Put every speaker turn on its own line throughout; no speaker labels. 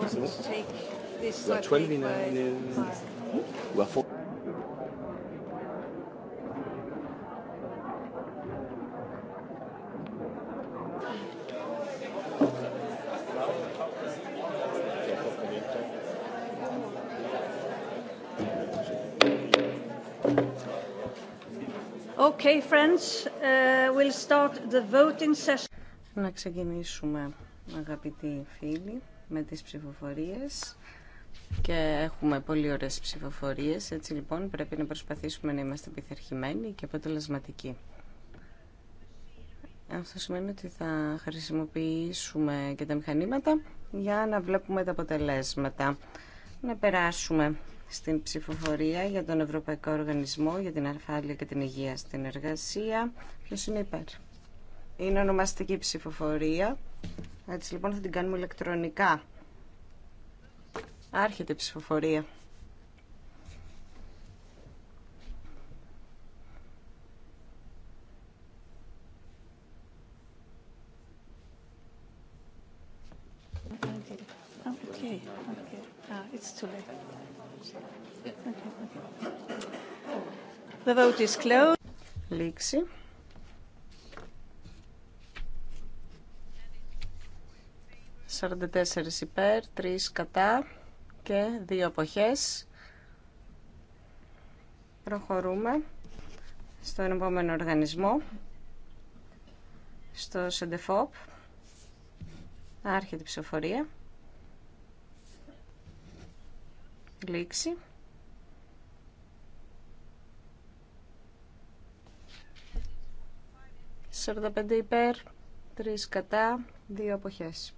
take
this Okay, friends, we'll start the voting session. Να ξεκινήσουμε, αγαπητοί φίλοι με τις ψηφοφορίες
και έχουμε πολύ ωραίες ψηφοφορίες. Έτσι λοιπόν πρέπει να προσπαθήσουμε να είμαστε επιθερχημένοι και αποτελεσματικοί. Αυτό σημαίνει ότι θα χρησιμοποιήσουμε και τα μηχανήματα για να βλέπουμε τα αποτελέσματα. Να περάσουμε στην ψηφοφορία για τον Ευρωπαϊκό Οργανισμό για την Αρφάλεια και την Υγεία στην Εργασία. Ποιος είναι υπέρ. Είναι ονομαστική ψηφοφορία. Έτσι λοιπόν θα την κάνουμε ηλεκτρονικά. Άρχεται η ψηφοφορία.
Okay. Okay. Ah, it's too late. Okay, okay. The vote is closed. Λήξη.
44 υπέρ, 3 κατά και 2 αποχές. Προχωρούμε στον επόμενο οργανισμό, στο ΣΕΝΤΕΦΟΠ. Άρχεται η ψηφοφορία. Λήξη. 45 υπέρ, 3 κατά, 2 αποχές.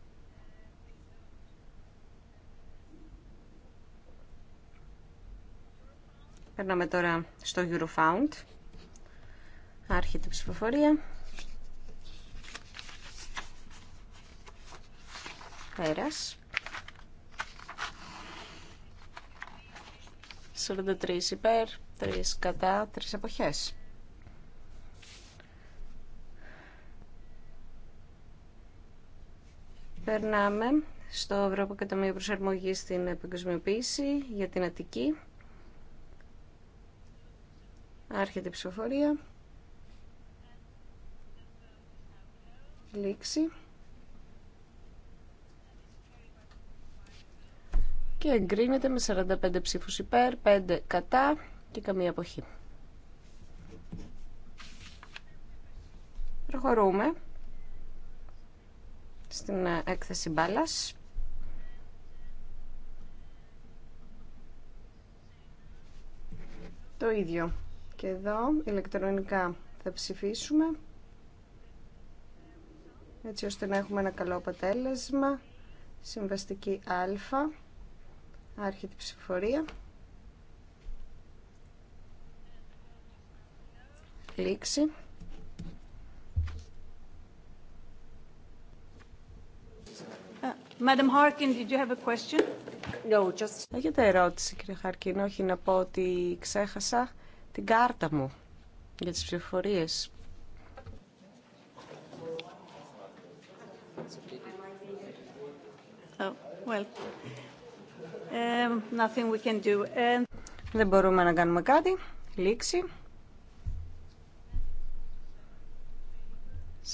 Περνάμε τώρα στο Eurofound. Άρχεται η ψηφοφορία. Πέρας. 43 υπέρ, 3 κατά, 3 εποχές. Περνάμε στο Ευρωπαϊκό Ταμείο Προσαρμογής στην επικοσμιοποίηση για την Αττική. Άρχεται η ψηφοφορία. Λήξη. Και εγκρίνεται με 45 ψήφους υπέρ, 5 κατά και καμία αποχή. Προχωρούμε στην ε, έκθεση μπάλας. Το ίδιο. Και εδώ ηλεκτρονικά θα ψηφίσουμε έτσι ώστε να έχουμε ένα καλό αποτέλεσμα. Συμβαστική Α, άρχιτη ψηφορία. ψηφοφορία.
Λήξη. Madam Harkin, did you have a question?
No, just... Έχετε ερώτηση, κύριε Χαρκίν. Όχι, να πω ότι ξέχασα την κάρτα μου για τις ψηφοφορίες.
Oh, um, Δεν μπορούμε να κάνουμε κάτι. Λήξη.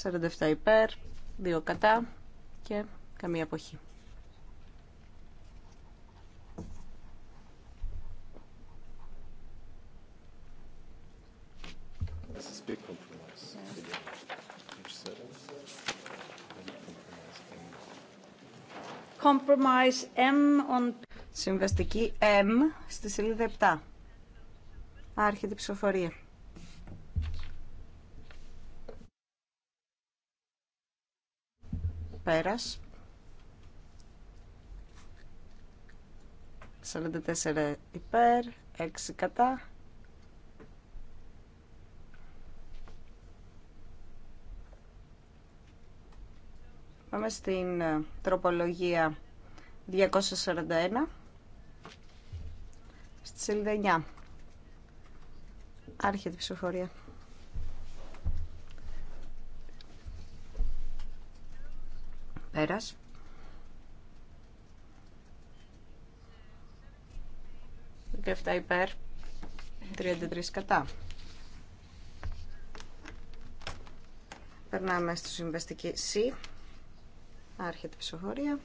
47
υπέρ, 2 κατά και καμία αποχή.
Compromise M
on... Συμβαστική M στη σελίδα 7. Άρχεται η ψηφοφορία. Πέρας. 44 υπέρ, 6 κατά, Πάμε στην ε, τροπολογία 241 στη σελίδα 9. Άρχεται η ψηφοφορία. Πέρας. 17 υπέρ, 33 κατά. Περνάμε στη συμβαστική C. Άρχεται η ψηφοφορία.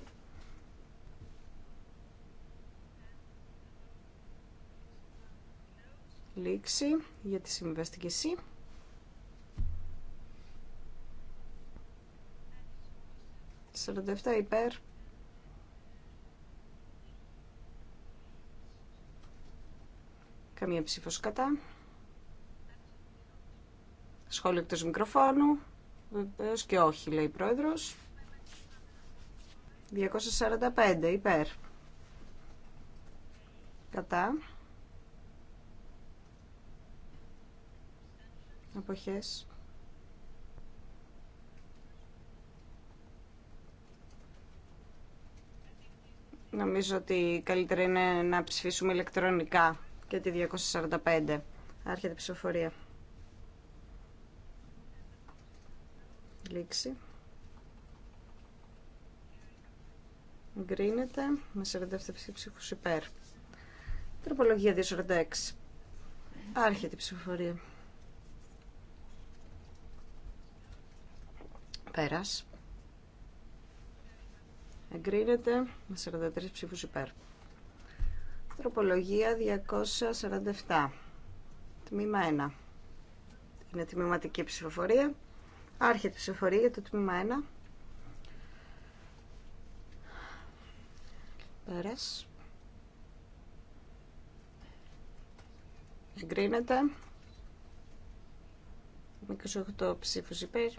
Λήξη για τη συμβιβαστική ΣΥ. Σαραντεφτά υπέρ. Καμία ψήφος κατά. Σχόλιο εκτός μικροφώνου. Βεβαίως και όχι λέει η πρόεδρος. 245 υπέρ. Κατά. Αποχές. Νομίζω ότι καλύτερα είναι να ψηφίσουμε ηλεκτρονικά και τη 245. Άρχεται η ψηφοφορία. Λήξη. Εγκρίνεται με 47 ψήφους υπέρ. Τροπολογία 246. Άρχεται η ψηφοφορία. Πέρας. Εγκρίνεται με 43 ψήφους υπέρ. Τροπολογία 247. Τμήμα 1. Είναι τμήματική ψηφοφορία. Άρχεται η ψηφοφορία για το τμήμα 1. Πέρας. Εγκρίνεται. 28 ψήφους υπέρ,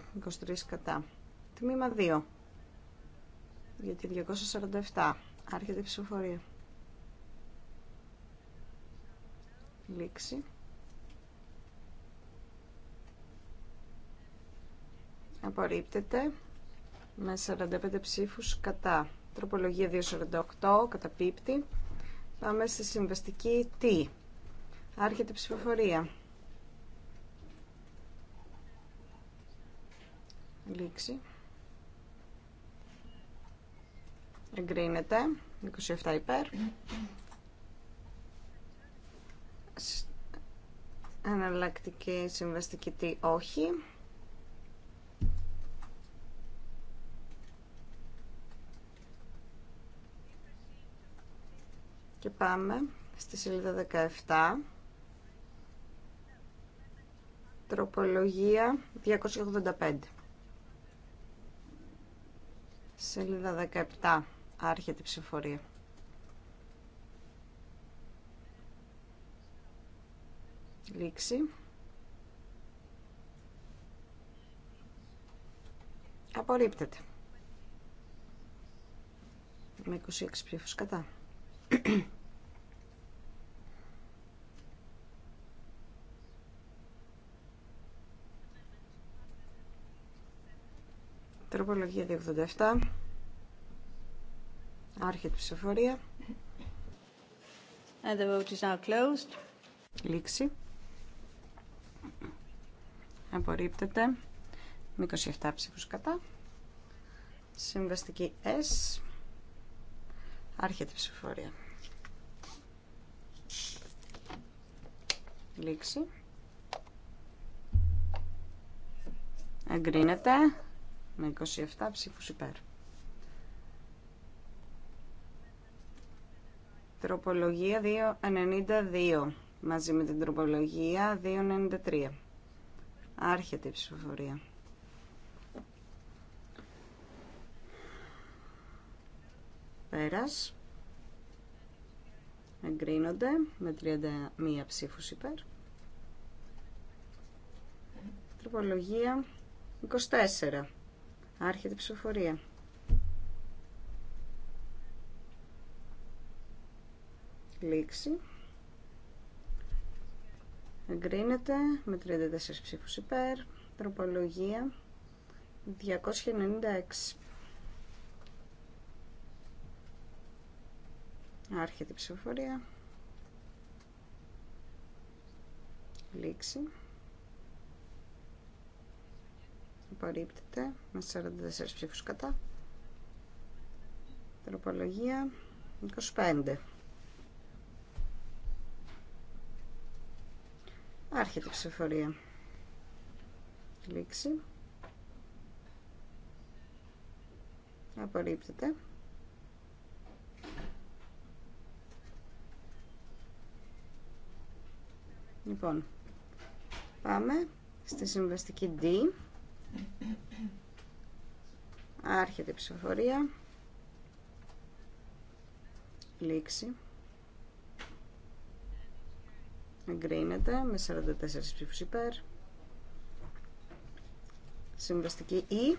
23 κατά. Τμήμα 2. Γιατί 247. Άρχεται η ψηφοφορία. Λήξη. Απορρίπτεται με 45 ψήφους κατά. Τροπολογία 248 καταπίπτει. Πάμε στη συμβαστική T. Άρχεται η ψηφοφορία. Λήξη. Εγκρίνεται. 27 υπέρ. Αναλλακτική συμβαστική τι όχι. Και πάμε στη σελίδα 17. Τροπολογία 285. Σελίδα 17. Άρχεται η ψηφορία. Λήξη. Απορρίπτεται. Με 26 ψήφους κατά. Τροπολογία 287. Άρχεται τη ψηφοφορία.
And the vote is now closed.
Λήξη. Απορρίπτεται. Με 27 ψήφους κατά. Συμβαστική S. Άρχεται ψηφορία. ψηφοφορία. Λήξη. Εγκρίνεται με 27 ψήφους υπέρ. Τροπολογία 292 μαζί με την τροπολογία 293. Άρχεται η ψηφοφορία. Πέρας εγκρίνονται με 31 ψήφους υπέρ. Τροπολογία 24. Άρχεται η ψηφοφορία. Λήξη. Εγκρίνεται με 34 ψήφους υπέρ. Τροπολογία 296. Άρχεται η ψηφοφορία. Λήξη. Απορρίπτεται με 44 ψήφους κατά. Τροπολογία 25. Άρχεται η ψηφοφορία. Λήξη. Απορρίπτεται. Λοιπόν, πάμε στη συμβαστική D. Άρχεται η ψηφοφορία. Λήξη. Εγκρίνεται με 44 ψήφους υπέρ. Συμβαστική E.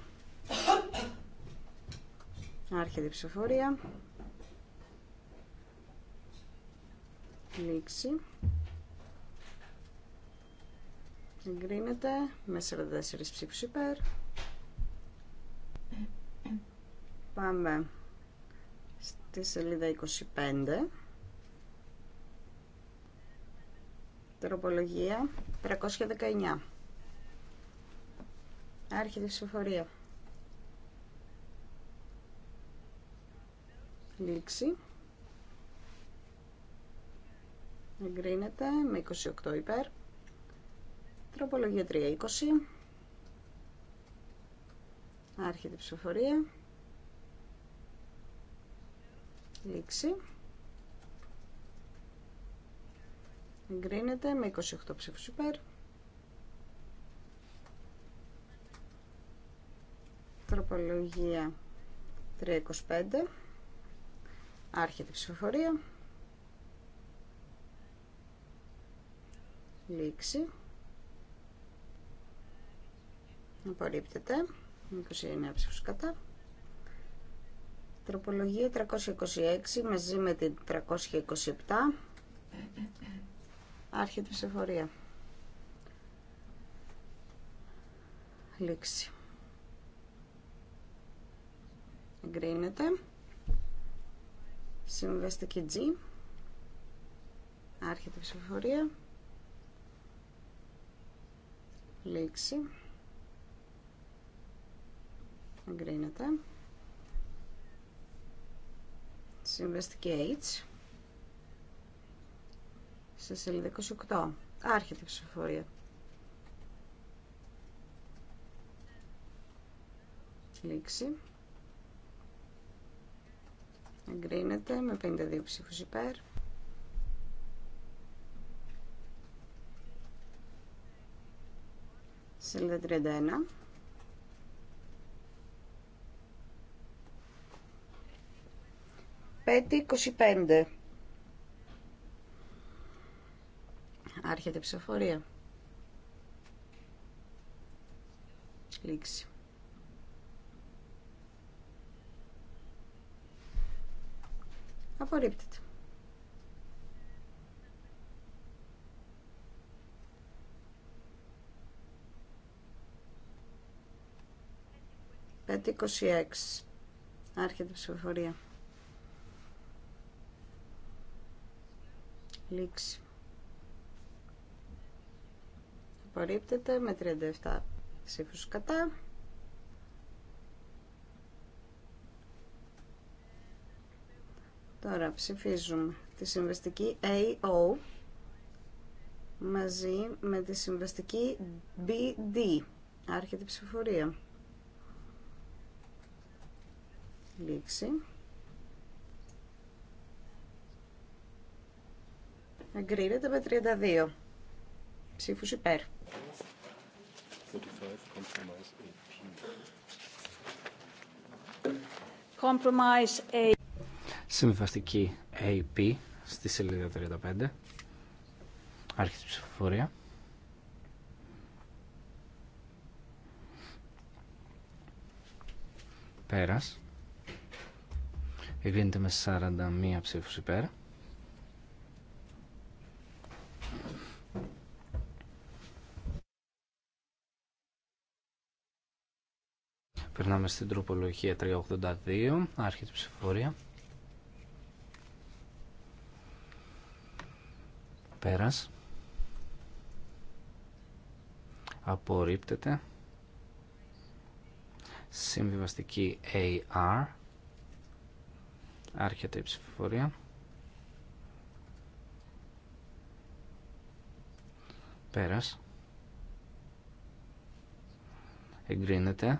Άρχεται η ψηφοφορία. Λήξη. Εγκρίνεται με 44 ψήφους υπέρ. Πάμε στη σελίδα 25. Τροπολογία 319. Άρχεται η ψηφοφορία. Λήξη. Εγκρίνεται με 28 υπέρ. Τροπολογία 320. Άρχεται η ψηφοφορία. Λήξη. Εγκρίνεται με 28 ψήφους υπέρ. Τροπολογία 325. Άρχεται η ψηφοφορία. Λήξη. Απορρίπτεται. 29 ψήφους κατά. Τροπολογία 326 μαζί με την 327. Άρχεται η ψηφορία. Λήξη. Εγκρίνεται. Συμβαστική G. Άρχεται η ψηφοφορία. Λήξη εγκρίνεται. Συμβαστική H. Σε σελίδα 28. Άρχεται η ψηφοφορία. Λήξη. Εγκρίνεται με 52 ψήφους υπέρ. Σελίδα 31. Πέτει 25. Άρχεται η ψηφοφορία. Λήξη. Απορρίπτεται. Πέτει 26. Άρχεται η ψηφοφορία. Λήξη. Απορρίπτεται με 37 ψήφους κατά. Τώρα ψηφίζουμε τη συμβαστική AO μαζί με τη συμβαστική BD. Άρχεται η ψηφοφορία. Λήξη. Εγκρίνεται με 32 ψήφους
υπέρ.
Συμβιβαστική AP στη σελίδα 35. Άρχισε η ψηφοφορία. Πέρας. Εγκρίνεται με 41 ψήφους υπέρ. Περνάμε στην τροπολογία 382, άρχεται ψηφοφορία. Πέρας. Απορρίπτεται. Συμβιβαστική AR. Άρχεται η ψηφοφορία. Πέρας. Εγκρίνεται.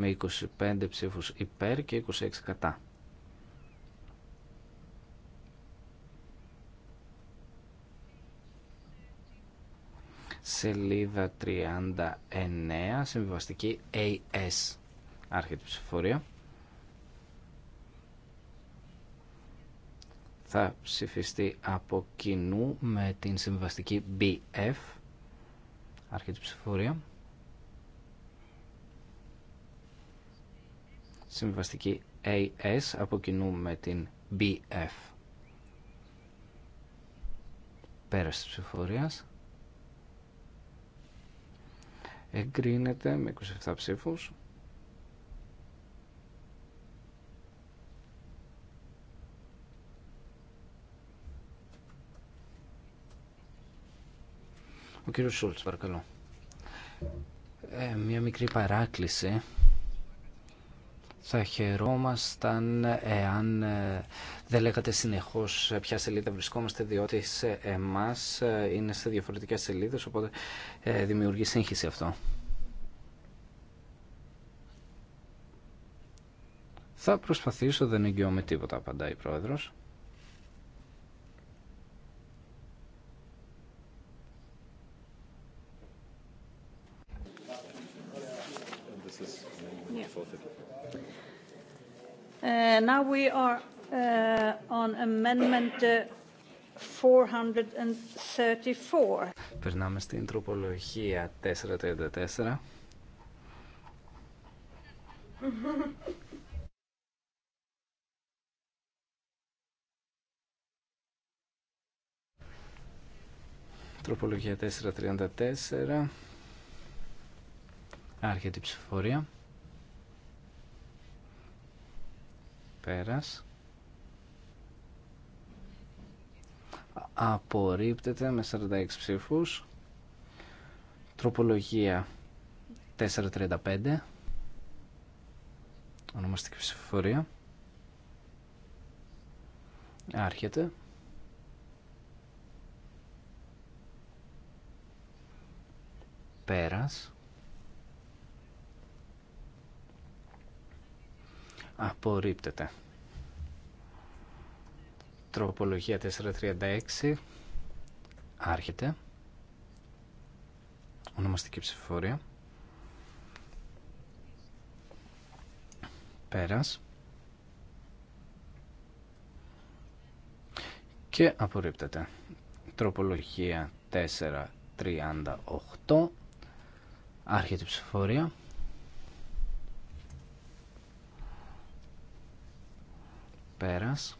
με 25 ψήφους υπέρ και 26 κατά. Σελίδα 39, συμβιβαστική AS, άρχεται ψηφορία. θα ψηφιστεί από κοινού με την συμβαστική BF αρχεται ψηφορία. Συμβαστική AS από κοινού την BF. Πέραση της Εγκρίνεται με 27 ψήφους. Ο κύριος Σούλτς, παρακαλώ. Ε, μια μικρή παράκληση θα χαιρόμασταν εάν ε, δεν λέγατε συνεχώς ποια σελίδα βρισκόμαστε διότι σε εμάς ε, είναι σε διαφορετικές σελίδες οπότε ε, δημιουργεί σύγχυση αυτό. Θα προσπαθήσω, δεν εγγυώμαι τίποτα, απαντάει η Πρόεδρος.
Uh, now we are uh, on amendment 434. Uh,
Περνάμε στην τροπολογία 434. Τροπολογία 434. Άρχεται η ψηφοφορία. Πέρας. Απορρίπτεται με 46 ψήφους. Τροπολογία 435. Ονομαστική ψηφοφορία. Άρχεται. Πέρας. απορρίπτεται. Τροπολογία 436 άρχεται. Ονομαστική ψηφοφορία. Πέρας. Και απορρίπτεται. Τροπολογία 438 άρχεται η ψηφοφορία. Πέρας.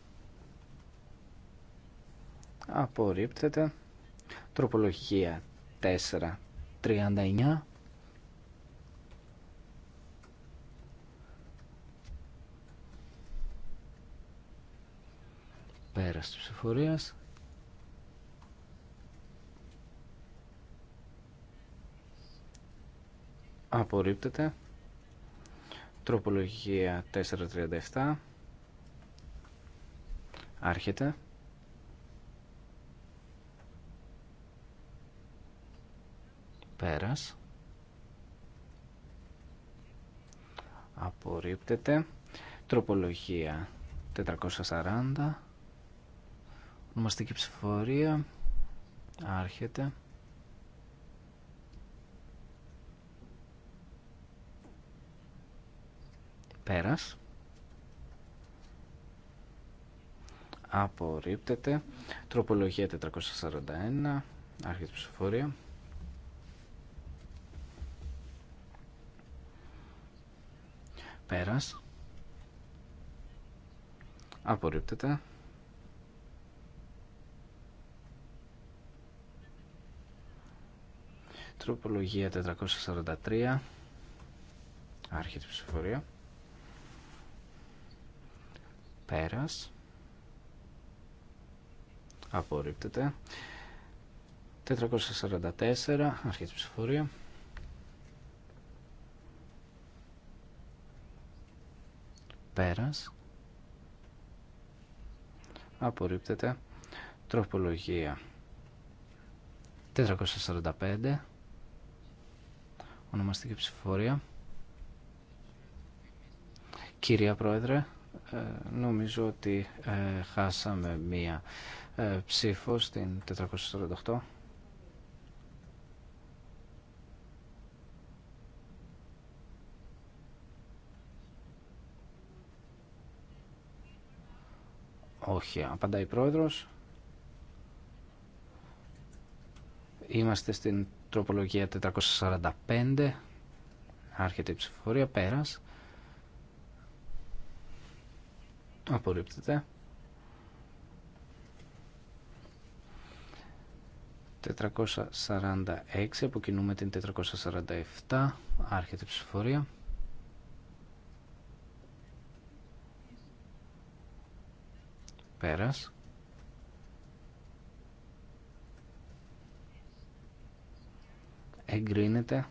Απορρίπτεται. Τροπολογία 4.39». Πέρας της ψηφορίας. Απορρίπτεται. Τροπολογία 437. Άρχεται. Πέρας. Απορρίπτεται. Τροπολογία 440. Ονομαστική ψηφορία. Άρχεται. Πέρας. απορρίπτεται. Τροπολογία 441, άρχεται ψηφοφορία. Πέρας. Απορρίπτεται. Τροπολογία 443, άρχεται ψηφοφορία. Πέρας απορρίπτεται. 444, αρχή της ψηφορία. Πέρας. Απορρίπτεται. Τροπολογία. 445. Ονομαστική ψηφοφορία. Κυρία Πρόεδρε, ε, νομίζω ότι ε, χάσαμε μία ε, ψήφο στην 448. Όχι, απαντάει η πρόεδρος. Είμαστε στην τροπολογία 445. Άρχεται η ψηφοφορία, πέρας. Απορρίπτεται. 446 αποκινούμε την 447 άρχεται η ψηφορία πέρας εγκρίνεται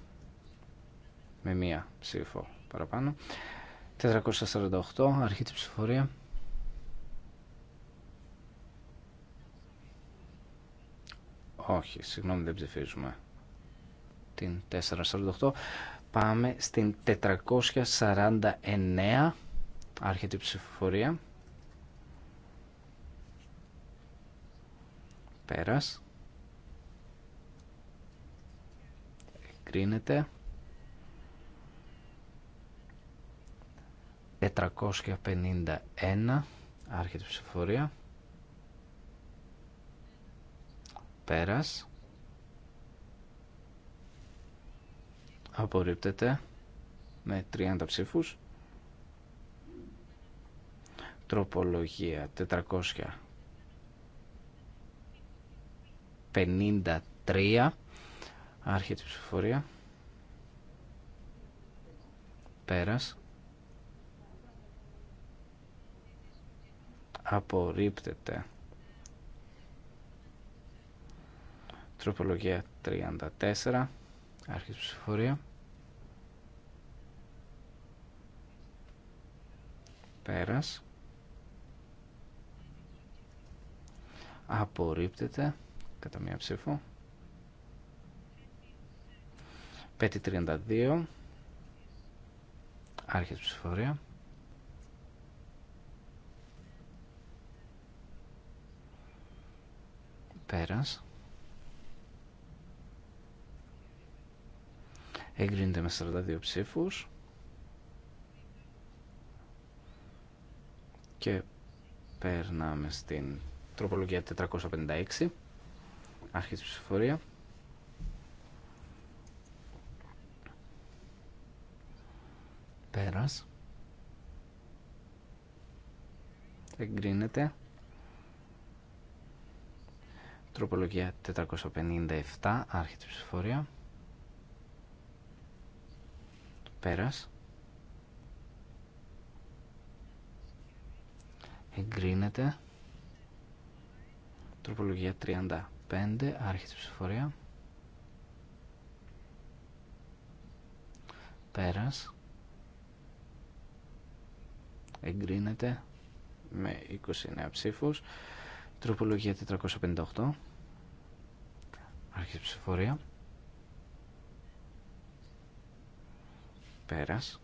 με μία ψήφο παραπάνω 448 αρχή ψηφορία Όχι, συγγνώμη δεν ψηφίζουμε την 448. Πάμε στην 449 άρχεται η ψηφοφορία. Πέρας. Εγκρίνεται. 451 άρχεται η ψηφοφορία. Πέρας. Απορρίπτεται με 30 ψήφους. Τροπολογία 453. Άρχη της ψηφοφορία. Πέρας. Απορρίπτεται. Τροπολογία 34. Άρχισε ψηφορία. Πέρας. Απορρίπτεται κατά μία ψήφο. 32. Άρχισε ψηφορία. Πέρας. Εγκρίνεται με 42 ψήφους. Και περνάμε στην τροπολογία 456. Άρχη της ψηφοφορία. Πέρας. Εγκρίνεται. Τροπολογία 457. Άρχη της ψηφοφορία. Πέρας. Εγκρίνεται. Τροπολογία 35. Άρχισε ψηφορία. Πέρας. Εγκρίνεται με 29 ψήφους. Τροπολογία 458. Άρχισε ψηφορία. Πέρας.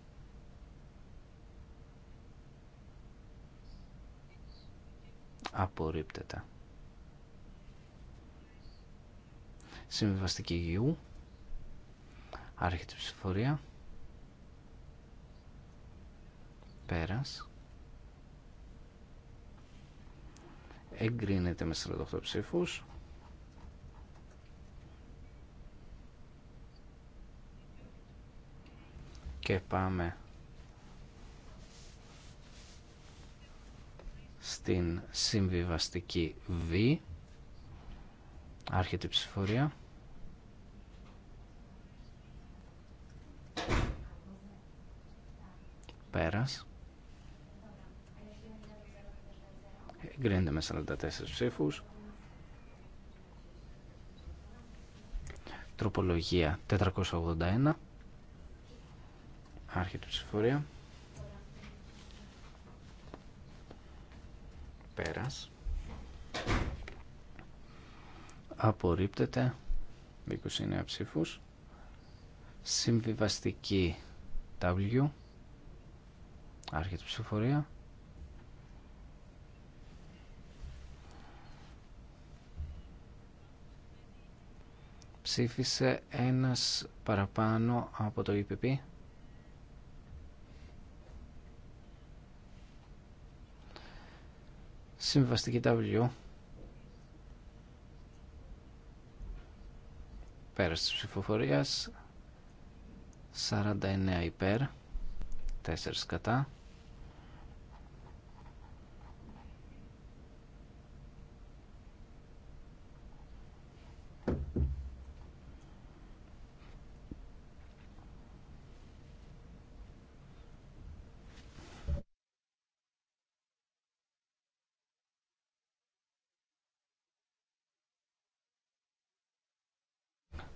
Απορρίπτεται. Συμβιβαστική γιου. Άρχεται ψηφορία. Πέρας. Εγκρίνεται με 48 ψήφους. Και πάμε στην συμβιβαστική V. Άρχεται η ψηφορία. Πέρας. Εγκρίνεται με 44 ψήφους. Τροπολογία 481. Αρχή του ψηφορία. Πέρας. Απορρίπτεται. 29 ψήφους. Συμβιβαστική W. Αρχή του ψηφορία. Ψήφισε ένας παραπάνω από το EPP. Συμβαστική W. Πέρας της ψηφοφορίας. 49 υπέρ. 4 κατά.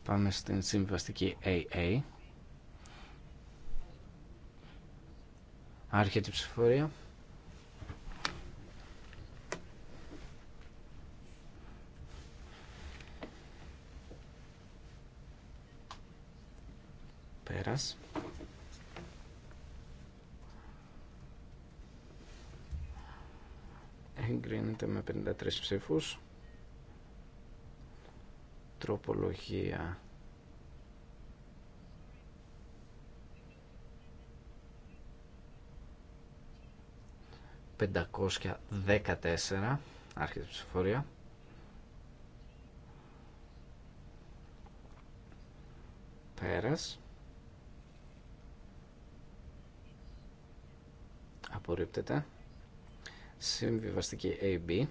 Πάμε στην συμβαστική AA. Άρχεται η ψηφορία. Πέρας. Εγκρίνεται με 53 ψήφους τροπολογία. Πεντακόσια δεκατέσσερα, άρχισε ψηφορία. Πέρας. Απορρίπτεται. Συμβιβαστική AB,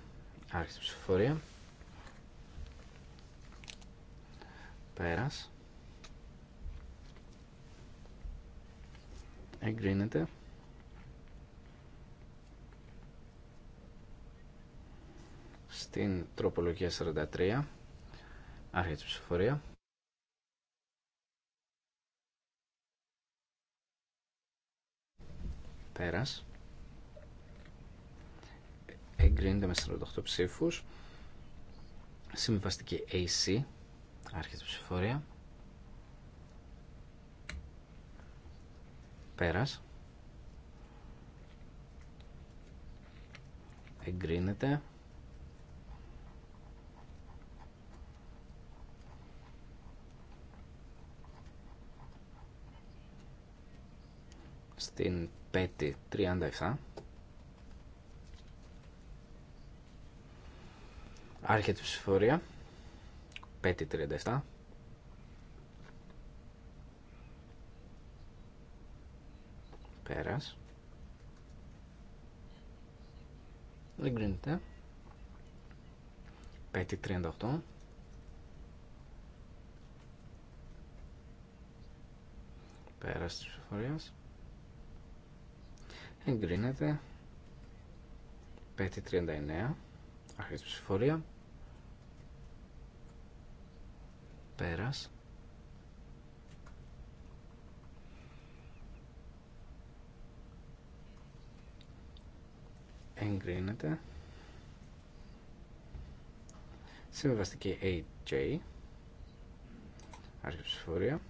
άρχισε ψηφορία. Πέρας. Εγκρίνεται. στην τροπολογία 43 άρχεται τη ψηφοφορία πέρας εγκρίνεται με 48 ψήφους συμβαστική AC Άρχεται ψηφορία. Πέρας. Εγκρίνεται. Στην 37. Άρχεται η ψηφορία. 5.37 πέρας εγκρίνεται 5.38 πέρας της ψηφορίας εγκρίνεται 5.39 αρχής ψηφορία πέρας. Εγκρίνεται. Συμβαστική AJ. Άρχιε ψηφορία.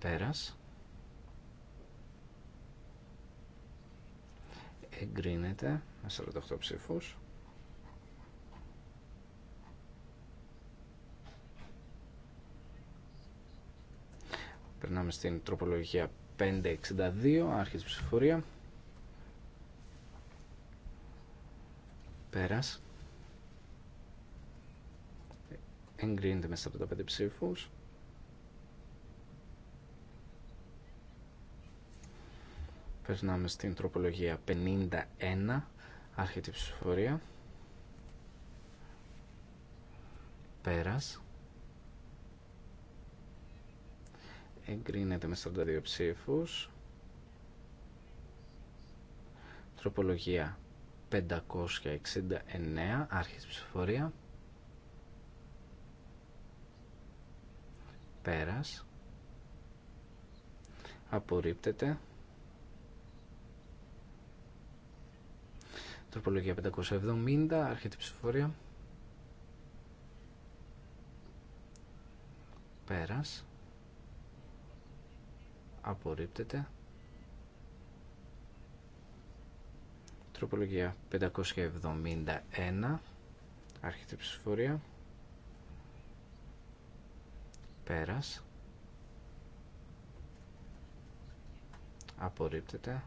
Πέρας. Εγκρίνεται με 48 ψήφους. Περνάμε στην τροπολογία 562, άρχισε ψηφορία. Πέρας. Εγκρίνεται μέσα από τα 5 ψήφους. Περνάμε στην τροπολογία 51, άρχεται ψηφορία. Πέρας. εγκρίνεται με 42 ψήφους. Τροπολογία 569, άρχης ψηφοφορία. Πέρας. Απορρίπτεται. Τροπολογία 570, άρχεται ψηφοφορία. Πέρας απορρίπτεται. Τροπολογία 571, άρχεται ψηφορία, πέρας, απορρίπτεται.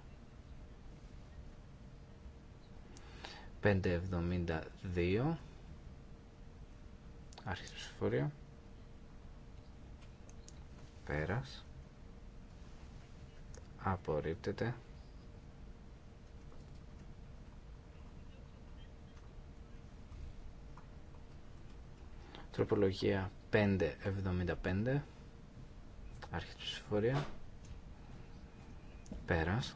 572 άρχισε ψηφορία πέρας απορρίπτεται. Τροπολογία 5.75 Άρχη συμφορία Πέρας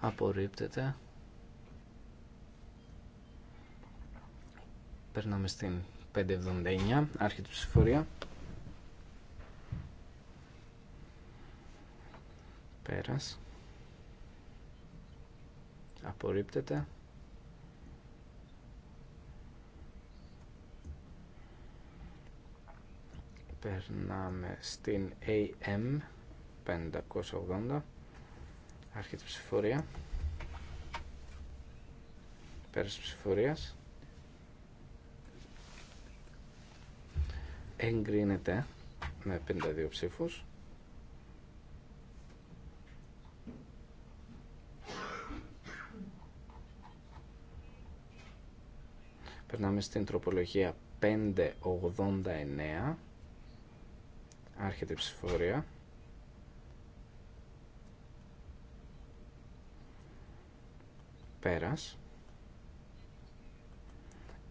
Απορρίπτεται Περνάμε στην 5.79 Άρχη του συμφορία Πέρας. Απορρίπτεται. Περνάμε στην AM 580. Άρχεται ψηφορία. Πέρας ψηφορίας. Εγκρίνεται με 52 ψήφους. Περνάμε στην τροπολογία 589. Άρχεται η ψηφορία. Πέρας.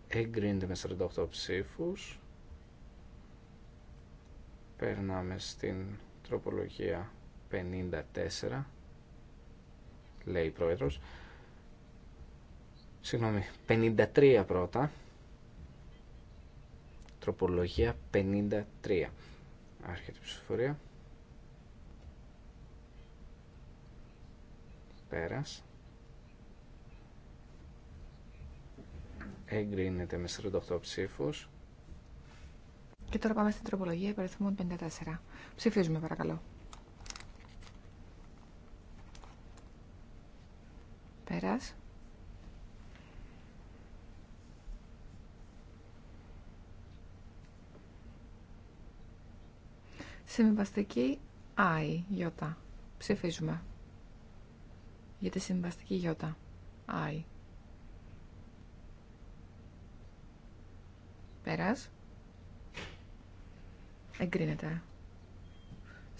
Εγκρίνεται με 48 ψήφους. Περνάμε στην τροπολογία 54. Λέει η πρόεδρος. Συγγνώμη, 53 πρώτα. Τροπολογία 53. Άρχεται η ψηφοφορία. Πέρας. Εγκρίνεται με 48 ψήφους.
Και τώρα πάμε στην τροπολογία υπεριθμών 54. Ψηφίζουμε παρακαλώ. Πέρας. Συμβαστική I, Ι. Ψηφίζουμε. Για τη συμβαστική Ι. I. Πέρας. Εγκρίνεται.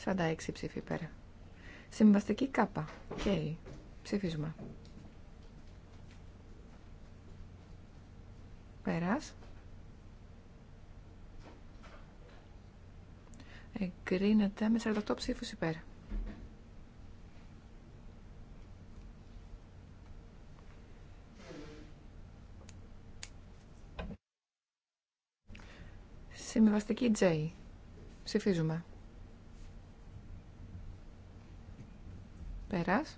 46 ψήφοι πέρα. Συμβαστική K. K. Ψηφίζουμε. Πέρας. Εγκρίνεται με 48 ψήφους υπέρ. Συμβαστική J. Ψηφίζουμε. Πέρας.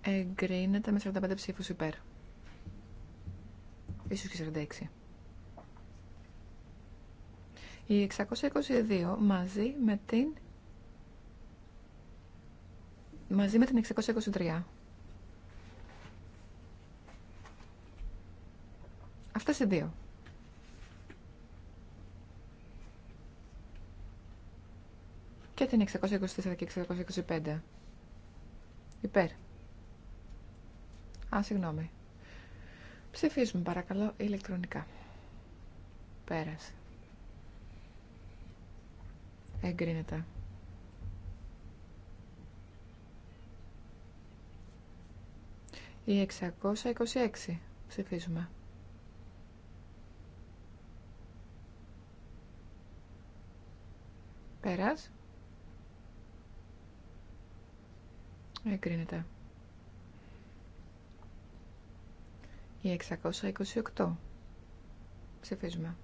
Εγκρίνεται με 45 ψήφους υπέρ. Ίσως και 46. Η 622 μαζί με την μαζί με την 623. Αυτές οι δύο. Και την 624 και 625. Υπέρ. Α, συγγνώμη. Ψηφίζουμε παρακαλώ ηλεκτρονικά. Πέρασε. Εγκρίνεται. Η 626 ψηφίζουμε. Πέρας. Εγκρίνεται. Η 628 ψηφίζουμε.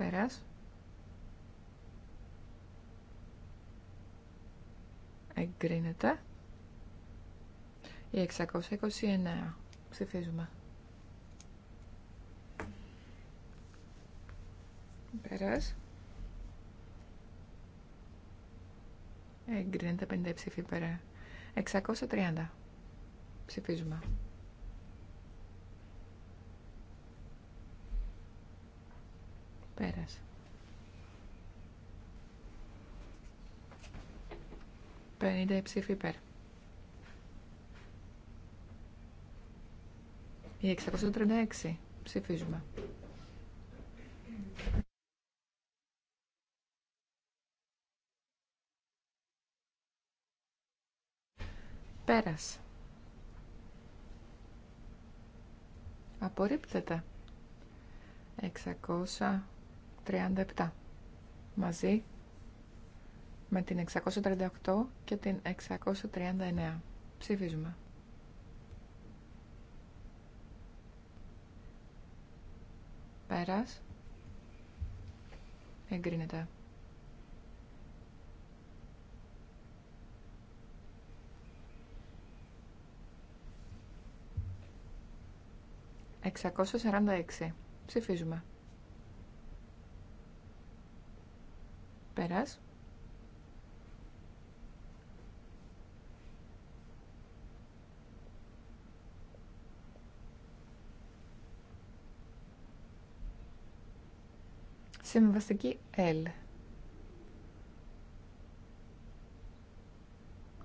Πέρας. Εγκρίνεται. Η 629. Ψηφίζουμε. Πέρας. Εγκρίνεται 50 ψήφι πέρα. 630. Ψηφίζουμε. Πέρας. Πέντε ψήφοι υπέρ. Η 636 ψηφίζουμε. Πέρας. Απορρίπτεται. 600 37 μαζί με την 638 και την 639. Ψηφίζουμε. Πέρας. Εγκρίνεται. 646. σαράντα Ψηφίζουμε. Πέρας. Συμβαστική L.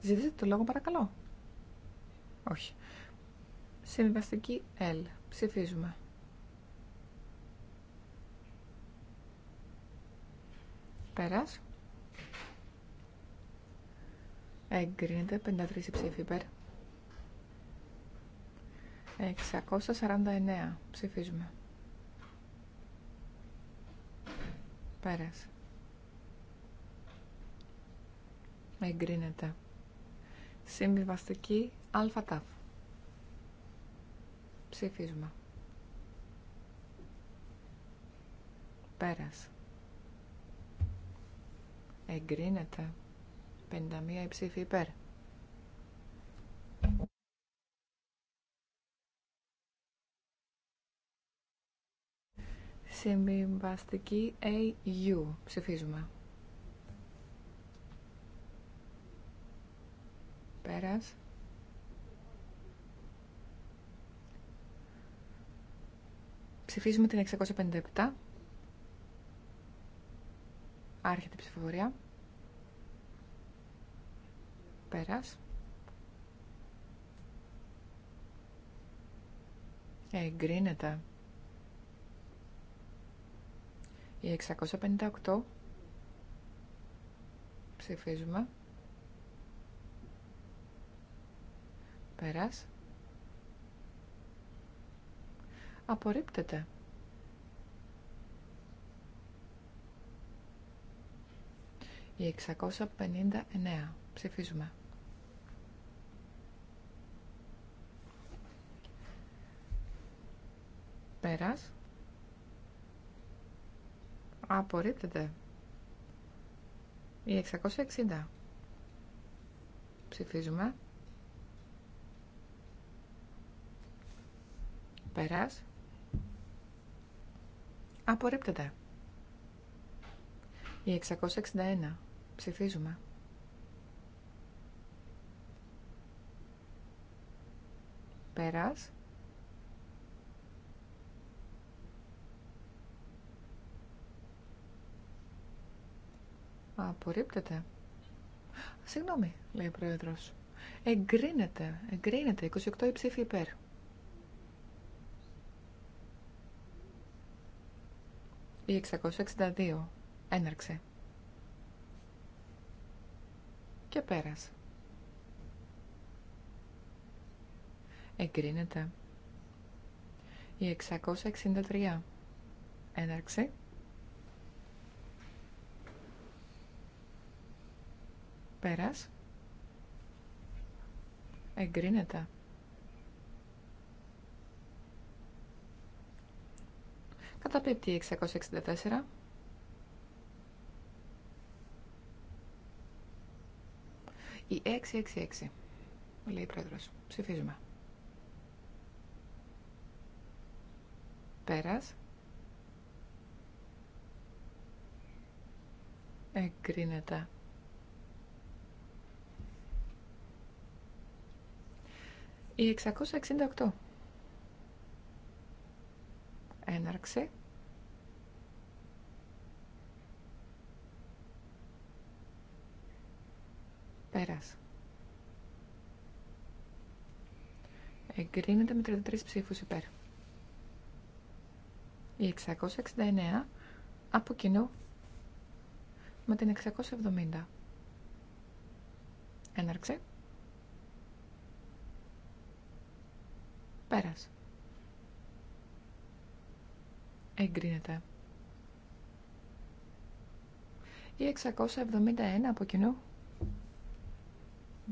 Ζητήσετε το λόγο παρακαλώ. Όχι. Συμβαστική L. Ψηφίζουμε. Πέρας. Εγκρίνεται 53 ψήφοι υπέρ. 649 ψηφίζουμε. Πέρας. Εγκρίνεται. Συμβιβαστική ΑΤΑΦ. Ψηφίζουμε. Πέρας. Εγκρίνεται. 51 ψήφι υπέρ. Συμβιβαστική AU. Ψηφίζουμε. Πέρας. Ψηφίζουμε την 657. Άρχεται η ψηφοφορία. Πέρας. Ε, εγκρίνεται. Η 658 ψηφίζουμε. Πέρας. Απορρίπτεται. Η 659. Ψηφίζουμε. Πέρας. Απορρίπτεται. Η 660. Ψηφίζουμε. Πέρας. Απορρίπτεται. Η 661. Ψηφίζουμε. Πέρας. Απορρίπτεται. Συγγνώμη, λέει ο πρόεδρος. Εγκρίνεται, εγκρίνεται. 28 η ψήφη υπέρ. Η 662 έναρξε και πέρας. Εγκρίνεται. Η 663. Έναρξη. Πέρας. Εγκρίνεται. Καταπίπτει 664. Η 666, λέει η πρόεδρος. Ψηφίζουμε. Πέρας. Εγκρίνεται. Η 668. Έναρξη. Πέρας. Εγκρίνεται με 33 ψήφους υπέρ. Η 669 από κοινού με την 670. Έναρξε. Πέρας. Εγκρίνεται. Η 671 από κοινού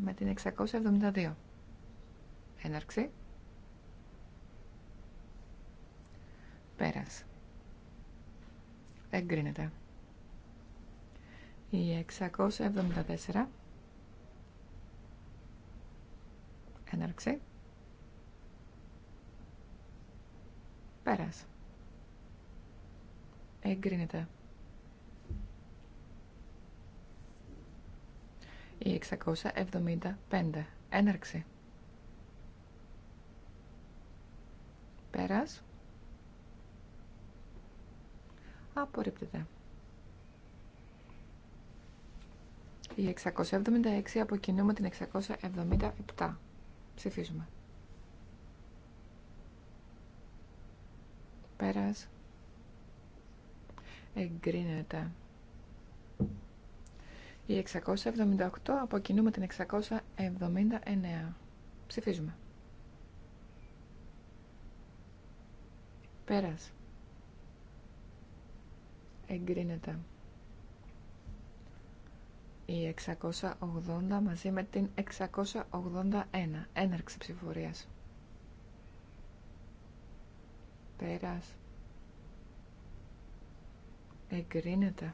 με την 672. Έναρξη. Πέρας. Εγκρίνεται. Η 674. Έναρξη. Πέρας. Εγκρίνεται. Η 675. Έναρξη. Πέρας. Απορρίπτεται. Η 676 από κοινού την 677. Ψηφίζουμε. Πέρας. Εγκρίνεται. Η 678 αποκινούμε την 679. Ψηφίζουμε. Πέρας. Εγκρίνεται. Η 680 μαζί με την 681. Έναρξη ψηφορίας. Πέρας. Εγκρίνεται.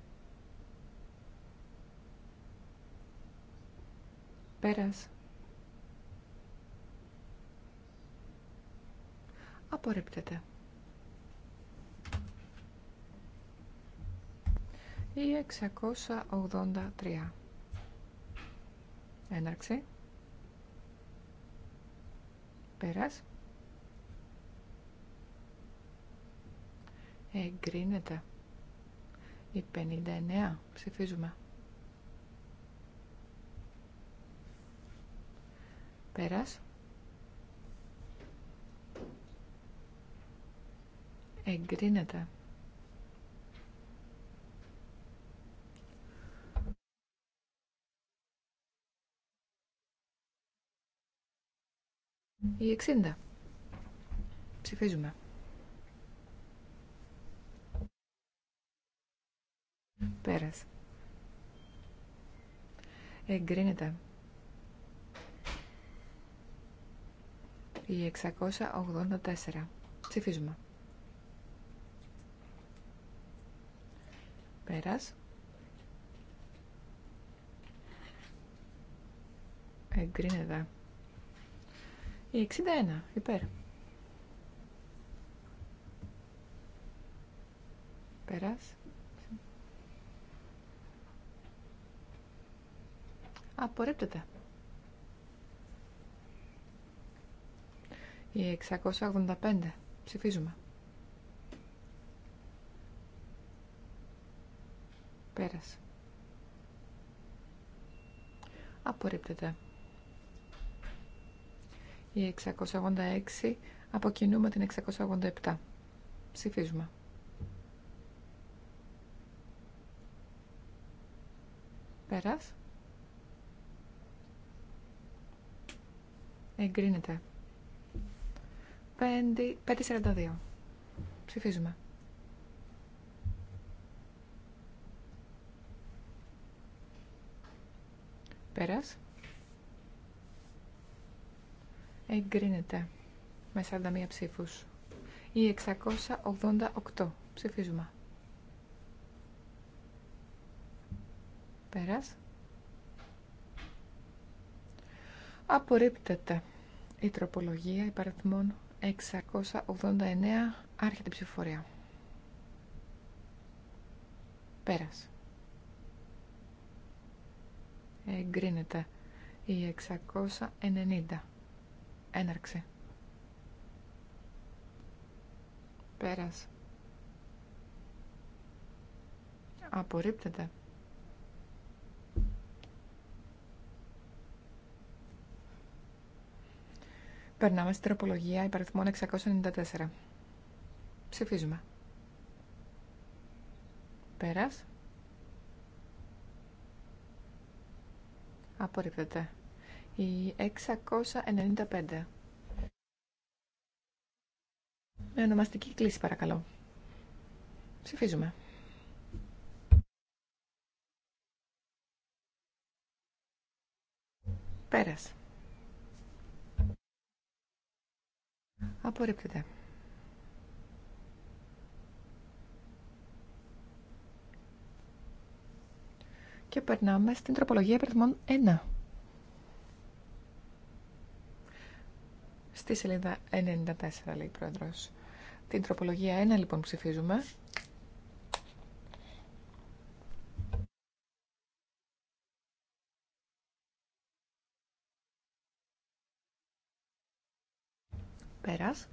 Πέρας. Απορρίπτεται. Ή 683. Έναρξη. Πέρας. Εγκρίνεται. Η 59. Ψηφίζουμε. Πέρας. Εγκρίνεται. Η εξήντα; Ψηφίζουμε. Πέρας. Εγκρίνεται. Η 684. Ψηφίζουμε. Πέρας. Εγκρίνεται. Η 61. Υπέρ. Πέρας. Απορρίπτεται. Η 685. Ψηφίζουμε. Πέρασε. Απορρίπτεται. Η 686 αποκινούμε την 687. Ψηφίζουμε. Πέρασε. Εγκρίνεται. 542. Ψηφίζουμε. Πέρας. Εγκρίνεται με 41 ψήφους. Ή 688. Ψηφίζουμε. Πέρας. Απορρίπτεται η τροπολογία υπαριθμών 689 άρχεται η ψηφοφορία. Πέρασε. Εγκρίνεται η 690. Έναρξη. Πέρασε. Απορρίπτεται. Περνάμε στην τροπολογία υπαριθμών 694. Ψηφίζουμε. Πέρας. Απορρίπτεται. Η 695. Με ονομαστική κλίση παρακαλώ. Ψηφίζουμε. Πέρας. Απορρίπτεται. Και περνάμε στην τροπολογία περιθμών 1. Στη σελίδα 94 λέει η πρόεδρος. Την τροπολογία 1 λοιπόν ψηφίζουμε. Πέρας.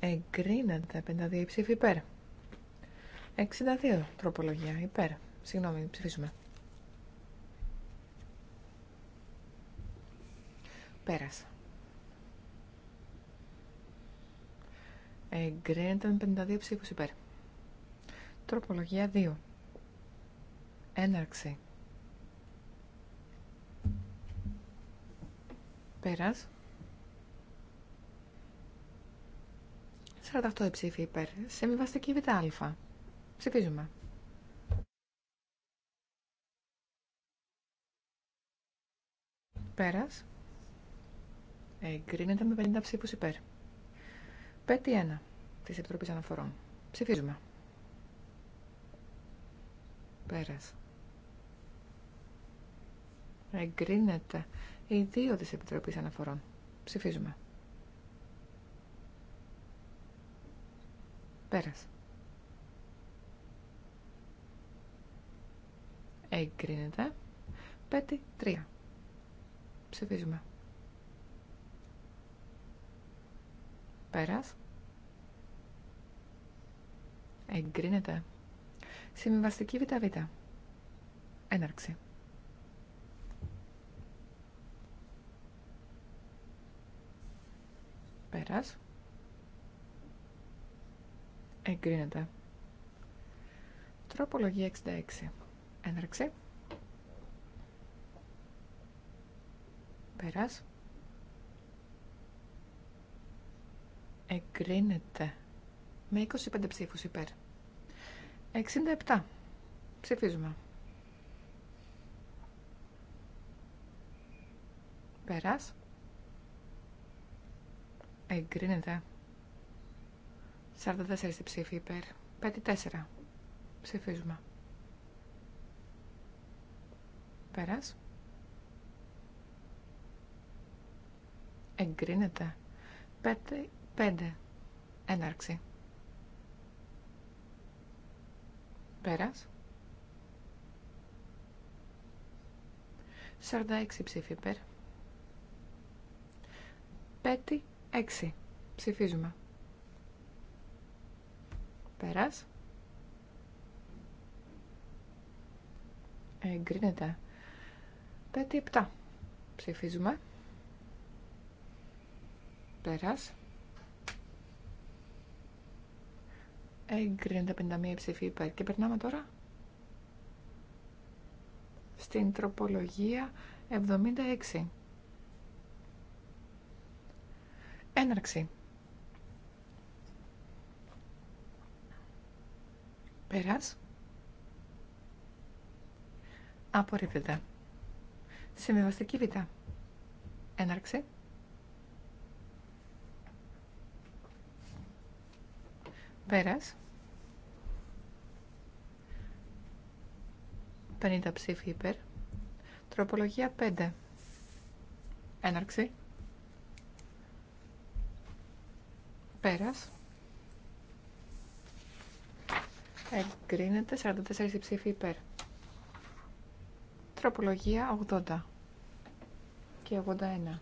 Εγκρίνεται 52 ψήφοι υπέρ. 62 τροπολογία υπέρ. Συγγνώμη, ψηφίσουμε. Πέρας. Εγκρίνεται 52 ψήφους υπέρ. Τροπολογία 2. Έναρξη. Καλησπέρα. 48 ψήφοι υπέρ. Σε μη βαστική Αλφα. Ψηφίζουμε. Πέρας. Εγκρίνεται με 50 ψήφους υπέρ. 5-1 τη επιτροπή Αναφορών. Ψηφίζουμε. Πέρας. Εγκρίνεται οι δύο της Επιτροπής Αναφορών. Ψηφίζουμε. Πέρας. Πέτει 5-3. Ψηφίζουμε. Πέρας. Εγκρίνεται. Συμβιβαστική ΒΒ. Έναρξη. Πέρας. Εγκρίνεται. Τροπολογία 66. Έναρξη. Πέρας. Εγκρίνεται. Με 25 ψήφους υπέρ. 67. Ψηφίζουμε. Πέρας. Εγκρίνεται. 44 ψήφι 5-5. Έναρξη. Πέρας. 46 ψήφοι υπέρ. 5 4 ψηφιζουμε περας εγκρινεται 5 5 εναρξη περας 46 ψήφι υπερ 5 6. Ψηφίζουμε. Πέρας. Εγκρίνεται. 5-7. Ψηφίζουμε. Πέρας. Εγκρίνεται 51 ψηφί υπέρ. Και περνάμε τώρα στην τροπολογία 76. Έναρξη. Πέρας. Απορρίπτεται. Συμβιβαστική βήτα. Έναρξη. Πέρας. 50 ψήφοι υπέρ. Τροπολογία 5. Έναρξη. Πέρας. Εγκρίνεται 44 ψήφοι υπέρ. Τροπολογία 80 και 81.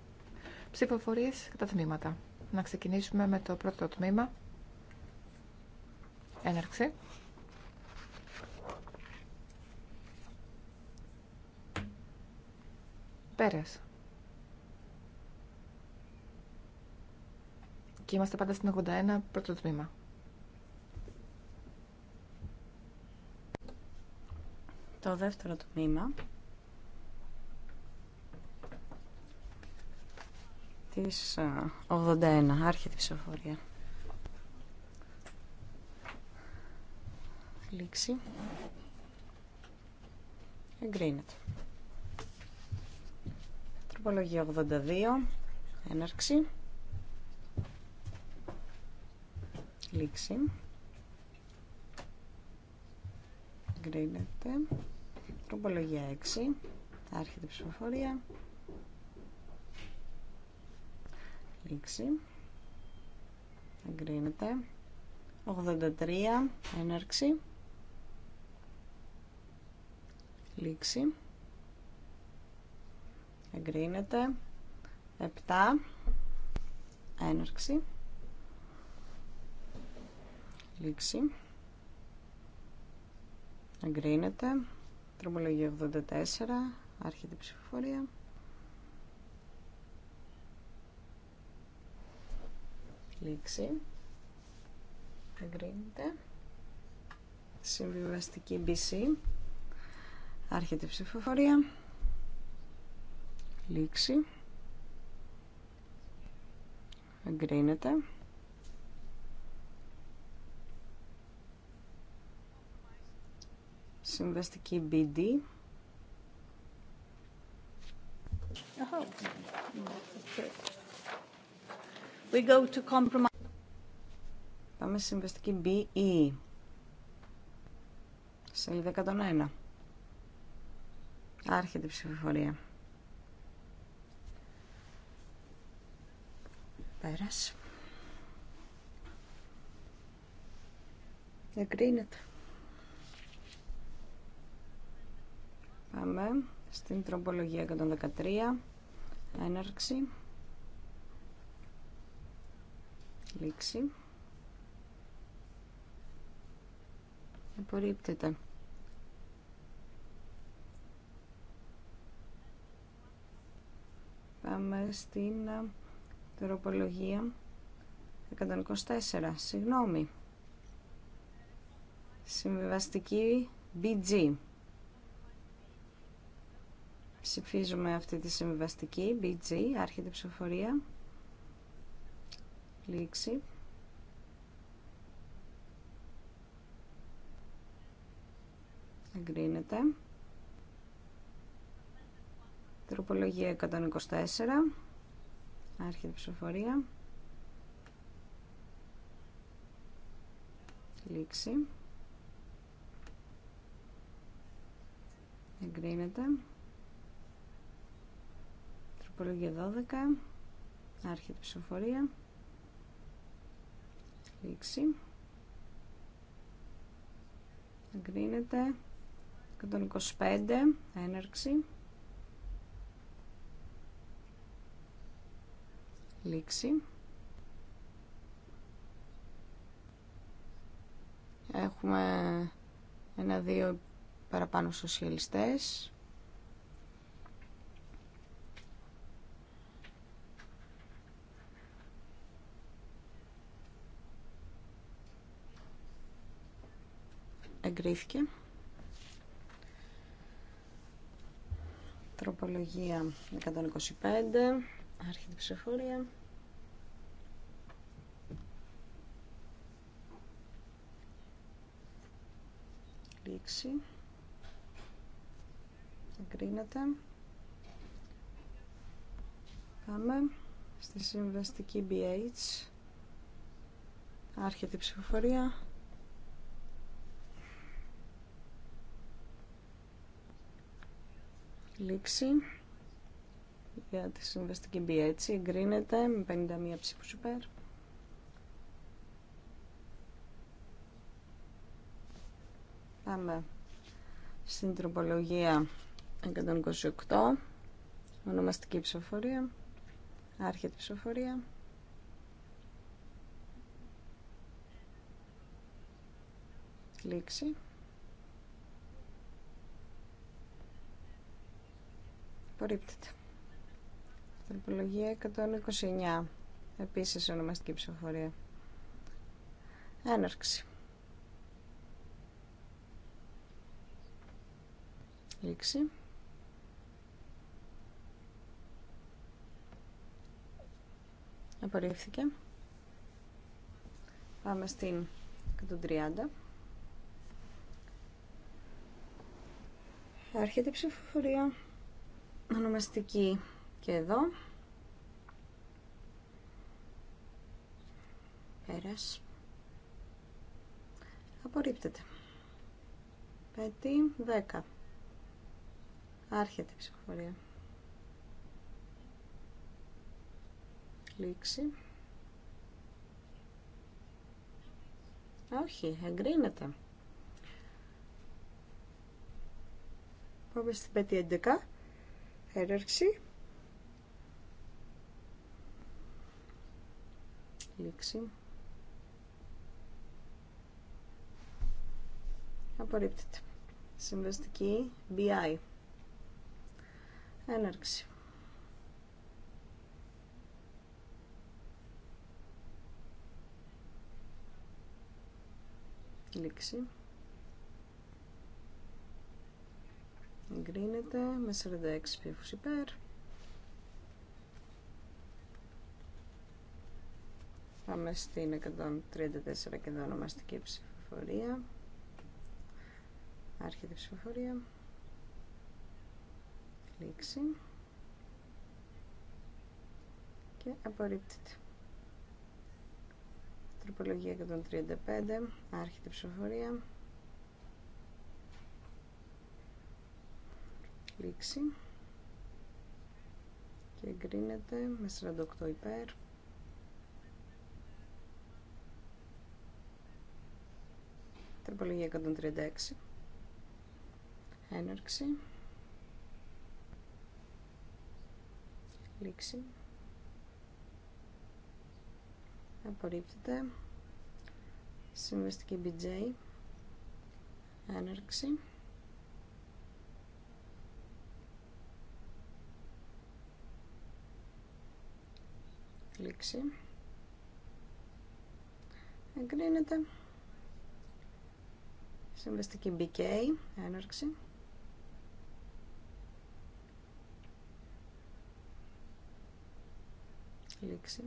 Ψηφοφορίες κατά τμήματα. Να ξεκινήσουμε με το πρώτο τμήμα. Έναρξη. Πέρας. Και είμαστε πάντα στην 81 πρώτο τμήμα.
Το δεύτερο τμήμα της 81, άρχιε της ψηφοφορία. Λήξη. Εγκρίνεται. Τροπολογία 82, έναρξη. λήξη. Εγκρίνεται. Τροπολογία 6. Άρχεται η ψηφοφορία. Λήξη. Εγκρίνεται. 83. Έναρξη. Λήξη. Εγκρίνεται. 7. Έναρξη. Λήξη. Εγκρίνεται. Τρομολογία 84. Άρχεται η ψηφοφορία. Λήξη. Εγκρίνεται. Συμβιβαστική BC. Άρχεται η ψηφοφορία. Λήξη. Εγκρίνεται. Συμβαστική BD.
We go to compromise.
Πάμε στη συμβαστική BE. Σελίδα 101. Άρχεται η ψηφοφορία. Πέρασε. Εγκρίνεται. Πάμε στην τροπολογία 113. Έναρξη. Λήξη. Απορρίπτεται. Πάμε στην τροπολογία 124. Συγγνώμη. Συμβιβαστική BG. Ψηφίζουμε αυτή τη συμβιβαστική BG, άρχεται ψηφοφορία. Λήξη. Εγκρίνεται. Τροπολογία 124. Άρχεται ψηφοφορία. Λήξη. Εγκρίνεται. Τροπολογία 12. Άρχη ψηφοφορία. Λήξη. Εγκρίνεται. 125. Έναρξη. Λήξη. Έχουμε ένα-δύο παραπάνω σοσιαλιστές. εγκρίθηκε. Τροπολογία 125, άρχιτη ψηφορία. Λήξη. Εγκρίνεται. Πάμε στη συμβαστική BH. Άρχεται η ψηφοφορία. Λήξη για τη συμβαστική B έτσι εγκρίνεται με 51 ψήφους υπέρ. Πάμε στην τροπολογία 128, ονομαστική ψηφοφορία, Άρχιετη ψηφοφορία. Λήξη. Απορρίπτεται. Τροπολογία 129. Επίσης ονομαστική ψηφοφορία. Έναρξη. Λήξη. Απορρίφθηκε. Πάμε στην 130. Άρχεται η ψηφοφορία ονομαστική και εδώ. Πέρας. Απορρίπτεται. Πέτει 10. Άρχεται η ψηφοφορία. Λήξη. Α, όχι, εγκρίνεται. Πάμε στην πέτει 11. Έναρξη. Λήξη. Απορρίπτεται. Συμβαστική BI. Έναρξη. Λήξη. Εγκρίνεται με 46 ψήφους υπέρ. Πάμε στην 134 και εδώ ονομαστική ψηφοφορία. Άρχεται ψηφοφορία. Λήξη. Και απορρίπτεται. Τροπολογία 135. Άρχεται ψηφοφορία. Λήξη. Και εγκρίνεται με 48 υπέρ. Τροπολογία 136. Έναρξη. Λήξη. Απορρίπτεται. Συμβαστική BJ. Έναρξη. λήξη. Εγκρίνεται. Συμβαστική BK, έναρξη. Λήξη.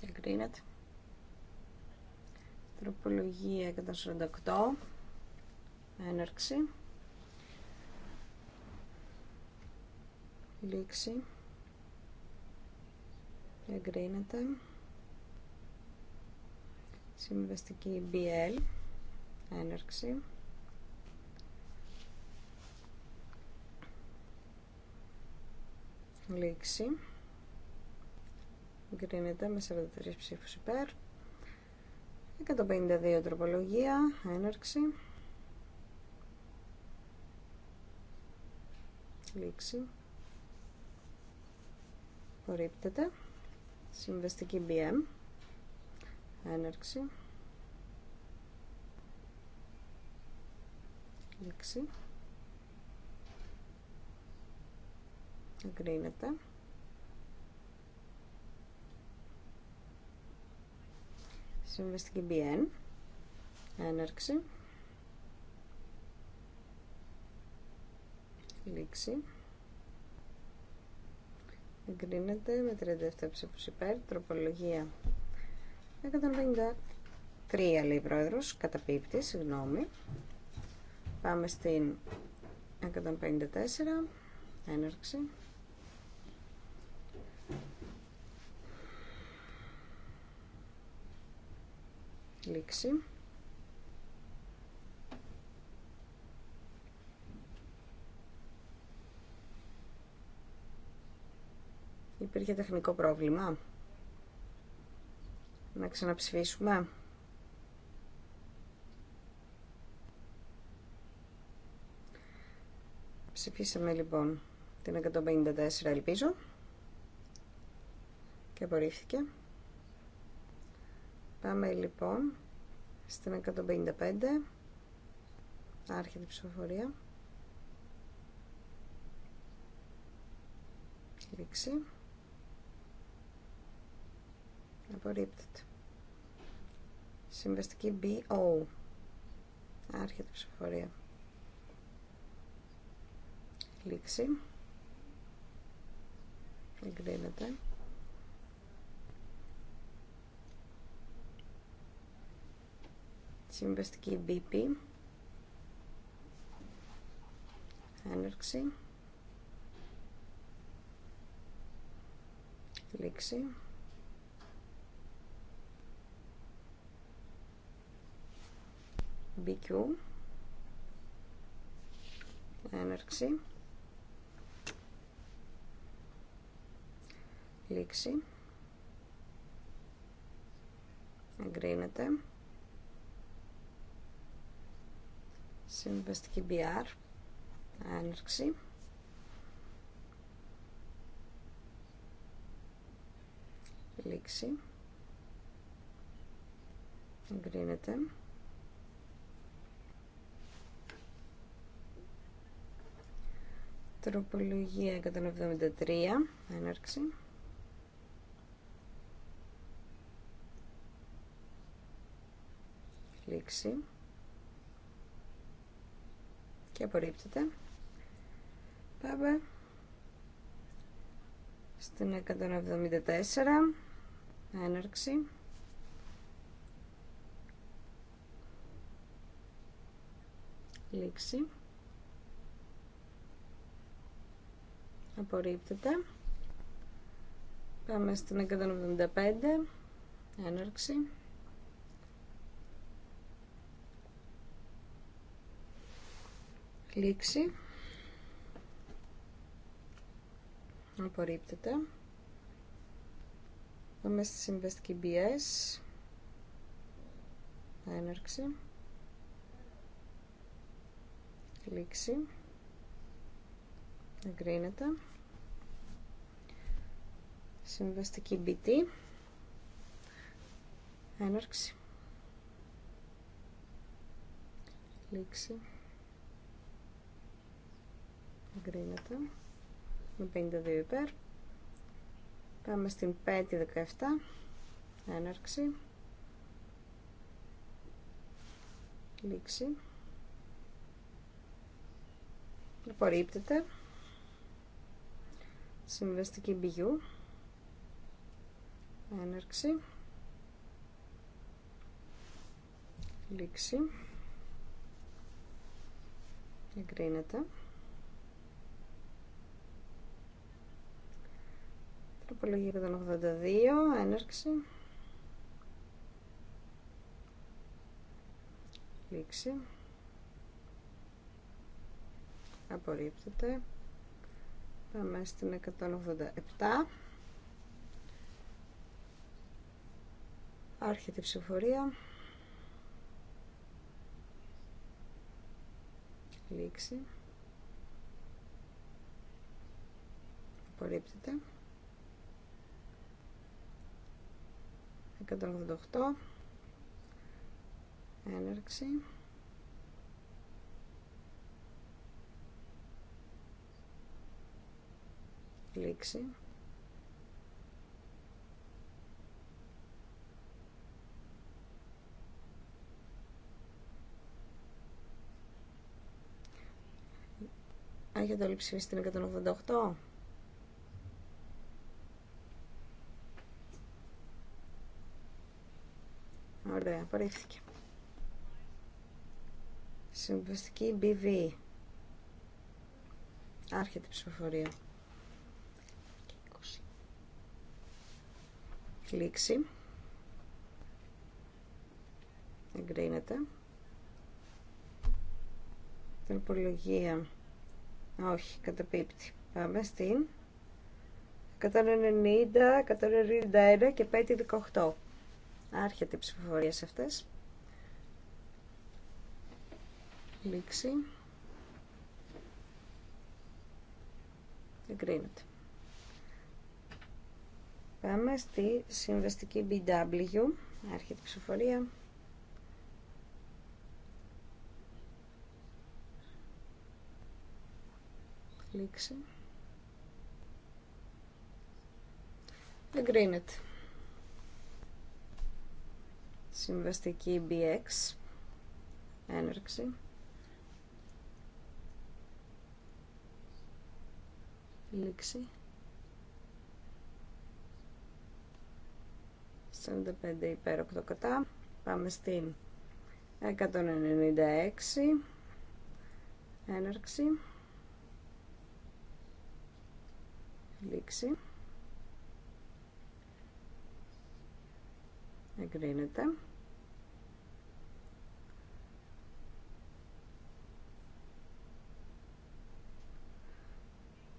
Εγκρίνεται. Τροπολογία 148, έναρξη. λήξη εγκρίνεται συμβαστική BL έναρξη λήξη εγκρίνεται με 43 ψήφους υπέρ 152 τροπολογία έναρξη λήξη Απορρίπτεται. Συμβεστική BM. Έναρξη. Λήξη. Εγκρίνεται. Συμβεστική BN. Έναρξη. Λήξη. Εγκρίνεται με 37 ψήφους υπέρ. Τροπολογία 153 λέει πρόεδρος. Καταπίπτει, συγγνώμη. Πάμε στην 154. Έναρξη. Λήξη. Υπήρχε τεχνικό πρόβλημα. Να ξαναψηφίσουμε. Ψηφίσαμε λοιπόν την 154 ελπίζω και απορρίφθηκε. Πάμε λοιπόν στην 155 άρχεται η ψηφοφορία. Λήξη. Απορρίπτεται. Συμβαστική BO. Άρχεται η ψηφοφορία. Λήξη. Εγκρίνεται. Συμβαστική BP. Έναρξη. Λήξη. BQ έναρξη λήξη εγκρίνεται συμβαστική BR έναρξη λήξη εγκρίνεται Τροπολογία 173, έναρξη. Λήξη. Και απορρίπτεται. Πάμε στην 174, έναρξη. Λήξη. απορρίπτεται. Πάμε στην 175, έναρξη. Λήξη. Απορρίπτεται. Πάμε στη συμβεστική BS. Έναρξη. Λήξη εγκρίνεται συμβαστική BT έναρξη λήξη εγκρίνεται με 52 υπέρ πάμε στην 5 17 έναρξη λήξη απορρίπτεται συμβεστική ποιού, Έναρξη. Λήξη. Εγκρίνεται. Τροπολογία 182. Έναρξη. Λήξη. Απορρίπτεται. Πάμε στην 187. Άρχεται η ψηφορία. Λήξη. Απορρίπτεται. 188. Έναρξη. λήξη. Έχετε όλοι ψηφίσει την 188. Ωραία, απορρίφθηκε. Συμβαστική BV. Άρχεται η ψηφοφορία. Λήξη. Εγκρίνεται. υπολογία Όχι, καταπίπτει. Πάμε στην 190, 191 και 518. Άρχεται η ψηφοφορία σε αυτές. Λήξη. Εγκρίνεται. Πάμε στη συμβαστική BW, Έρχεται η ψηφορία. Λήξη. Εγκρίνεται. Συμβαστική BX, έναρξη. Λήξη. 195 υπέρ 8 κατά. Πάμε στην 196. Έναρξη. Λήξη. Εγκρίνεται.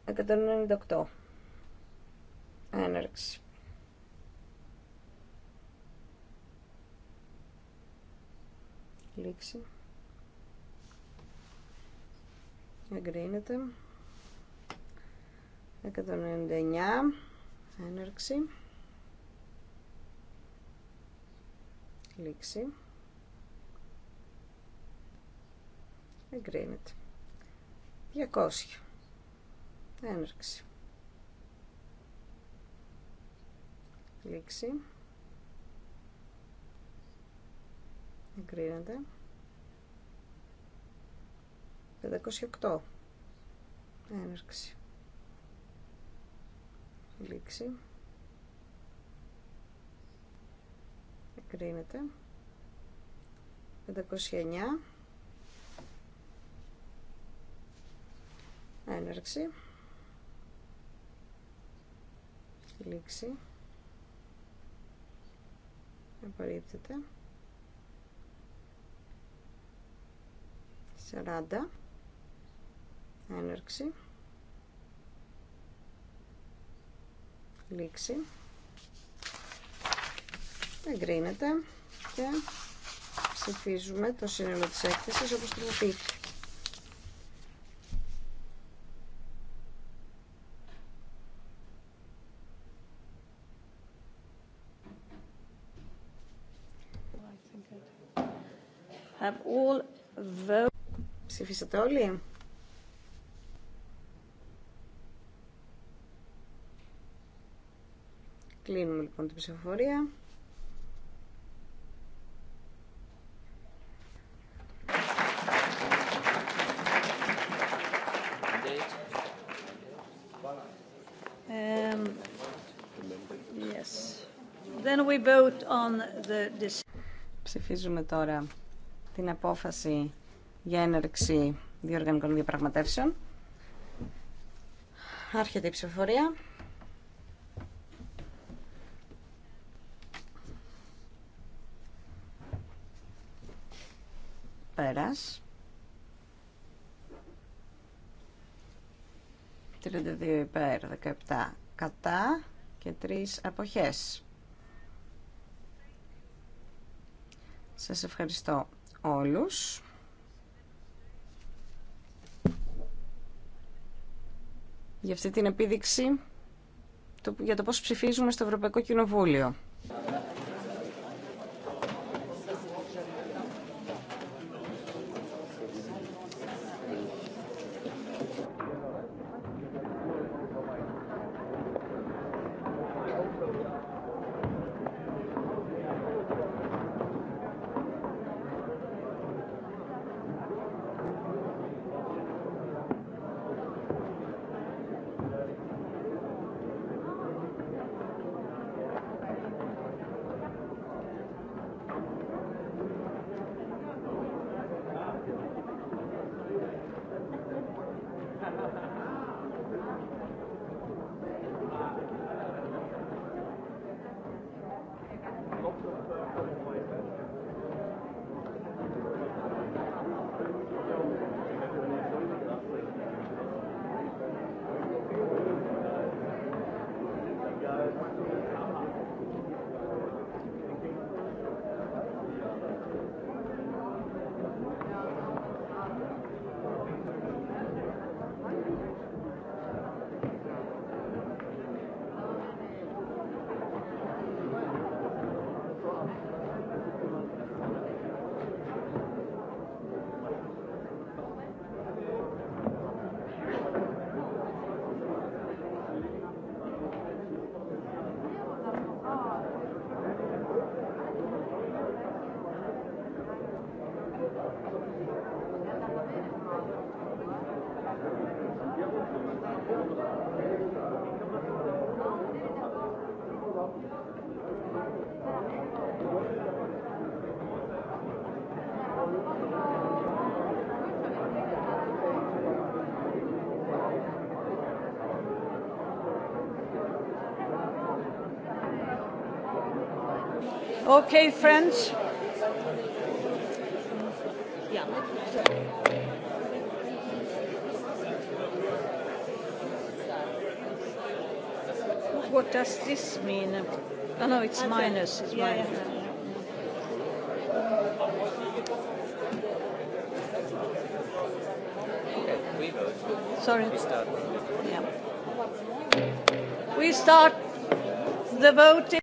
198. Έναρξη. λήξει. Εγκρίνεται. 199. Έναρξη. Λήξη. Εγκρίνεται. 200. Έναρξη. Λήξη. εγκρίνεται 508 έναρξη λήξη εγκρίνεται 509 έναρξη λήξη απορρίπτεται 40 έναρξη λήξη εγκρίνεται και ψηφίζουμε το σύνολο της έκθεσης όπως τροποποιήθηκε Ψηφίσατε όλοι. Κλείνουμε λοιπόν την ψηφοφορία.
yes. Then we vote on the...
Ψηφίζουμε τώρα την απόφαση για έναρξη διοργανικών διαπραγματεύσεων. Άρχεται η ψηφοφορία. Πέρας. 32 υπέρ, 17 κατά και 3 αποχές. Σας ευχαριστώ όλους. για αυτή την επίδειξη για το πώς ψηφίζουμε στο Ευρωπαϊκό Κοινοβούλιο.
Okay, friends. What does this mean? Oh no, it's minus. It's minus. Sorry. We start. We start the voting.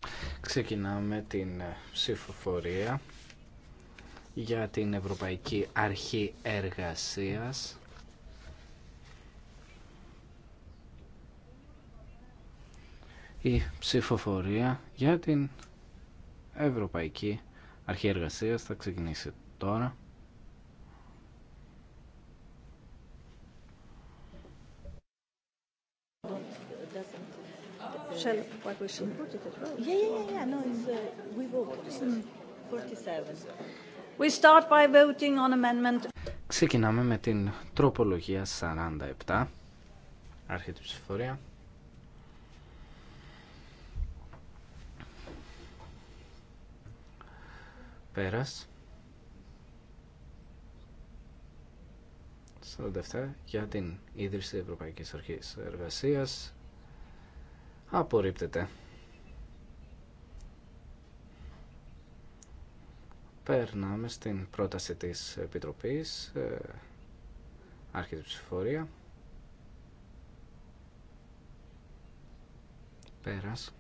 Ξεκινάμε την ε, ψηφοφορία για την Ευρωπαϊκή Αρχή Εργασίας. Η ψηφοφορία για την Ευρωπαϊκή Αρχή Εργασίας θα ξεκινήσει τώρα.
shall what we should put it as well. Yeah, yeah, yeah, yeah. No, it's, uh, we vote. Mm. 47. We start by voting on amendment.
Ξεκινάμε με την τροπολογία 47. Άρχεται η ψηφορία. Πέρας. 47 για την ίδρυση Ευρωπαϊκής Αρχής Εργασίας Απορρίπτεται. Περνάμε στην πρόταση της Επιτροπής. Ε, άρχεται ψηφορία. Πέρας.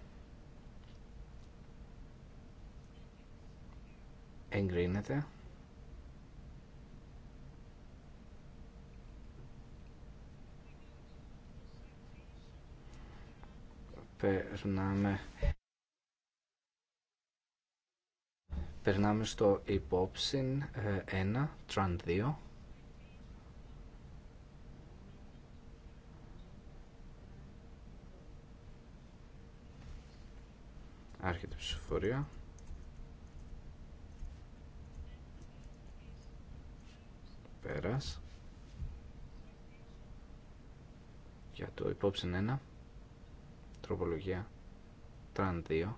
Εγκρίνεται. Περνάμε. Περνάμε στο ε, 1, τραν 2. Άρχεται η ψηφοφορία. Πέρας. Για το υπόψη 1 τροπολογία τραν 2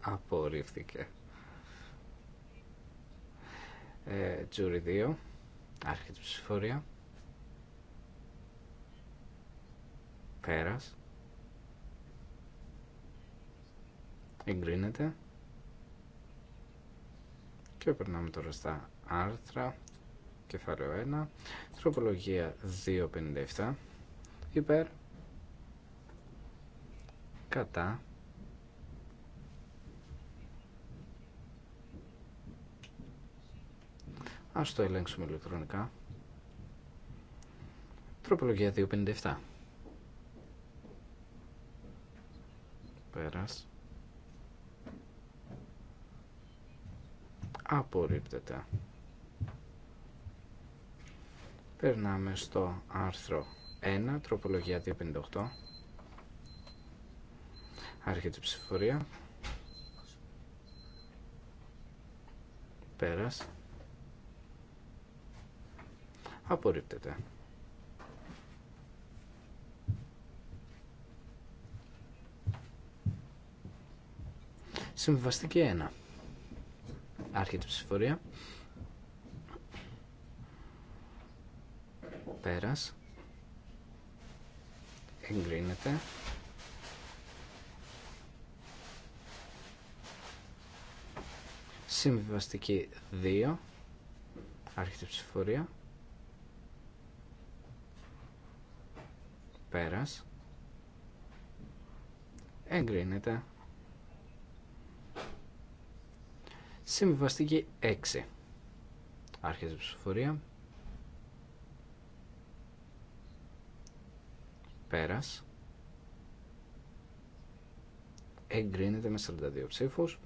απορρίφθηκε ε, τζούρι 2 άρχεται ψηφορία πέρας εγκρίνεται και περνάμε τώρα στα άρθρα κεφάλαιο 1, τροπολογία 257, υπέρ, κατά, Ας το ελέγξουμε ηλεκτρονικά. Τροπολογία 257. Πέρας. Απορρίπτεται. Περνάμε στο άρθρο 1, τροπολογία 258. Άρχεται η ψηφορία. Πέρας. Απορρίπτεται. Συμβιβαστήκε 1. Άρχεται η ψηφορία. πέρας εγκρίνεται συμβιβαστική 2 άρχεται ψηφορία πέρας εγκρίνεται συμβιβαστική 6 άρχεται ψηφορία Πέρας. Εγκρίνεται με 42 ψήφους.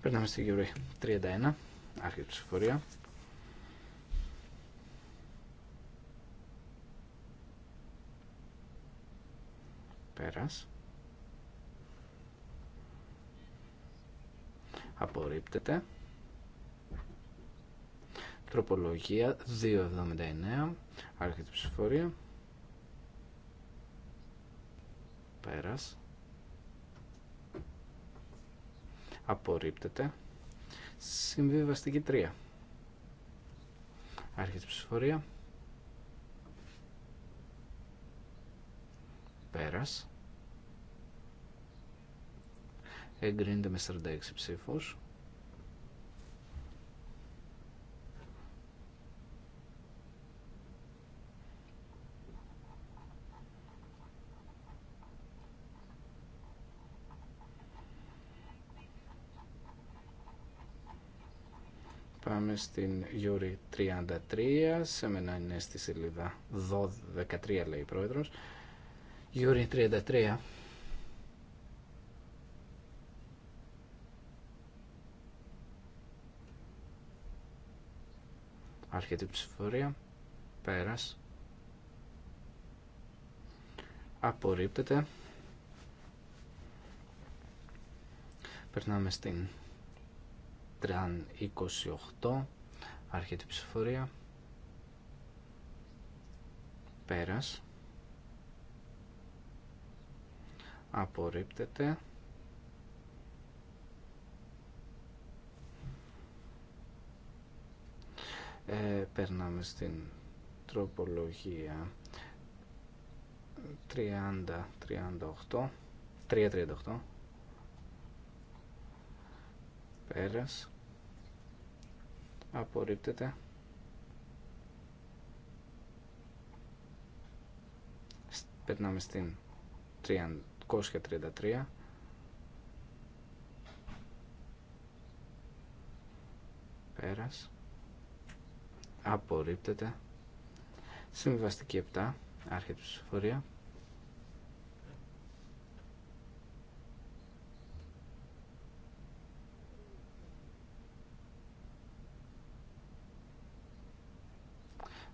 Περνάμε στη γύρω 31, άρχη ψηφορία. Πέρας. απορρίπτεται. Τροπολογία 2.79, άρχεται η ψηφορία. Πέρας. Απορρίπτεται. Συμβιβαστική 3. Άρχεται η ψηφορία. Πέρας. εγκρίνεται με 46 ψήφους. Πάμε στην Γιούρι 33, σε μένα είναι στη σελίδα 12, 13 λέει η πρόεδρος. Γιούρι 33, Αρχιετή ψηφορία. Πέρας. Απορρίπτεται. Περνάμε στην τραν 28. Αρχιετή ψηφορία. Πέρας. Απορρίπτεται. Ε, περνάμε στην τροπολογία 30, 38, 338 πέρας απορρίπτεται περνάμε στην 33. πέρας απορρίπτεται. Συμβιβαστική 7, άρχεται η ψηφοφορία.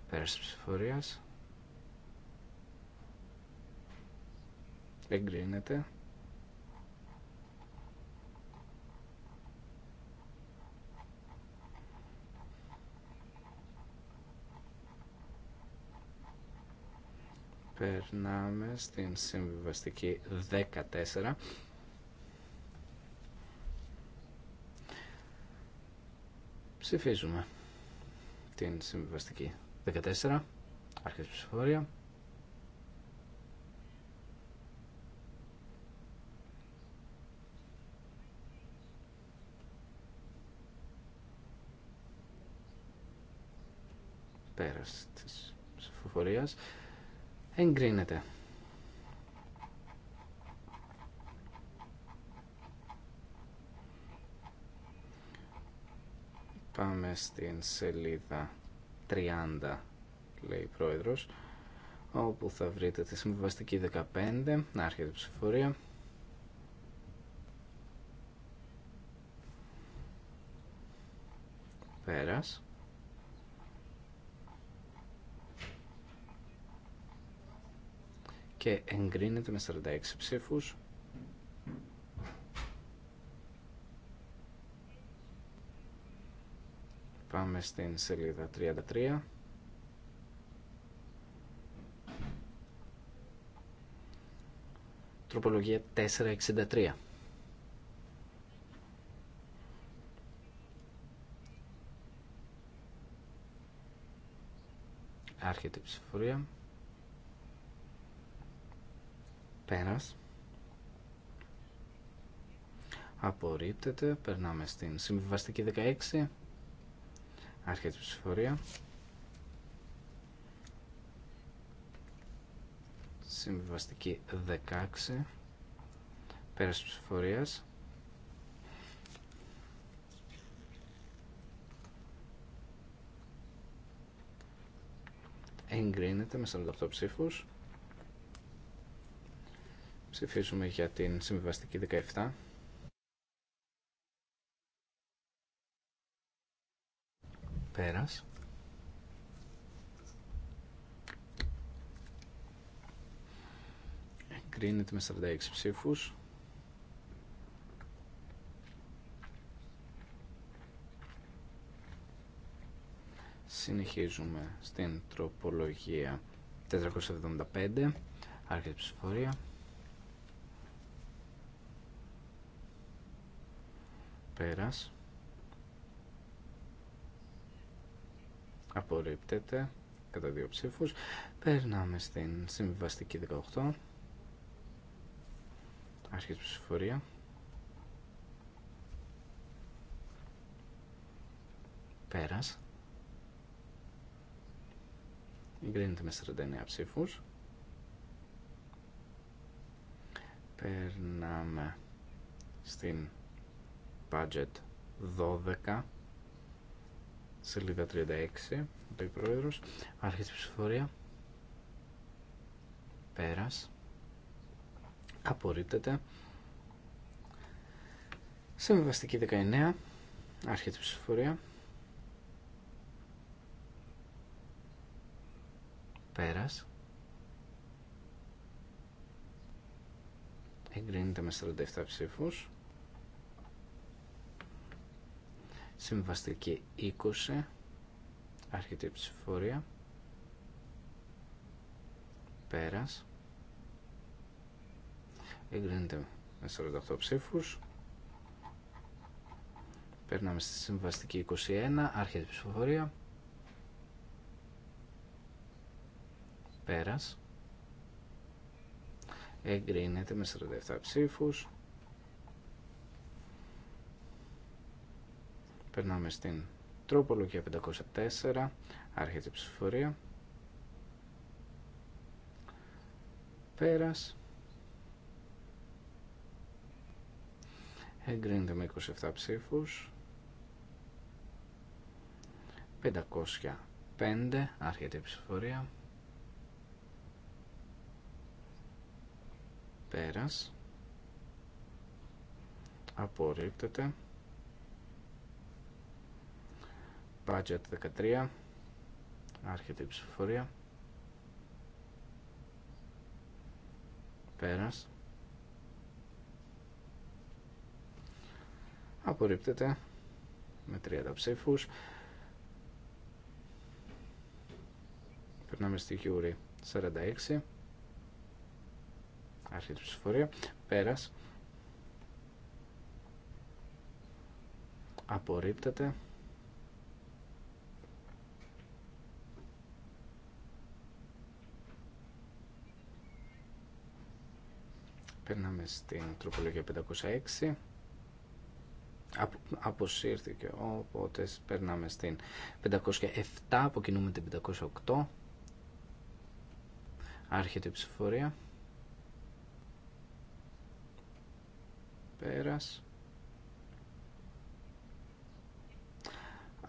Πέρας της ψηφορίας. Εγκρίνεται. Περνάμε στην συμβιβαστική 14. Ψηφίζουμε την συμβιβαστική 14. Αρχές ψηφοφορία. πέρας της ψηφοφορίας εγκρίνεται. Πάμε στην σελίδα 30, λέει η πρόεδρος, όπου θα βρείτε τη συμβιβαστική 15, να έρχεται η ψηφορία. Πέρας. και εγκρίνεται με 46 ψήφους. Πάμε στην σελίδα 33. Τροπολογία 463. Άρχεται η ψηφορία. Πέρας. Απορρίπτεται. Περνάμε στην συμβιβαστική 16. Άρχεται η ψηφορία. Συμβιβαστική 16. Πέρας ψηφορίας. Εγκρίνεται με 48 ψήφους. Ψηφίζουμε για την συμβιβαστική 17. Πέρας. Εγκρίνεται με 46 ψήφους. Συνεχίζουμε στην τροπολογία 475, άρχεται ψηφορία. πέρας απορρίπτεται κατά δύο ψήφους περνάμε στην συμβιβαστική 18 άρχης ψηφορία πέρας εγκρίνεται με 49 ψήφους περνάμε στην budget 12 σελίδα 36 το πρόεδρος άρχισε ψηφορία, πέρας απορρίπτεται συμβιβαστική 19 άρχισε η ψηφοφορία πέρας εγκρίνεται με 47 ψήφους Συμβαστική 20. Άρχεται η ψηφορία. Πέρας. Εγκρίνεται με 48 ψήφους. Περνάμε στη συμβαστική 21. Άρχεται η ψηφοφορία. Πέρας. Εγκρίνεται με 47 ψήφους. Περνάμε στην τροπολογία 504, άρχεται η ψηφορία. Πέρας. Εγκρίνεται με 27 ψήφους. 505, άρχεται η ψηφορία. Πέρας. Απορρίπτεται. budget 13 άρχεται η ψηφοφορία πέρας απορρίπτεται με 30 ψήφους περνάμε στη Γιούρη 46 άρχεται η ψηφοφορία πέρας απορρίπτεται Περνάμε στην τροπολογία 506. Αποσύρθηκε, οπότε περνάμε στην 507, αποκινούμε την 508. Άρχεται η ψηφορία. Πέρας.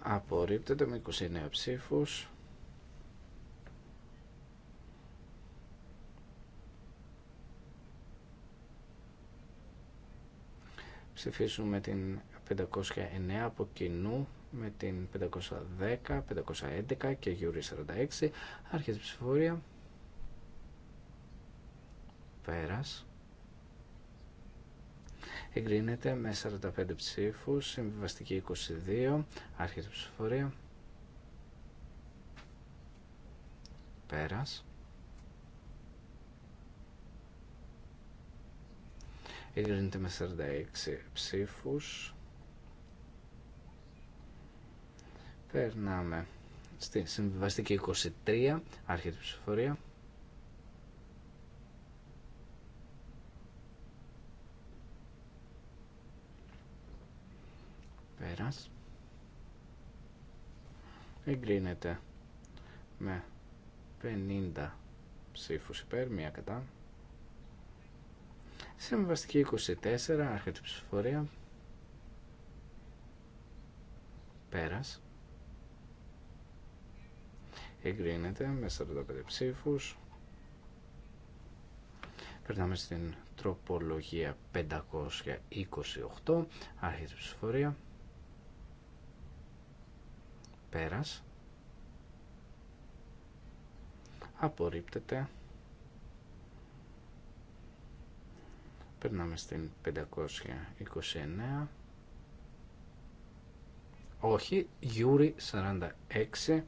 Απορρίπτεται με 29 ψήφους. ψηφίσουμε την 509 από κοινού με την 510, 511 και Γιούρι 46. Άρχιε ψηφορία. Πέρας. Εγκρίνεται με 45 ψήφους, συμβιβαστική 22, άρχιε ψηφορία. Πέρας. εγκρίνεται με 46 ψήφους. Περνάμε στη συμβιβαστική 23, άρχεται η ψηφοφορία. Πέρας. Εγκρίνεται με 50 ψήφους υπέρ, μία κατά. Συμβαστική 24, άρχεται ψηφοφορία. Πέρας. Εγκρίνεται με 45 ψήφους. Περνάμε στην τροπολογία 528, άρχεται ψηφοφορία. Πέρας. Απορρίπτεται Περνάμε στην 529. Όχι, Γιούρι 46.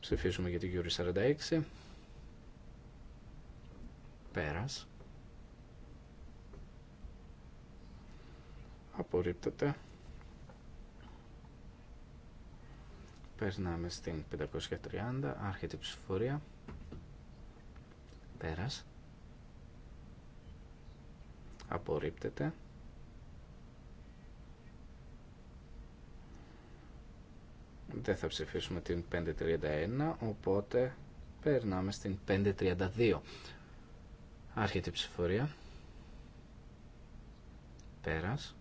Ψηφίσουμε για τη Γιούρι 46. Πέρας. Απορρίπτεται. Περνάμε στην 530. Άρχεται η ψηφορία. Πέρας απορρίπτεται. Δεν θα ψηφίσουμε την 531, οπότε περνάμε στην 532. Άρχεται η ψηφορία. Πέρας.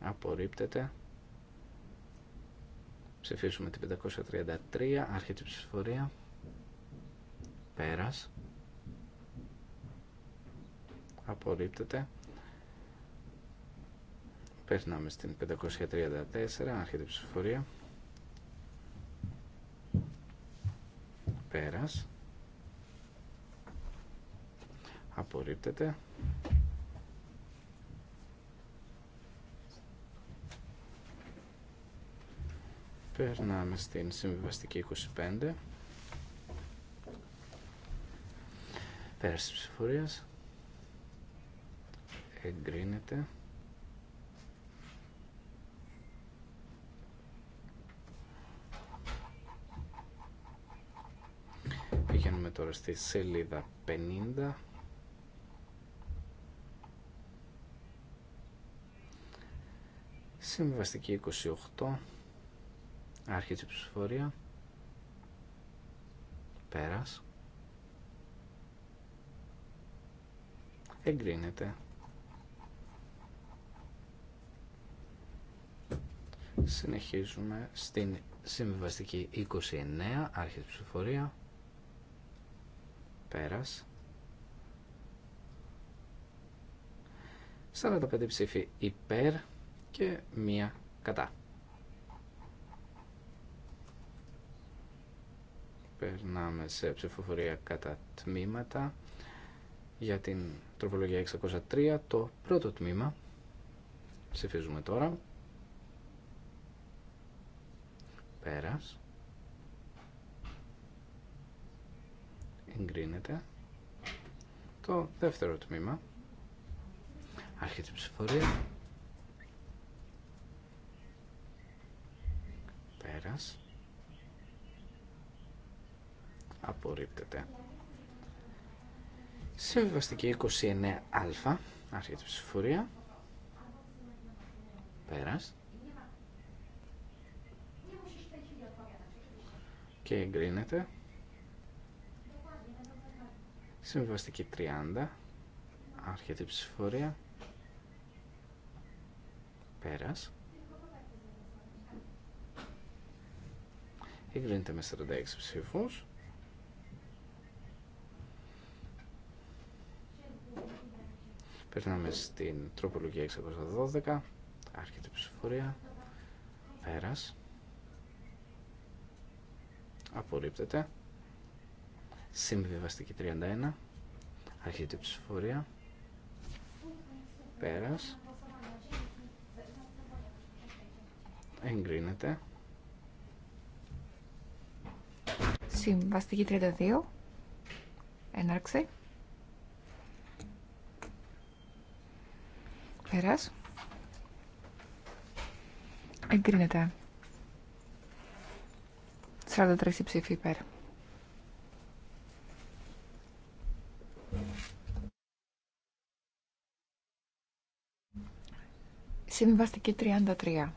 Απορρίπτεται. Ψηφίσουμε την 533, άρχεται η ψηφορία. Πέρας απορρίπτεται. Περνάμε στην 534, άρχεται η ψηφοφορία. Πέρας. Απορρίπτεται. Περνάμε στην συμβιβαστική 25. Πέρας της ψηφορίας εγκρίνεται. Πηγαίνουμε τώρα στη σελίδα 50. Συμβαστική 28. Άρχιτσι Πέρας. Εγκρίνεται. Συνεχίζουμε στην συμβιβαστική 29, άρχιτη ψηφοφορία, πέρας. 45 ψήφοι υπέρ και μία κατά. Περνάμε σε ψηφοφορία κατά τμήματα για την τροπολογία 603, το πρώτο τμήμα. Ψηφίζουμε τώρα. Πέρας. Εγκρίνεται. Το δεύτερο τμήμα. Άρχεται η ψηφορία. Πέρας. Απορρίπτεται. Συμβιβαστική 29α. Άρχεται η ψηφορία. Πέρας. και εγκρίνεται. Συμβαστική 30. Άρχεται η ψηφορία. Πέρας. Εγκρίνεται με 46 ψήφους. Περνάμε στην τροπολογία 612. Άρχεται η ψηφορία. Πέρας απορρίπτεται. Συμβιβαστική 31. Αρχή ψηφοφορία. ψηφορία. Πέρας. Εγκρίνεται.
Συμβαστική 32. Έναρξη. Πέρας. Εγκρίνεται. 43 ψήφοι υπέρ. Συμβαστική 33.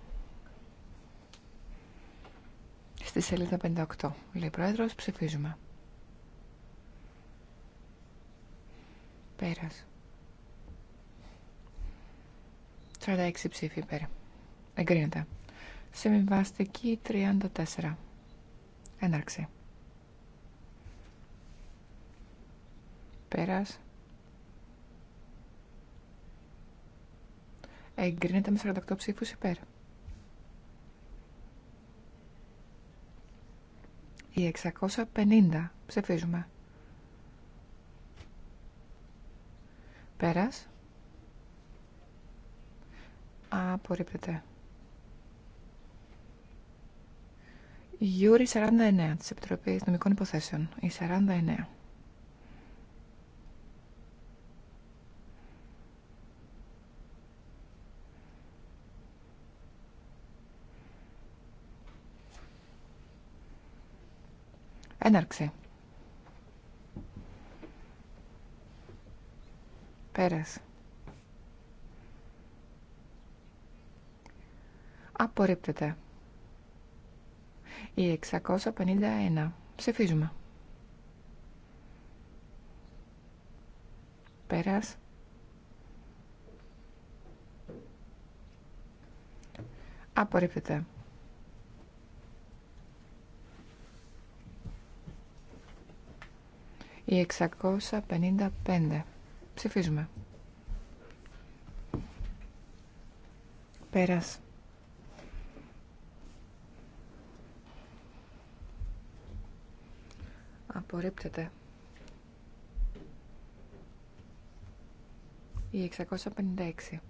Στη σελίδα 58. Λέει πρόεδρος, ψηφίζουμε. Πέρας. 46 ψήφοι υπέρ. Εγκρίνεται. Συμβαστική 34. Έναρξη. Πέρας. Εγκρίνεται με 48 ψήφους υπέρ. Οι 650. ψεφίζουμε. Πέρας. Απορρίπτεται. Γιούρι 49 της Επιτροπής Νομικών Υποθέσεων. Η 49. Έναρξη. Πέρας. Απορρίπτεται. Η 651. Ψηφίζουμε. Πέρας. Απορρίπτεται. Η 655. Ψηφίζουμε. Πέρας. Απορρίπτεται. Η 656.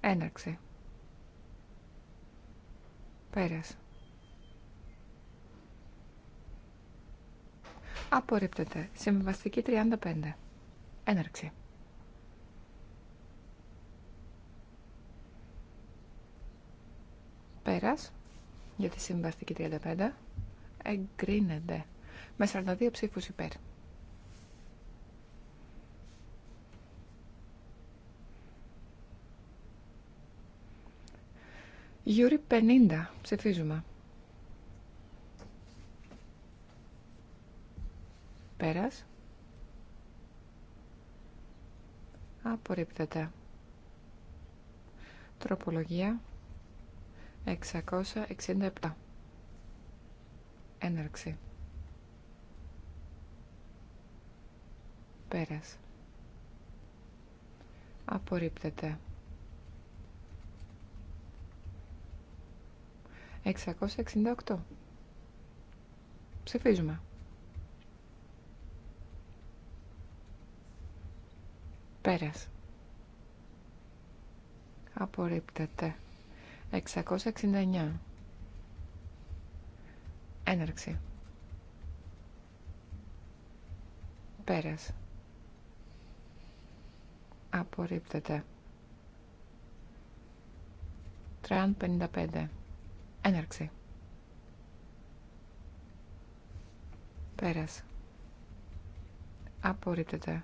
Έναρξη. Πέρας. Απορρίπτεται. Συμβαστική 35. Έναρξη. Πέρας για τη συμβαστική 35 εγκρίνεται με 42 ψήφους υπέρ. Γιούρι 50. Ψηφίζουμε. Πέρας. Απορρίπτεται. Τροπολογία 667. Έναρξη. Πέρας. Απορρίπτεται. 668. Ψηφίζουμε. Πέρας. Απορρίπτεται. 669. Έναρξη. Πέρας. Απορρίπτεται. 355 55. Έναρξη. Πέρας. Απορρίπτεται.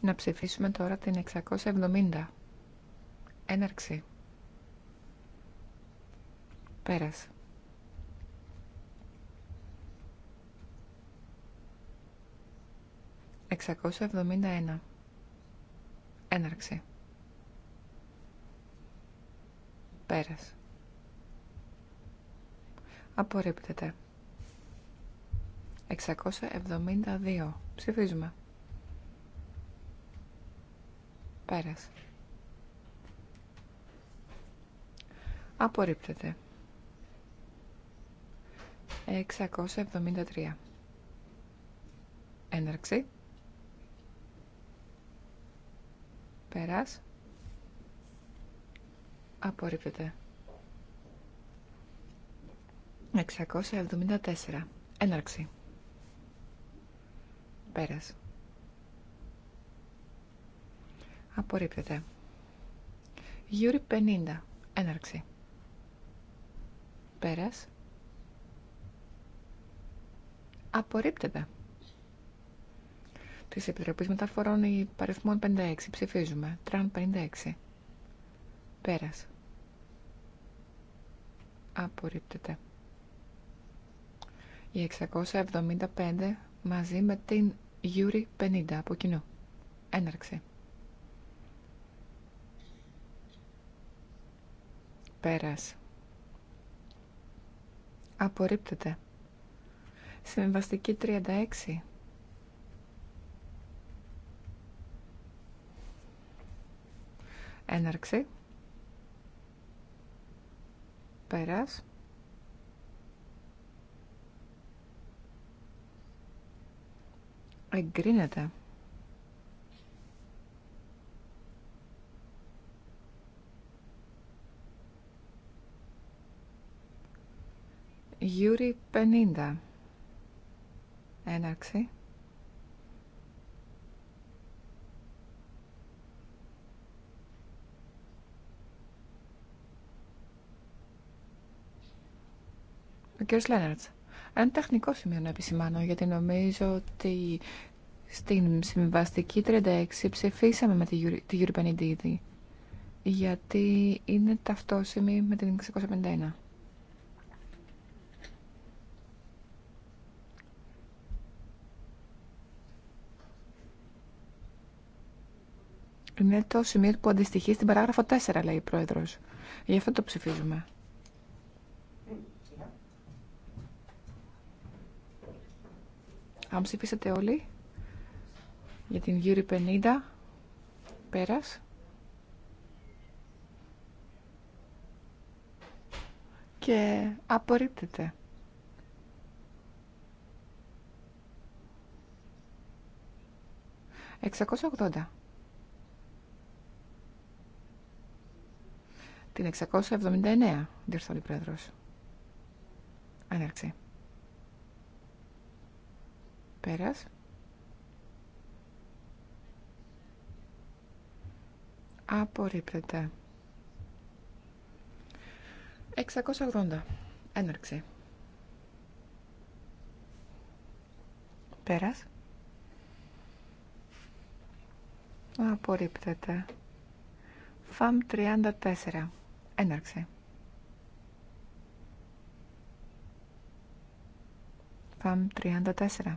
Να ψηφίσουμε τώρα την 670. Έναρξη. Πέρας. 671. Έναρξη. Πέρας. Απορρίπτεται. 672. Ψηφίζουμε. Πέρας. Απορρίπτεται. 673. Έναρξη. Πέρας. Απορρίπτεται. 674. Έναρξη. Πέρας. Απορρίπτεται. Γιούρι 50. Έναρξη. Πέρας. Απορρίπτεται. Της Επιτροπής Μεταφορών η παριθμών 56. Ψηφίζουμε. Τραν 56. Πέρας. Απορρίπτεται. Η 675 μαζί με την Γιούρι 50 από κοινού. Έναρξη. Πέρας. Απορρίπτεται. Συμβαστική 36. Έναρξη. Πέρας. Εγκρίνεται. Γιούρι 50. Έναρξη. Ο κ. Λέναρτς. Ένα τεχνικό σημείο να επισημάνω, γιατί νομίζω ότι στην συμβαστική 36 ψηφίσαμε με τη Γιούρι 50 γιατί είναι ταυτόσημη με την 651. Είναι το σημείο που αντιστοιχεί στην παράγραφο 4, λέει η Πρόεδρος. Γι' αυτό το ψηφίζουμε. Αν ψηφίσετε όλοι για την γύρι 50, πέρας. Και απορρίπτεται. 680. Την 679, διορθώνει πρόεδρο. Έναρξη. Πέρας. Απορρίπτεται. 680. Έναρξη. Πέρας. Απορρίπτεται. ΦΑΜ 34. Έναρξη. ΦΑΜ 34.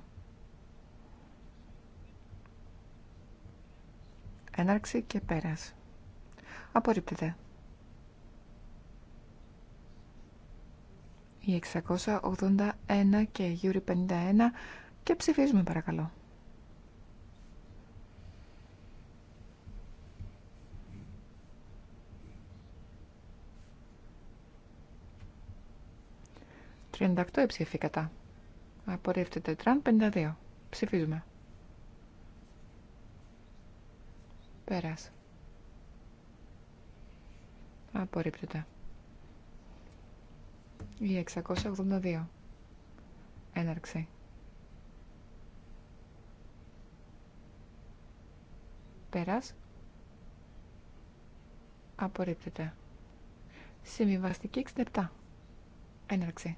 Έναρξη και πέρας. Απορρίπτεται. Η 681 και η Γιούρι 51 και ψηφίζουμε παρακαλώ. 38 ψήφι κατά. Απορρίπτεται. 52. Ψηφίζουμε. Πέρας. Απορρίπτεται. Η 682. Έναρξη. Πέρας. Απορρίπτεται. Συμβιβαστική 67. Έναρξη.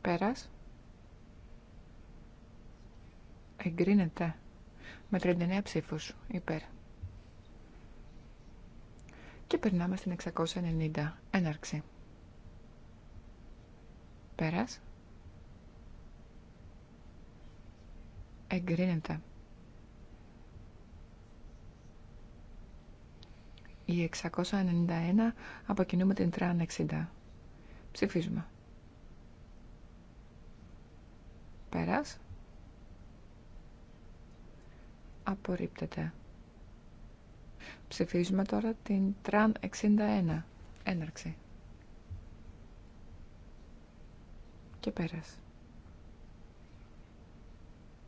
Πέρας. Εγκρίνεται με 39 ψήφους υπέρ. Και περνάμε στην 690. Έναρξη. Πέρας. Εγκρίνεται. Η 691 αποκινούμε την 360. Ψηφίζουμε. Πέρας. Απορρίπτεται. Ψηφίζουμε τώρα την τραν 61. Έναρξη. Και πέρας.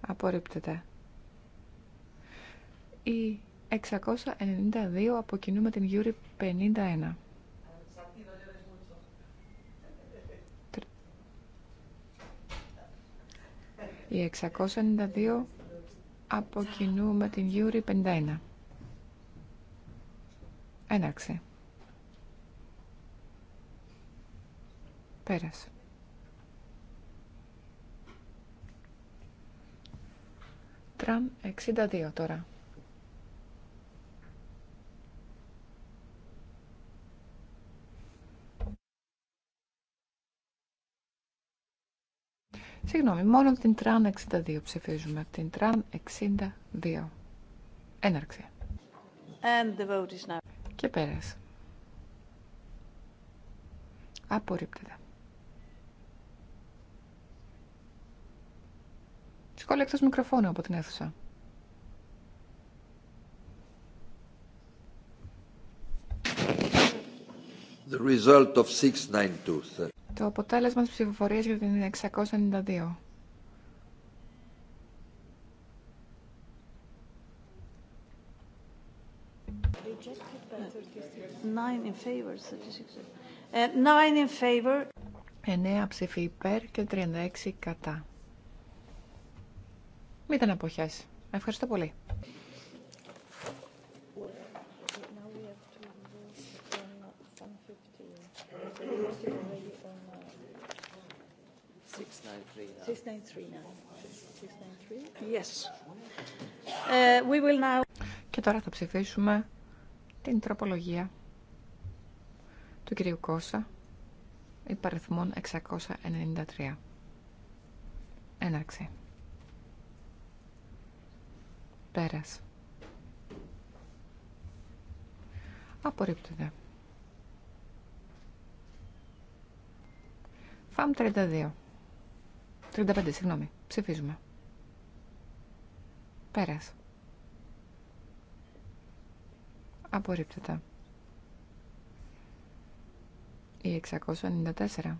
Απορρίπτεται. Η 692 αποκινούμε την Γιούρι 51. Η 692 από κοινού με την Γιούρη 51. Έναξε. Πέρασε. Τραμ 62 τώρα. Συγγνώμη, μόνο την τραν 62 ψηφίζουμε. Την τραν 62. Έναρξη.
And the vote is now.
Και περασε Απορρίπτεται. Σχόλια εκτός μικροφώνου από την αίθουσα.
The result of
το αποτέλεσμα της ψηφοφορίας για την 692. 9 uh, ψήφοι υπέρ και 36 κατά. Μην τα αποχιάσει. Ευχαριστώ πολύ. Uh, Και τώρα θα ψηφίσουμε την τροπολογία του κυρίου Κώσα υπαριθμών 693. Έναρξη. Πέρας. Απορρίπτεται. ΦΑΜ 32. 35, συγγνώμη. Ψηφίζουμε. Πέρας. Απορρίπτεται. Η 694.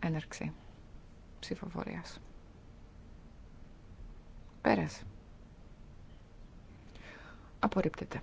Έναρξη ψηφοφορίας. Πέρας. Απορρίπτεται.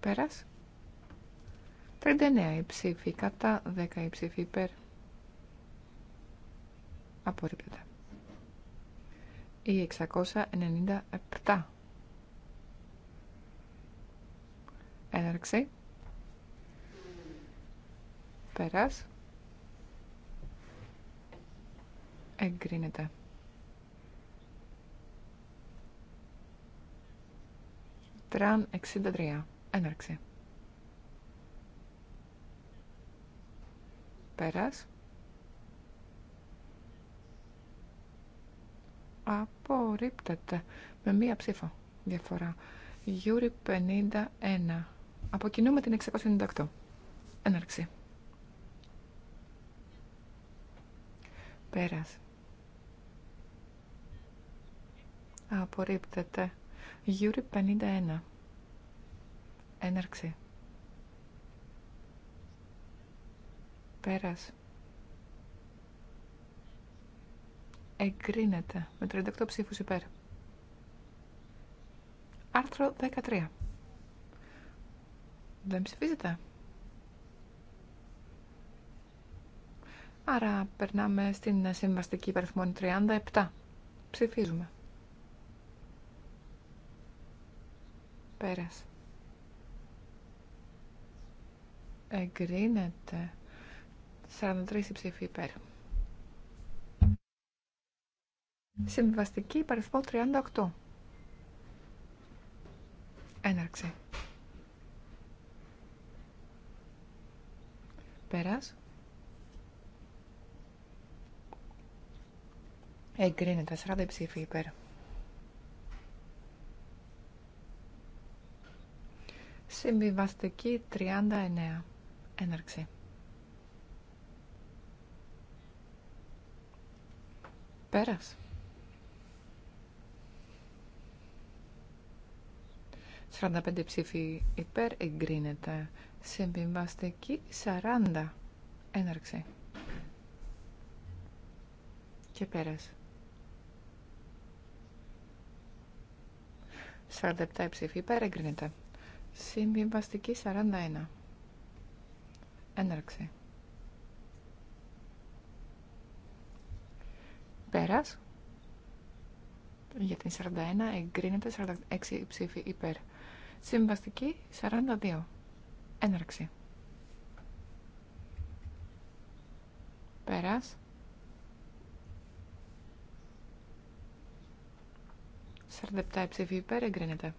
Πέρας. 39 οι κατά, 10 οι υπέρ. Απορρίπτεται. Ή 697. Έναρξη. Πέρας. Εγκρίνεται. Τραν 63. Έναρξη. Πέρας. Απορρίπτεται με μία ψήφο διαφορά. Γιούρι 51. Αποκινούμε την 698. Έναρξη. Πέρας. Απορρίπτεται. Γιούρι 51. Έναρξη. Πέρας. Εγκρίνεται με 38 ψήφους υπέρ. Άρθρο 13. Δεν ψηφίζεται. Άρα περνάμε στην συμβαστική υπέρθμονη 37. Ψηφίζουμε. Πέρας. Εγκρίνεται. 43 ψήφοι υπέρ. Συμβιβαστική υπαριθμό 38. Έναρξη. Πέρας. Εγκρίνεται. 40 ψήφοι υπέρ. Συμβιβαστική 39. Έναρξη. Πέρας. Σαράντα πέντε ψήφοι υπέρ εγκρίνεται. Συμβιβαστική σαράντα. Έναρξη. Και πέρας. Σαράντα πέντε ψήφοι υπέρ εγκρίνεται. Συμβιβαστική 41. Έναρξη. Πέρας. Για την 41 εγκρίνεται 46 ψήφοι υπέρ. Συμβαστική 42. Έναρξη. Πέρας. 47 ψήφοι υπέρ εγκρίνεται.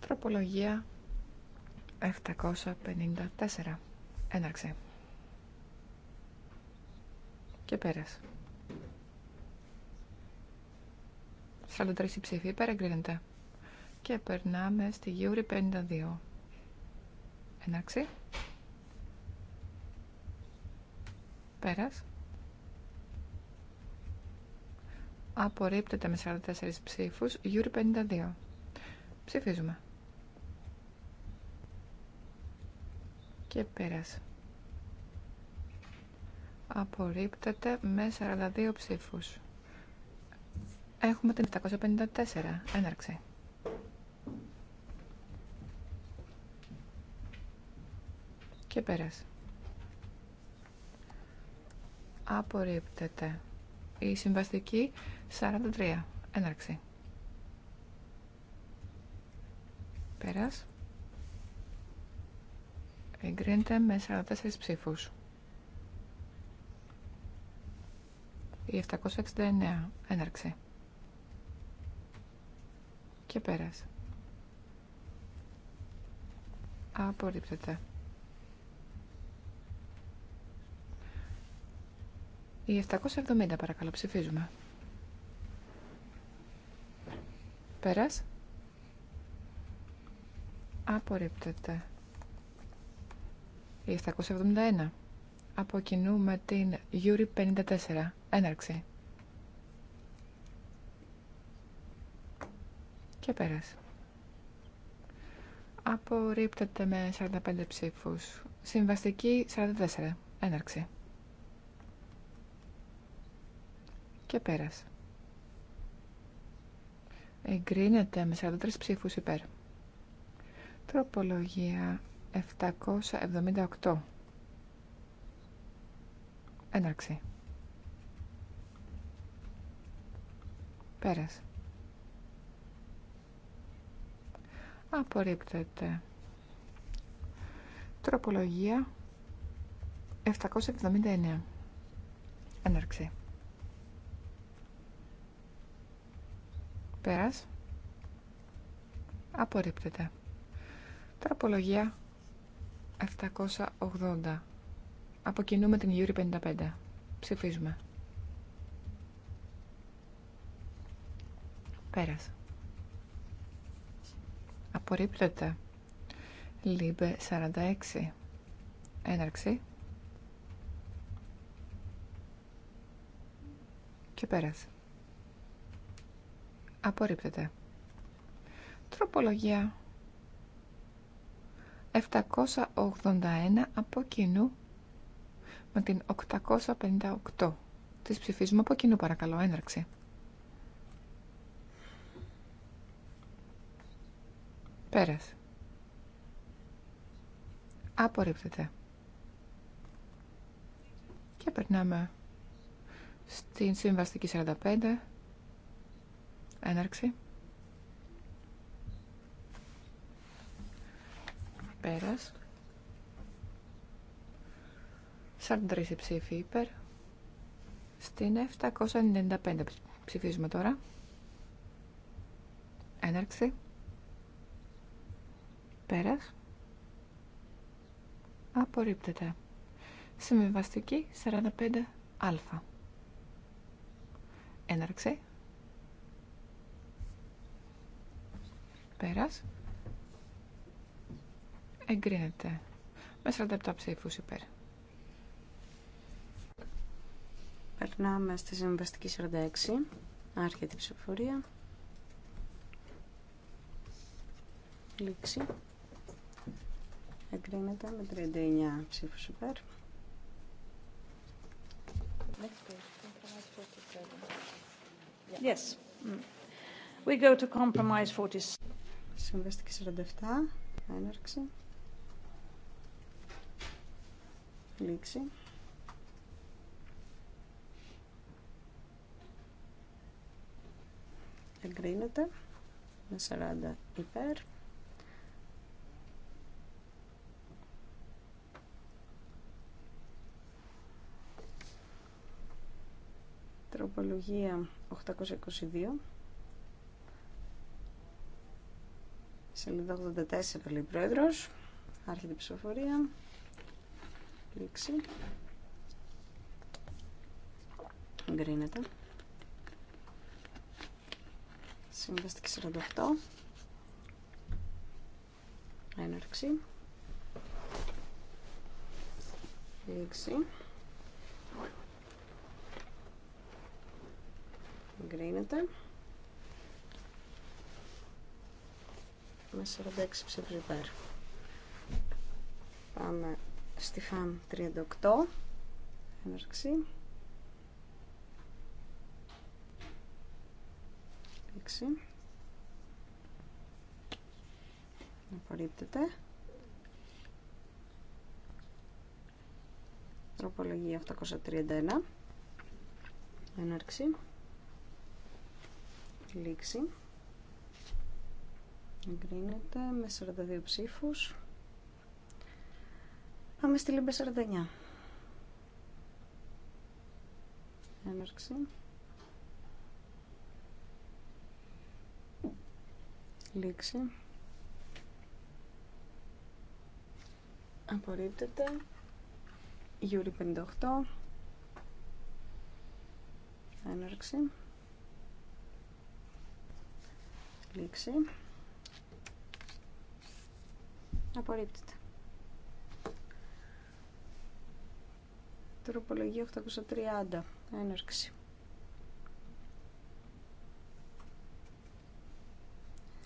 Τροπολογία 754. Έναρξε. Και πέρασε. 43 ψήφοι πέρα εγκρίνεται. Και περνάμε στη Γιούρη 52. Έναρξη. Πέρας. Απορρίπτεται με 44 ψήφους. Γιούρη 52. Ψηφίζουμε. και πέρας. Απορρίπτεται με 42 ψήφους. Έχουμε την 754. Έναρξη. Και πέρας. Απορρίπτεται. Η συμβαστική 43. Έναρξη. Πέρας. Εγκρίνεται με 44 ψήφους. Η 769 έναρξη. Και πέρασε. Απορρίπτεται. Η 770 παρακαλώ ψηφίζουμε. Πέρας. Απορρίπτεται. Η 771. Από κοινού με την Γιούρι 54. Έναρξη. Και πέρασε. Απορρίπτεται με 45 ψήφους. Συμβαστική 44. Έναρξη. Και πέρασε. Εγκρίνεται με 43 ψήφους υπέρ. Τροπολογία 778. Έναρξη. Πέρας. Απορρίπτεται. Τροπολογία 779. Έναρξη. Πέρας. Απορρίπτεται. Τροπολογία 780. Αποκινούμε την Γιούρι 55. Ψηφίζουμε. Πέρασε. Απορρίπτεται. Λίμπε 46. Έναρξη. Και πέρασε. Απορρίπτεται. Τροπολογία 781 από κοινού με την 858. Τις ψηφίζουμε από κοινού παρακαλώ, έναρξη. Πέρας. Απορρίπτεται. Και περνάμε στην συμβαστική 45. Έναρξη. Πέρας. 43 ψήφοι υπέρ. Στην 795 ψηφίζουμε τώρα. Έναρξη. Πέρας. Απορρίπτεται. Συμβιβαστική 45α. Έναρξη. Πέρας εγκρίνεται με 47 ψήφου υπέρ.
Περνάμε στη συμβαστική 46, άρχεται η ψηφοφορία. Λήξη. Εγκρίνεται με 39 ψήφου υπέρ.
Yes. We go to compromise 47. Συμβαστική 47, έναρξη.
Λήξη. Εγκρίνεται με 40 υπέρ. Τροπολογία 822. Σελίδα 84 λέει πρόεδρος. Άρχεται η ψηφοφορία. Λήξη. Εγκρίνεται. Συμβαστική 48. Έναρξη. Λήξη. Εγκρίνεται. Με 46 ψήφους Πάμε Στιφάν 38 έναρξη Λήξη. Απορρίπτεται. Τροπολογία 831. Έναρξη. Λήξη. Εγκρίνεται με 42 ψήφους. Πάμε στη Λίμπε 49. Έναρξη. Λήξη. Απορρίπτεται. Γιούρι 58. Έναρξη. Λήξη. Απορρίπτεται. Τροπολογία 830. Έναρξη.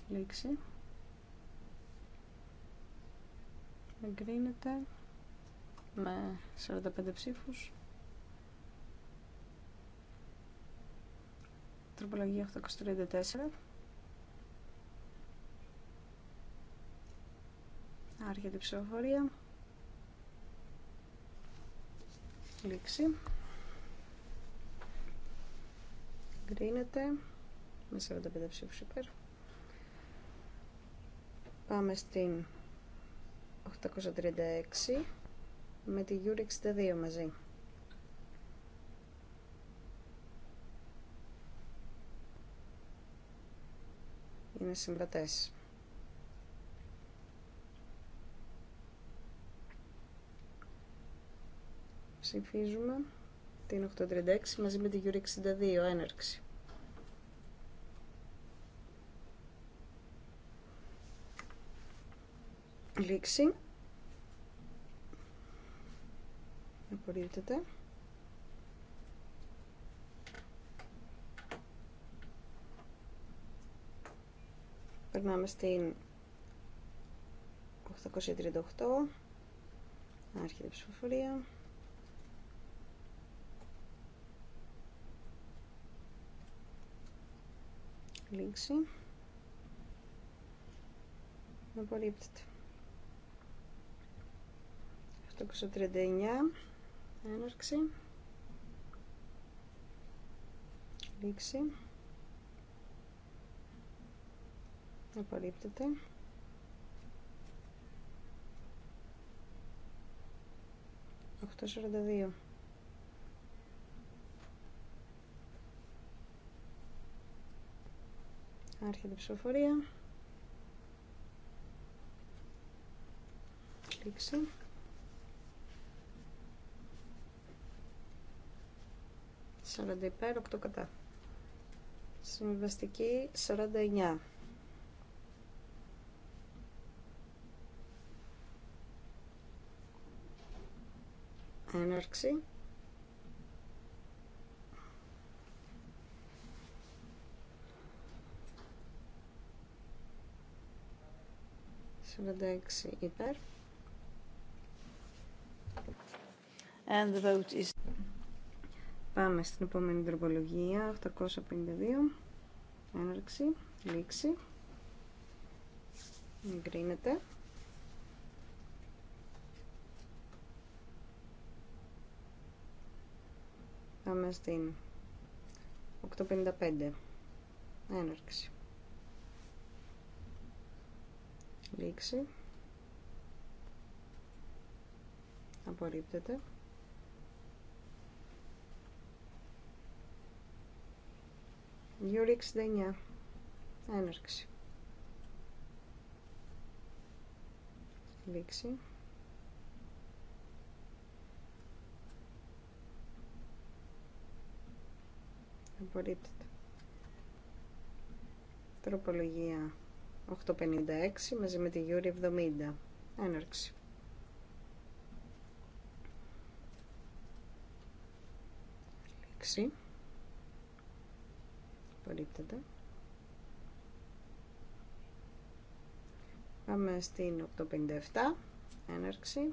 Λήξη. Εγκρίνεται με 45 ψήφους. Τροπολογία 834. Άρχεται η ψηφοφορία. Λήξη. Εγκρίνεται με 45 ψήφους υπέρ. Πάμε στην 836 με τη Γιούρι 62 μαζί. Είναι συμβατές. Ψηφίζουμε την 836 μαζί με την Γιούρη 62, έναρξη. Λήξη. Απορρίπτεται. Περνάμε στην 838. Άρχεται η ψηφοφορία. να Απορρίπτεται. 839. Έναρξη. Λήξη. Απορρίπτεται. 842. Άρχεται η ψηφοφορία. Κλείξε. Σαράντα υπέρ, οκτώ κατά. Συμβαστική σαράντα εννιά. Έναρξη. 46 υπέρ.
And the vote is...
Πάμε στην επόμενη τροπολογία, 852. Έναρξη, λήξη. Εγκρίνεται. Πάμε στην 855. Έναρξη. Λήξη. Απορρίπτεται. 269. Έναρξη. Λήξη. Απορρίπτεται. Τροπολογία 856 μαζί με τη Γιούρη 70. Έναρξη. Λήξη. Απορρίπτεται. Πάμε στην 857. Έναρξη.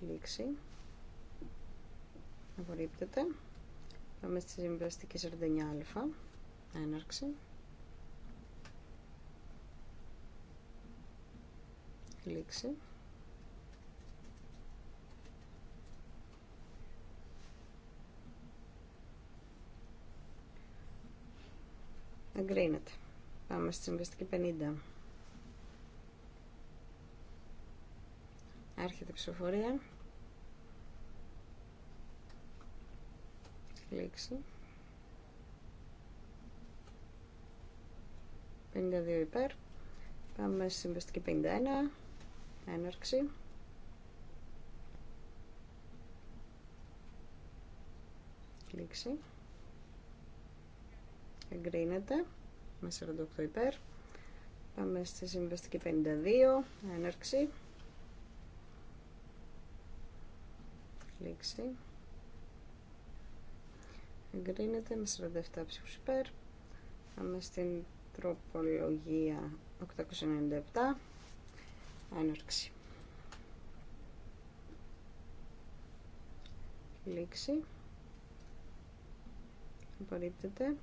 Λήξη. Απορρίπτεται. Πάμε στη συμβαστική 49α. Έναρξη. Λήξη. Εγκρίνεται. Πάμε στη συμβαστική 50. Άρχεται η ψηφοφορία. λήξη 52 υπέρ πάμε στη συμβαστική 51 έναρξη λήξη εγκρίνεται με 48 υπέρ πάμε στη συμβαστική 52 έναρξη λήξη Εγκρίνεται με 47 ψήφους υπέρ. Πάμε στην τροπολογία 897. Έναρξη. Λήξη. Απορρίπτεται.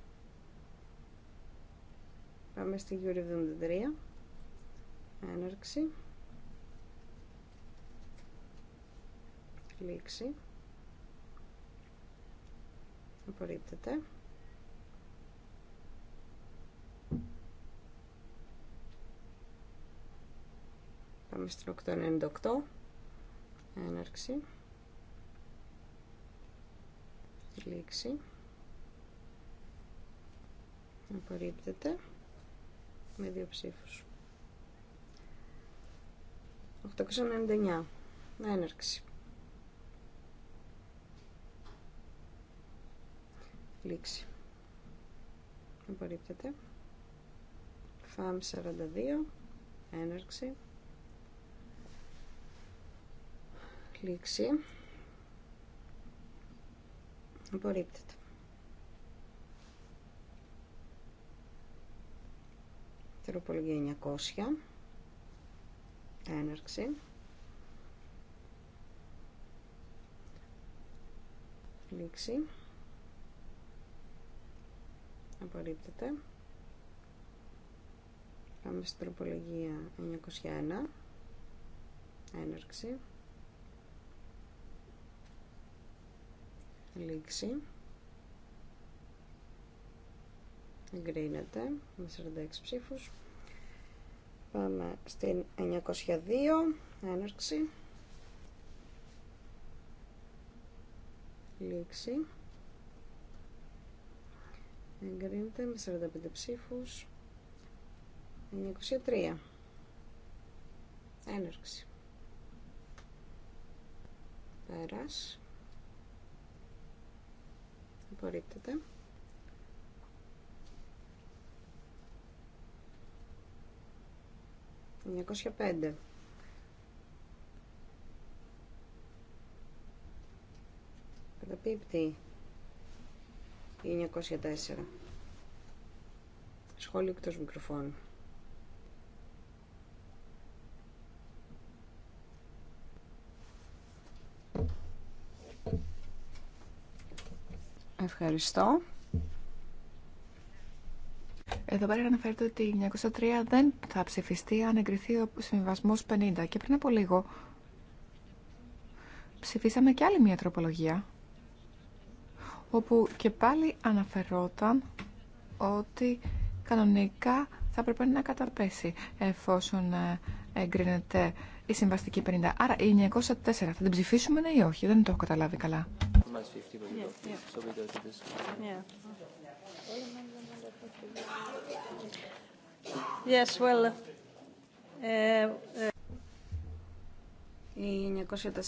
Πάμε στη Γιούρι 73. Έναρξη. Λήξη. Απορρίπτεται. Πάμε στην 898. Έναρξη. Λήξη. Απορρίπτεται. Με δύο ψήφους. 899. Έναρξη. Λήξη. Απορρίπτεται. ΦΑΜ 42. Έναρξη. Λήξη. Απορρίπτεται. Τροπολογία 900. Έναρξη. Λήξη απορρίπτεται πάμε στην τροπολογία 901 έναρξη λήξη εγκρίνεται με 46 ψήφους πάμε στην 902 έναρξη λήξη Εγκρίνεται με 45 ψήφους. 923. Έναρξη. Πέρας. Απορρίπτεται. Εννιακόσια πέντε. Καταπίπτει ή 904. Σχόλιο εκτός μικροφώνου.
Ευχαριστώ. Εδώ πέρα αναφέρεται ότι η 903 δεν θα ψηφιστεί αν εγκριθεί ο συμβιβασμός 50 και πριν από λίγο ψηφίσαμε και άλλη μια τροπολογία όπου και πάλι αναφερόταν ότι κανονικά θα πρέπει να καταρπέσει εφόσον ε, εγκρίνεται η συμβαστική 50. Άρα η 904 θα την ψηφίσουμε ναι ή όχι, δεν το έχω καταλάβει καλά.
Yes, well, ε, ε,
η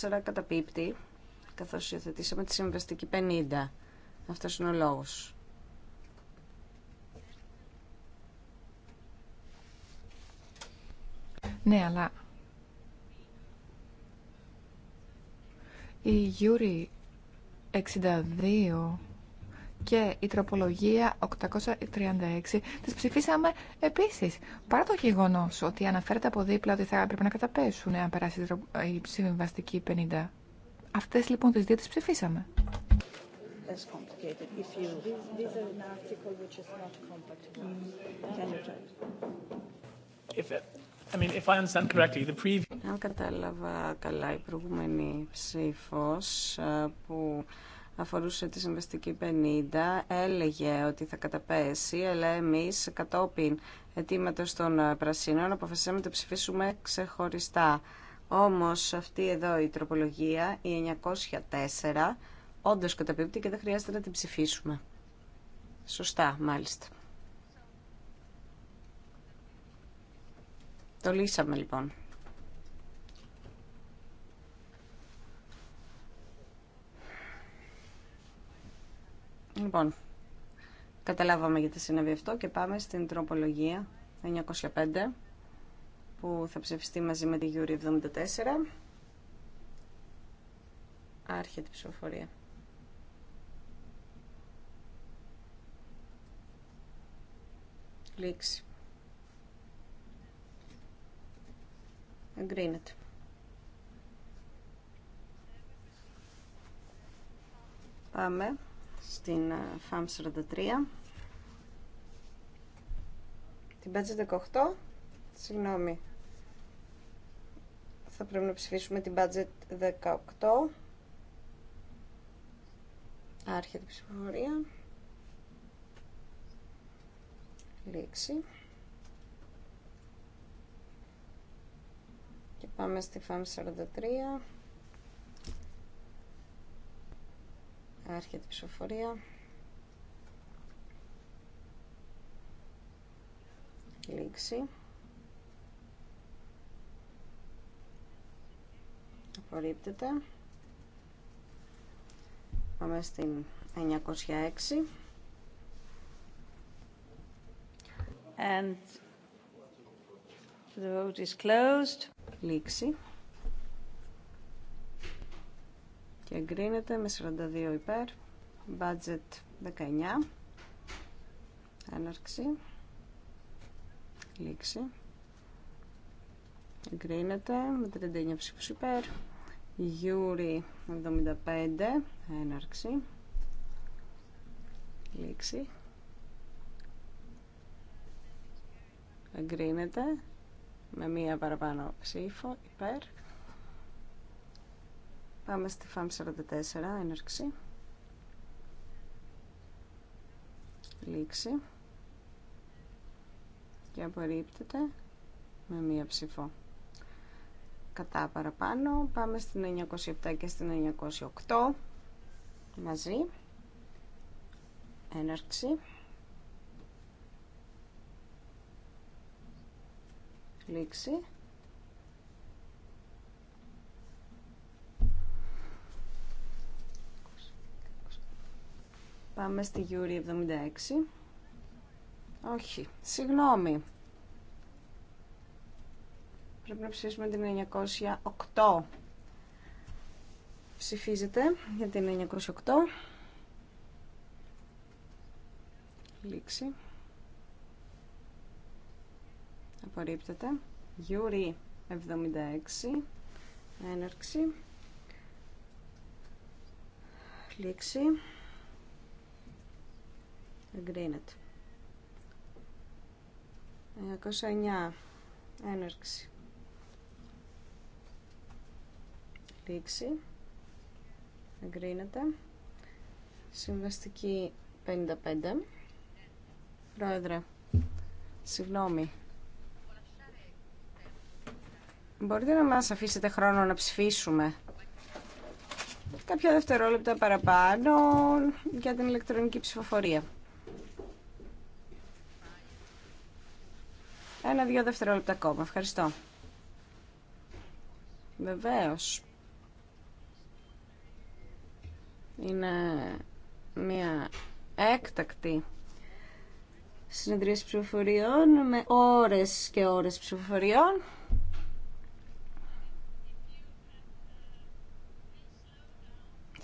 904 καταπίπτει, καθώς υιοθετήσαμε τη συμβαστική 50. Αυτός είναι ο λόγος.
Ναι, αλλά η Γιούρι 62 και η τροπολογία 836 τις ψηφίσαμε επίσης. Παρά το γεγονό ότι αναφέρεται από δίπλα ότι θα έπρεπε να καταπέσουν αν περάσει η συμβιβαστική 50. Αυτές λοιπόν τις δύο τις ψηφίσαμε
complicated if you... an article which is not mm-hmm. you
If it,
I mean, if I understand correctly, the previous... Αν κατάλαβα καλά, η προηγούμενη ψήφος ε, που αφορούσε τη συμβαστική 50 έλεγε ότι θα καταπέσει, αλλά εμείς κατόπιν αιτήματος των πρασίνων αποφασίσαμε να το ψηφίσουμε ξεχωριστά. Όμως αυτή εδώ η τροπολογία, η 904, Όντως καταπίπτει και δεν χρειάζεται να την ψηφίσουμε. Σωστά, μάλιστα. Το λύσαμε λοιπόν. Λοιπόν, καταλάβαμε γιατί συνέβη αυτό και πάμε στην τροπολογία 905 που θα ψηφιστεί μαζί με τη Γιούρι 74. Άρχεται η ψηφοφορία. Λήξη. Εγκρίνεται. Πάμε στην ε, FAM 43. Την budget 18. Συγγνώμη. Θα πρέπει να ψηφίσουμε την budget 18. Άρχεται η ψηφοφορία λήξη. Και πάμε στη ΦΑΜ 43. Άρχεται η ψηφοφορία. Λήξη. Απορρίπτεται.
Πάμε στην 906. And the vote is closed. Λήξη. Και εγκρίνεται με
42 υπέρ. Budget 19. Έναρξη. Λήξη. Εγκρίνεται με 39 ψήφους υπέρ. Γιούρι 75. Έναρξη. Λήξη. Εγκρίνεται με μία παραπάνω ψήφο υπέρ. Πάμε στη ΦΑΜ 44, έναρξη. Λήξη. Και απορρίπτεται με μία ψήφο. Κατά παραπάνω. Πάμε στην 907 και στην 908 μαζί. Έναρξη. Λήξη. Πάμε στη Γιούρι 76. Όχι, συγγνώμη. Πρέπει να ψήσουμε την 908. Ψηφίζεται για την 908. Λήξη απορρίπτεται. Γιούρι 76, έναρξη, λήξη, εγκρίνεται. 909, έναρξη, λήξη, εγκρίνεται. Συμβαστική 55, πρόεδρε, συγγνώμη, Μπορείτε να μας αφήσετε χρόνο να ψηφίσουμε. Κάποια δευτερόλεπτα παραπάνω για την ηλεκτρονική ψηφοφορία. Ένα-δύο δευτερόλεπτα ακόμα. Ευχαριστώ. Βεβαίως. Είναι μια έκτακτη συνεδρίαση ψηφοφοριών με ώρες και ώρες ψηφοφοριών.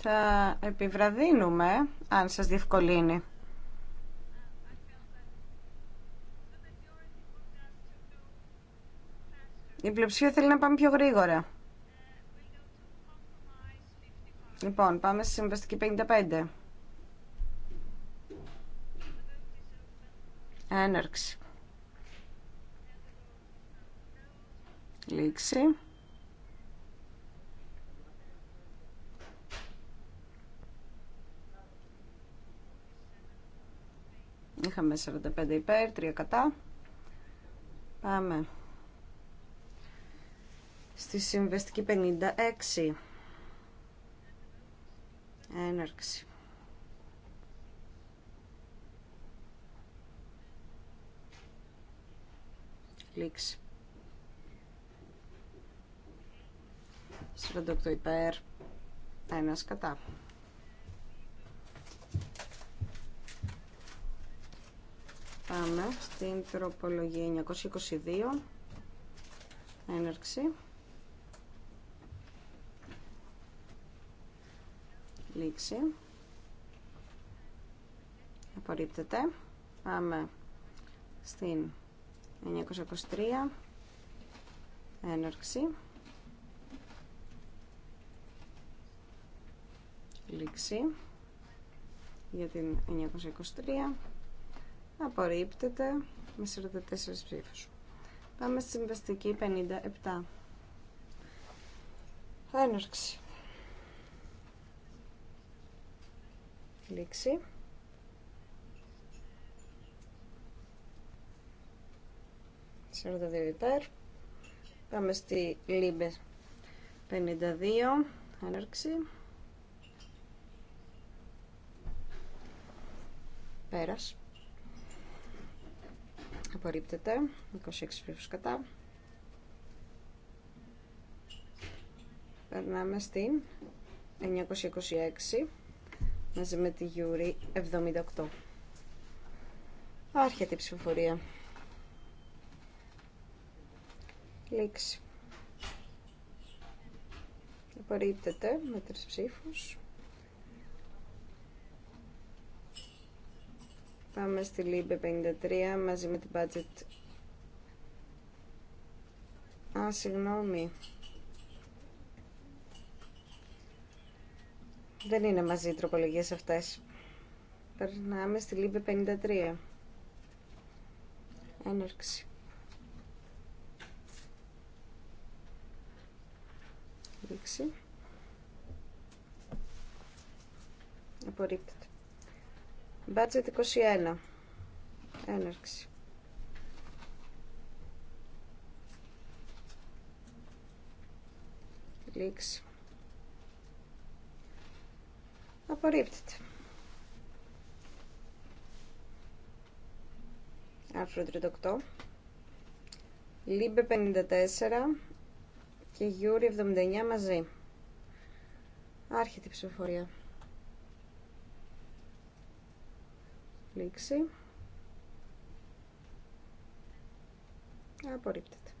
θα επιβραδύνουμε αν σας διευκολύνει. Η πλειοψηφία θέλει να πάμε πιο γρήγορα. Λοιπόν, πάμε στη συμβαστική 55. Έναρξη. Λήξη. Είχαμε 45 υπέρ, 3 κατά. Πάμε. Στη συμβεστική 56. Έναρξη. Λήξη. 48 υπέρ, ένας κατά. Πάμε στην τροπολογία 922. Έναρξη. Λήξη. Απορρίπτεται. Πάμε στην 923. Έναρξη. Λήξη για την 923. Απορρίπτεται με 44 ψήφους. Πάμε στη συμβαστική 57. Έναρξη. Λήξη. υπέρ. Πάμε στη Λίμπε 52. Έναρξη. Πέρας. Απορρίπτεται. 26 ψήφους κατά. Περνάμε στην 926 μαζί με τη Γιούρη 78. Άρχεται η ψηφοφορία. Λήξη. Απορρίπτεται με τρεις ψήφους. Πάμε στη ΛΥΜΠΕ 53 μαζί με την budget. Α, συγγνώμη. Δεν είναι μαζί οι τροπολογίες αυτές. Περνάμε στη ΛΥΜΠΕ 53. Έναρξη. Λήξη. Απορρίπτεται. Budget 21. Έναρξη. Λήξη. Απορρίπτεται. Άρθρο 38. Λίμπε 54 και Γιούρι 79 μαζί. Άρχεται η ψηφοφορία. Λήξη. Απορρίπτεται.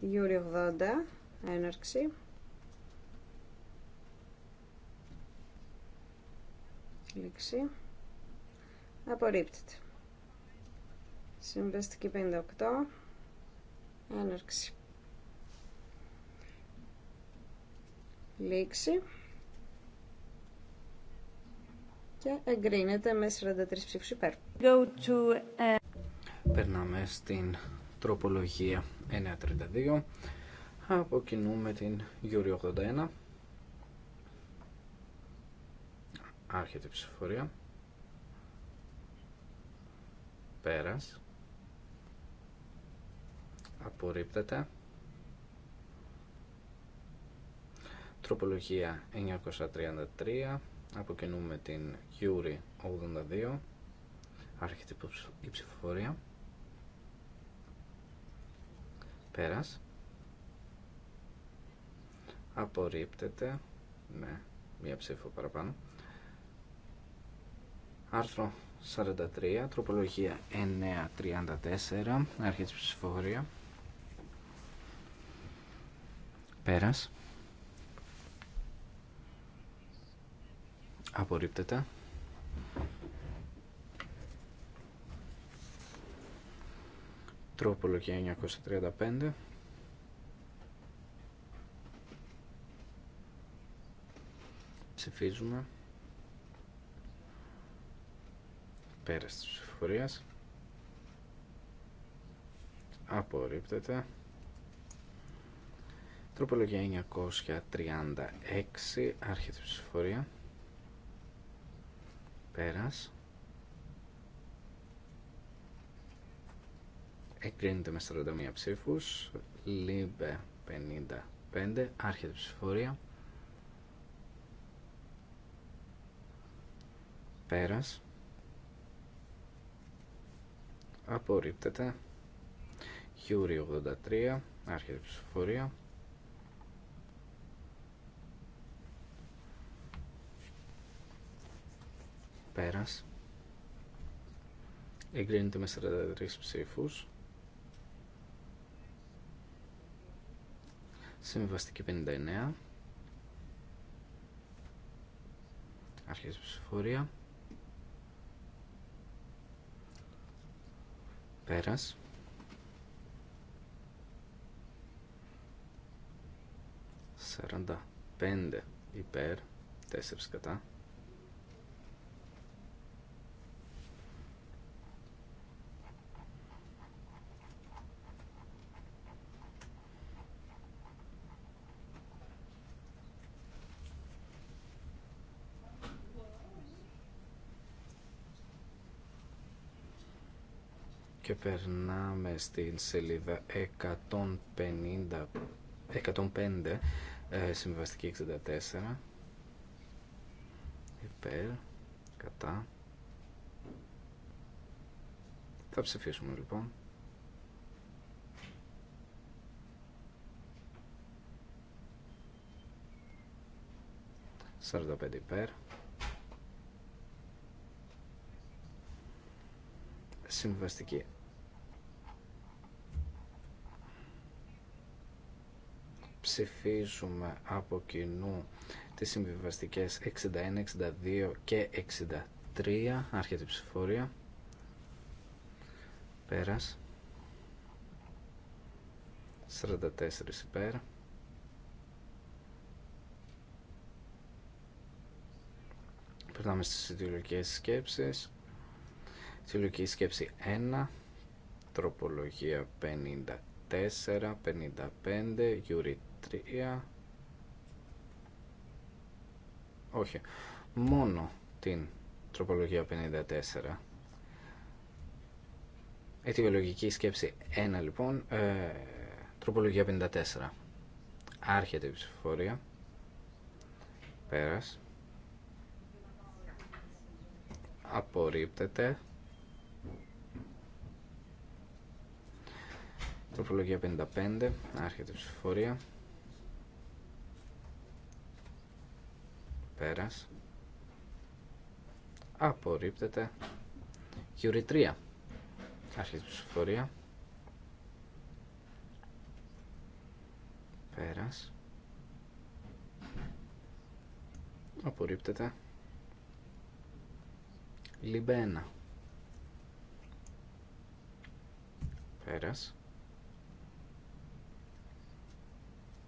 Γιούρι 80. Έναρξη. Λήξη. Απορρίπτεται. Συμβαστική 58. Έναρξη. Λήξη και εγκρίνεται με
43 ψήφους υπέρ. Go to... Ε,
Περνάμε στην τροπολογία 932. Αποκινούμε την Γιούρι 81. Άρχεται η ψηφορία. Πέρας. Απορρίπτεται. Τροπολογία 933 Αποκινούμε την Yuri 82 άρχεται η ψηφοφορία πέρας απορρίπτεται με μία ψήφο παραπάνω άρθρο 43 τροπολογία 934 άρχεται η ψηφοφορία πέρας Απορρίπτεται. Τροπολογία 935. Ψηφίζουμε. Πέρας της ψηφοφορίας. Απορρίπτεται. Τροπολογία 936. Άρχεται η ψηφοφορία. Πέρας. Εκκρίνεται με 41 ψήφους. Λίμπε 55. Άρχεται ψηφορία. Πέρας. Απορρίπτεται. Γιούρι 83. Άρχεται ψηφορία. Πέρας. Εγκρίνεται με 43 ψήφους. Συμβαστική 59. Αρχίζει ψηφορία. Πέρας. Σαράντα πέντε υπέρ, τέσσερις κατά. και περνάμε στην σελίδα 150, 105 συμβαστική 64 υπέρ κατά θα ψηφίσουμε λοιπόν Σαρδα υπέρ συμβαστική ψηφίσουμε από κοινού τις συμβιβαστικές 61, 62 και 63. Άρχεται η ψηφορία. Πέρας. 44 υπέρ. Περνάμε στις ιδεολογικές σκέψεις. Συλλογική σκέψη 1, τροπολογία 54, 55, γιουρι όχι. Μόνο την τροπολογία 54. Αιτιολογική σκέψη 1 λοιπόν, ε, τροπολογία 54. Άρχεται η ψηφοφορία. Πέρας. Απορρίπτεται. Τροπολογία 55. Άρχεται η ψηφοφορία. Πέρας. Απορρίπτεται. Γιούρι 3. Πέρας. Απορρίπτεται. Λιμπένα. Πέρας.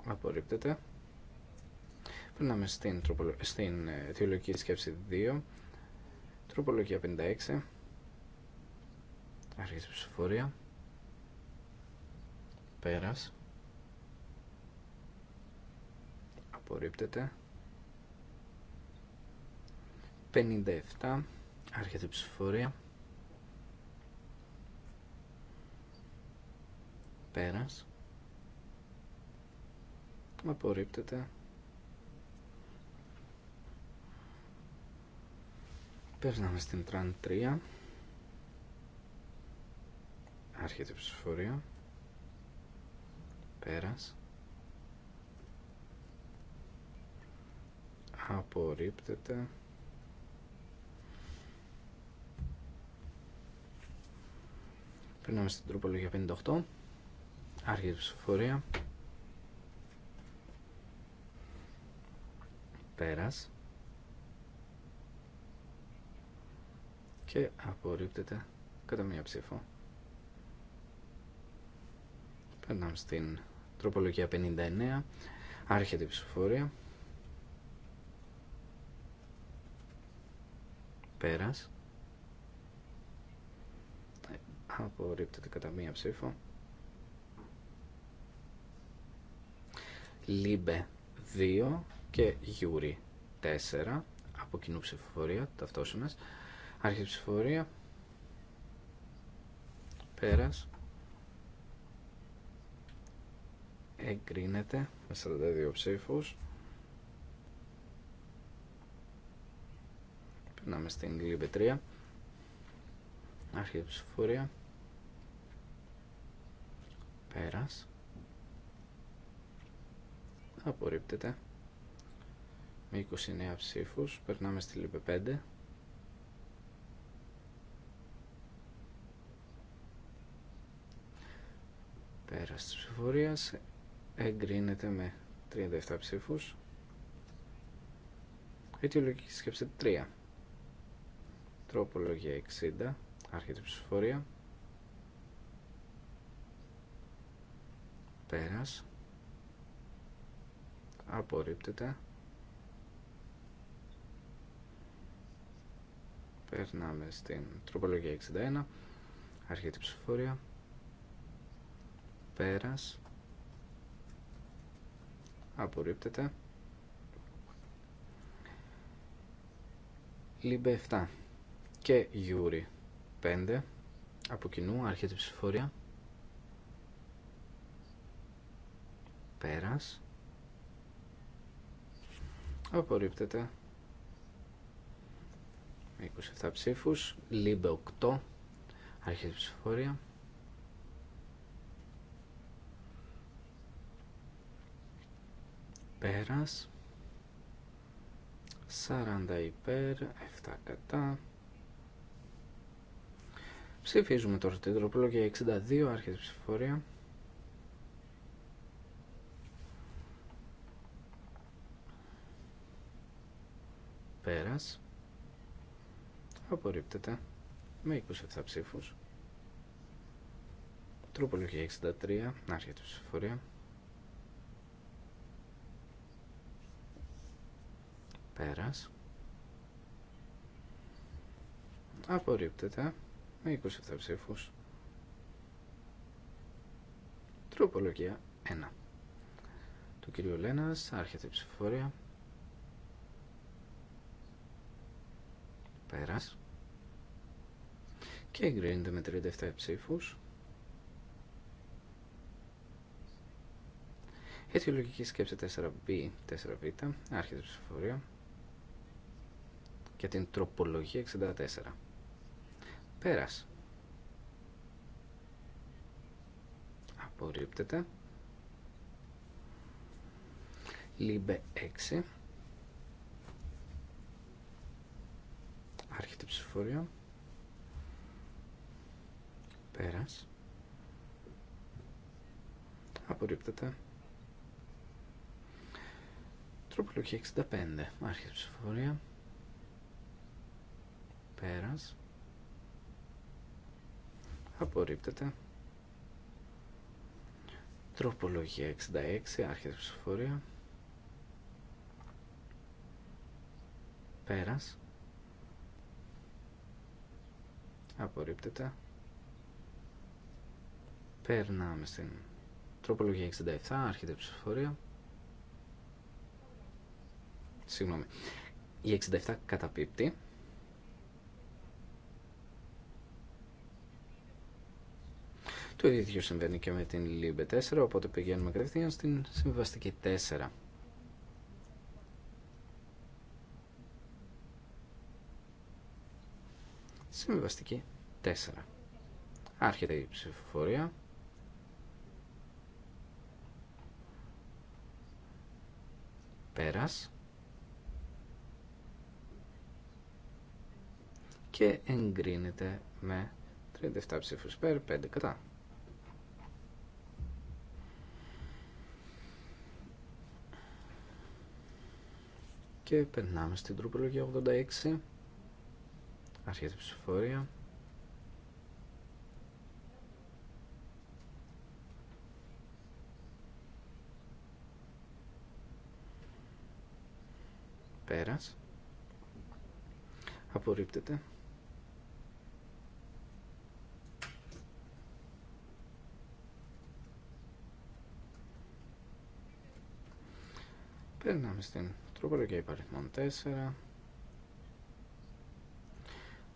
Απορρίπτεται. Περνάμε στην, στην ε, θεολογική σκέψη 2, τροπολογία 56, αρχίζει η ψηφορία, πέρας, απορρίπτεται, 57, αρχίζει η ψηφορία, πέρας, απορρίπτεται, Περνάμε στην τραν 3. Άρχεται η ψηφορία. Πέρας. Απορρίπτεται. Περνάμε στην τροπολογία 58. Άρχεται η ψηφοφορία. Πέρας. και απορρίπτεται κατά μία ψήφο. Περνάμε στην τροπολογία 59, άρχεται η ψηφοφορία. Πέρας. Απορρίπτεται κατά μία ψήφο. Λίμπε 2 και Γιούρι 4 από κοινού ψηφοφορία ταυτόσιμες Άρχη ψηφορία. Πέρας. Εγκρίνεται με 42 ψήφους. Περνάμε στην Λίμπε 3. Άρχη ψηφορία. Πέρας. Απορρίπτεται με 29 ψήφους. Περνάμε στη Λίμπε 5. Πέρας της ψηφορίας εγκρίνεται με 37 ψήφους. Αιτιολογική σκέψη 3. Τροπολογία 60. αρχή της ψηφορία. Πέρας. Απορρίπτεται. Περνάμε στην τροπολογία 61. αρχή ψηφοφορία. ψηφορία πέρας απορρίπτεται Λίμπε 7 και Γιούρι 5 από κοινού άρχεται η ψηφορία πέρας απορρίπτεται 27 ψήφους Λίμπε 8 άρχεται η ψηφορία πέρας 40 υπέρ 7 κατά ψηφίζουμε τώρα την τροπολογία 62 άρχιες ψηφορία πέρας απορρίπτεται με 27 ψήφους τροπολογία 63 η ψηφορία Πέρας. Απορρίπτεται με 27 ψήφους. Τροπολογία 1. Του κυρίου Λένας άρχεται η ψηφοφορία. Πέρας. Και εγκρίνεται με 37 ψήφους. Αιτιολογική σκέψη 4B, 4B, άρχεται η ψηφοφορία και την τροπολογία 64. Πέρας. Απορρίπτεται. Λίμπε 6. Άρχεται ψηφορία. Πέρας. Απορρίπτεται. Τροπολογία 65. Άρχεται ψηφορία. Πέρας. Απορρίπτεται. Τροπολογία 66, άρχεται ψηφοφορία. Πέρας. Απορρίπτεται. Περνάμε στην τροπολογία 67, άρχεται ψηφοφορία. Συγγνώμη. Η 67 καταπίπτει. Το ίδιο συμβαίνει και με την ΛΥΜΠΕ 4, οπότε πηγαίνουμε κατευθείαν στην συμβαστική 4. Συμβαστική 4. Άρχεται η ψηφοφορία. Πέρας. Και εγκρίνεται με 37 ψήφους υπέρ, 5 κατά. Και περνάμε στην τροπολογία 86. αρχίζει η ψηφορία Πέρας. Απορρίπτεται. Περνάμε στην Τροπολογία υπαριθμών 4.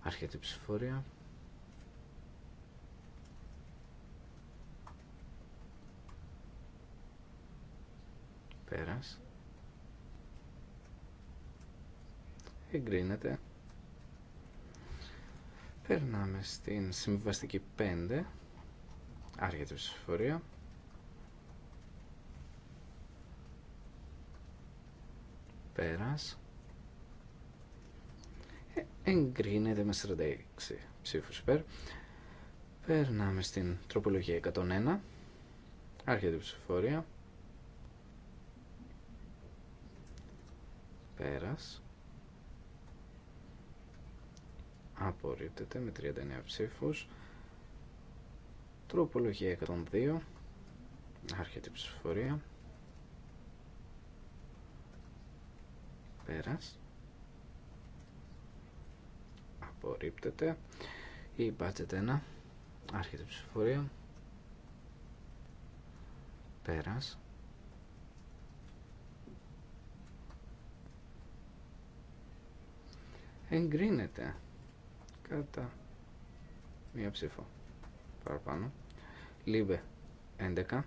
αρχιετή ψηφορία. Πέρας. Εγκρίνεται. Περνάμε στην συμβιβαστική 5. Άρχεται η ψηφορία. Πέρας. Ε, εγκρίνεται με 46 ψήφους υπέρ. Περνάμε στην τροπολογία 101. Άρχεται η ψηφοφορία. Πέρας. Απορρίπτεται με 39 ψήφους. Τροπολογία 102. Άρχεται η ψηφοφορία. πέρας απορρίπτεται ή budget ενα άρχεται η ψηφοφορία πέρας εγκρίνεται κατά μία ψήφο παραπάνω λίμπε 11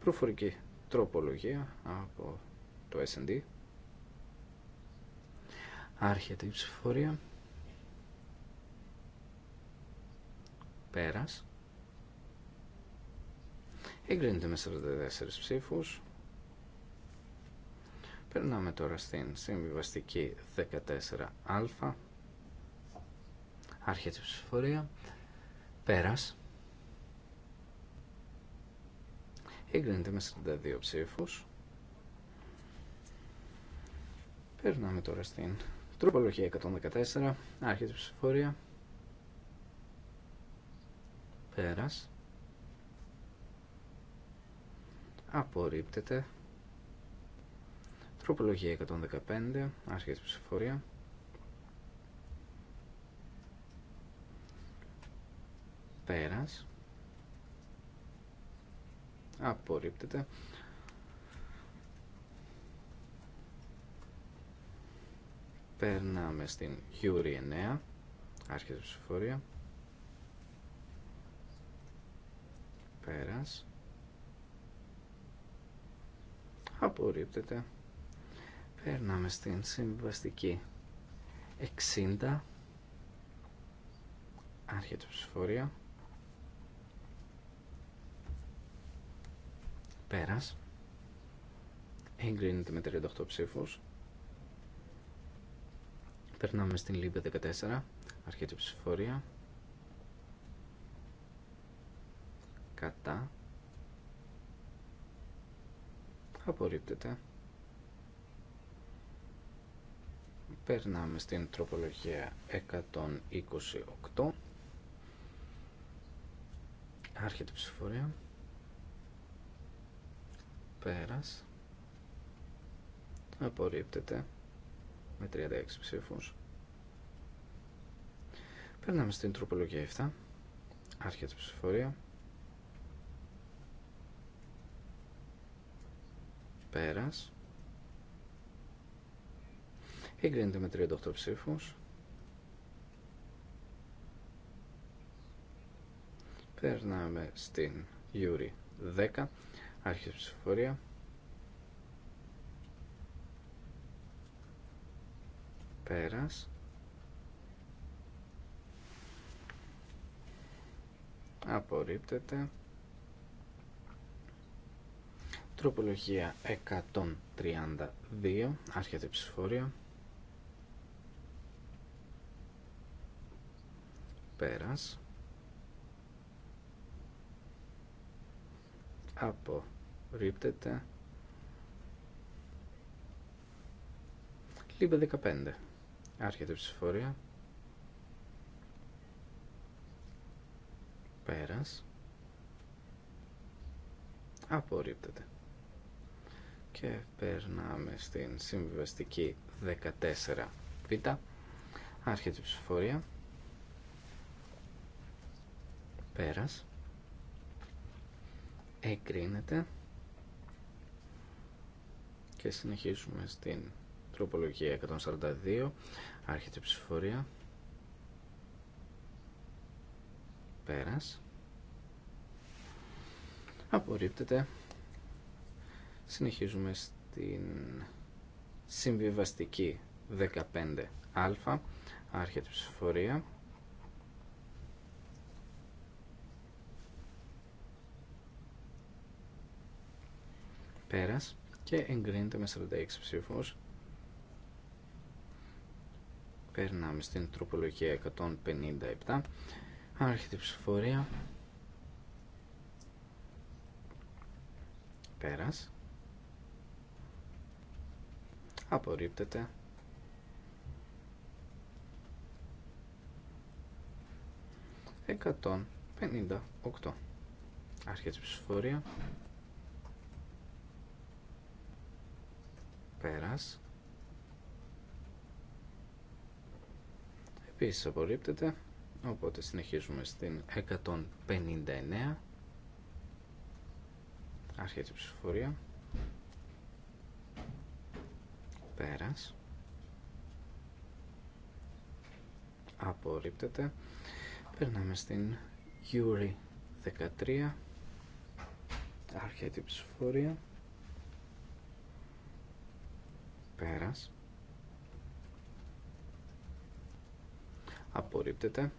προφορική τροπολογία από το S&D Άρχεται η ψηφορία. Πέρας. Εγκρίνεται με 44 ψήφους. Περνάμε τώρα στην συμβιβαστική 14α. Άρχεται η ψηφορία. Πέρας. Εγκρίνεται με 42 ψήφους. Περνάμε τώρα στην Τροπολογία 114. άρχιε η ψηφορία, Πέρας. Απορρίπτεται. Τροπολογία 115. άρχιε η ψηφορία, Πέρας. Απορρίπτεται. Περνάμε στην Χιούρι 9. Άρχεται η ψηφόρία. Πέρας. Απορρίπτεται. Περνάμε στην Συμβαστική. 60. Άρχεται ψηφορία. ψηφορία. Πέρας. Εγκρίνεται με 38 ψήφους. Περνάμε στην λίμπη 14, αρχή ψηφορία. Κατά. Απορρίπτεται. Περνάμε στην τροπολογία 128. Άρχεται ψηφορία. Πέρας. Απορρίπτεται με 36 ψήφους. Περνάμε στην τροπολογία 7, άρχια της ψηφορία. Πέρας. Εγκρίνεται με 38 ψήφους. Περνάμε στην Γιούρι 10, τη ψηφοφορία. πέρας απορρίπτεται τροπολογία 132 άρχεται ψηφορία πέρας απορρίπτεται λίμπε 15 Άρχεται η ψηφορία. Πέρας. Απορρίπτεται. Και περνάμε στην συμβιβαστική 14 β. Άρχεται η ψηφορία. Πέρας. Εγκρίνεται. Και συνεχίζουμε στην Τροπολογία 142. Άρχεται η ψηφορία. Πέρας. Απορρίπτεται. Συνεχίζουμε στην συμβιβαστική 15α. Άρχεται η ψηφορία. Πέρας και εγκρίνεται με 46 ψήφους. Περνάμε στην τροπολογία 157. Άρχεται η ψηφορία. Πέρας. Απορρίπτεται. 158. πενήντα οκτώ. Άρχεται ψηφορία. Πέρας. Επίσης απορρίπτεται. Οπότε συνεχίζουμε στην 159. Άρχεται ψηφοφορία. Πέρας. Απορρίπτεται. Περνάμε στην Yuri 13. Άρχεται ψηφοφορία. Πέρας. απορρίπτεται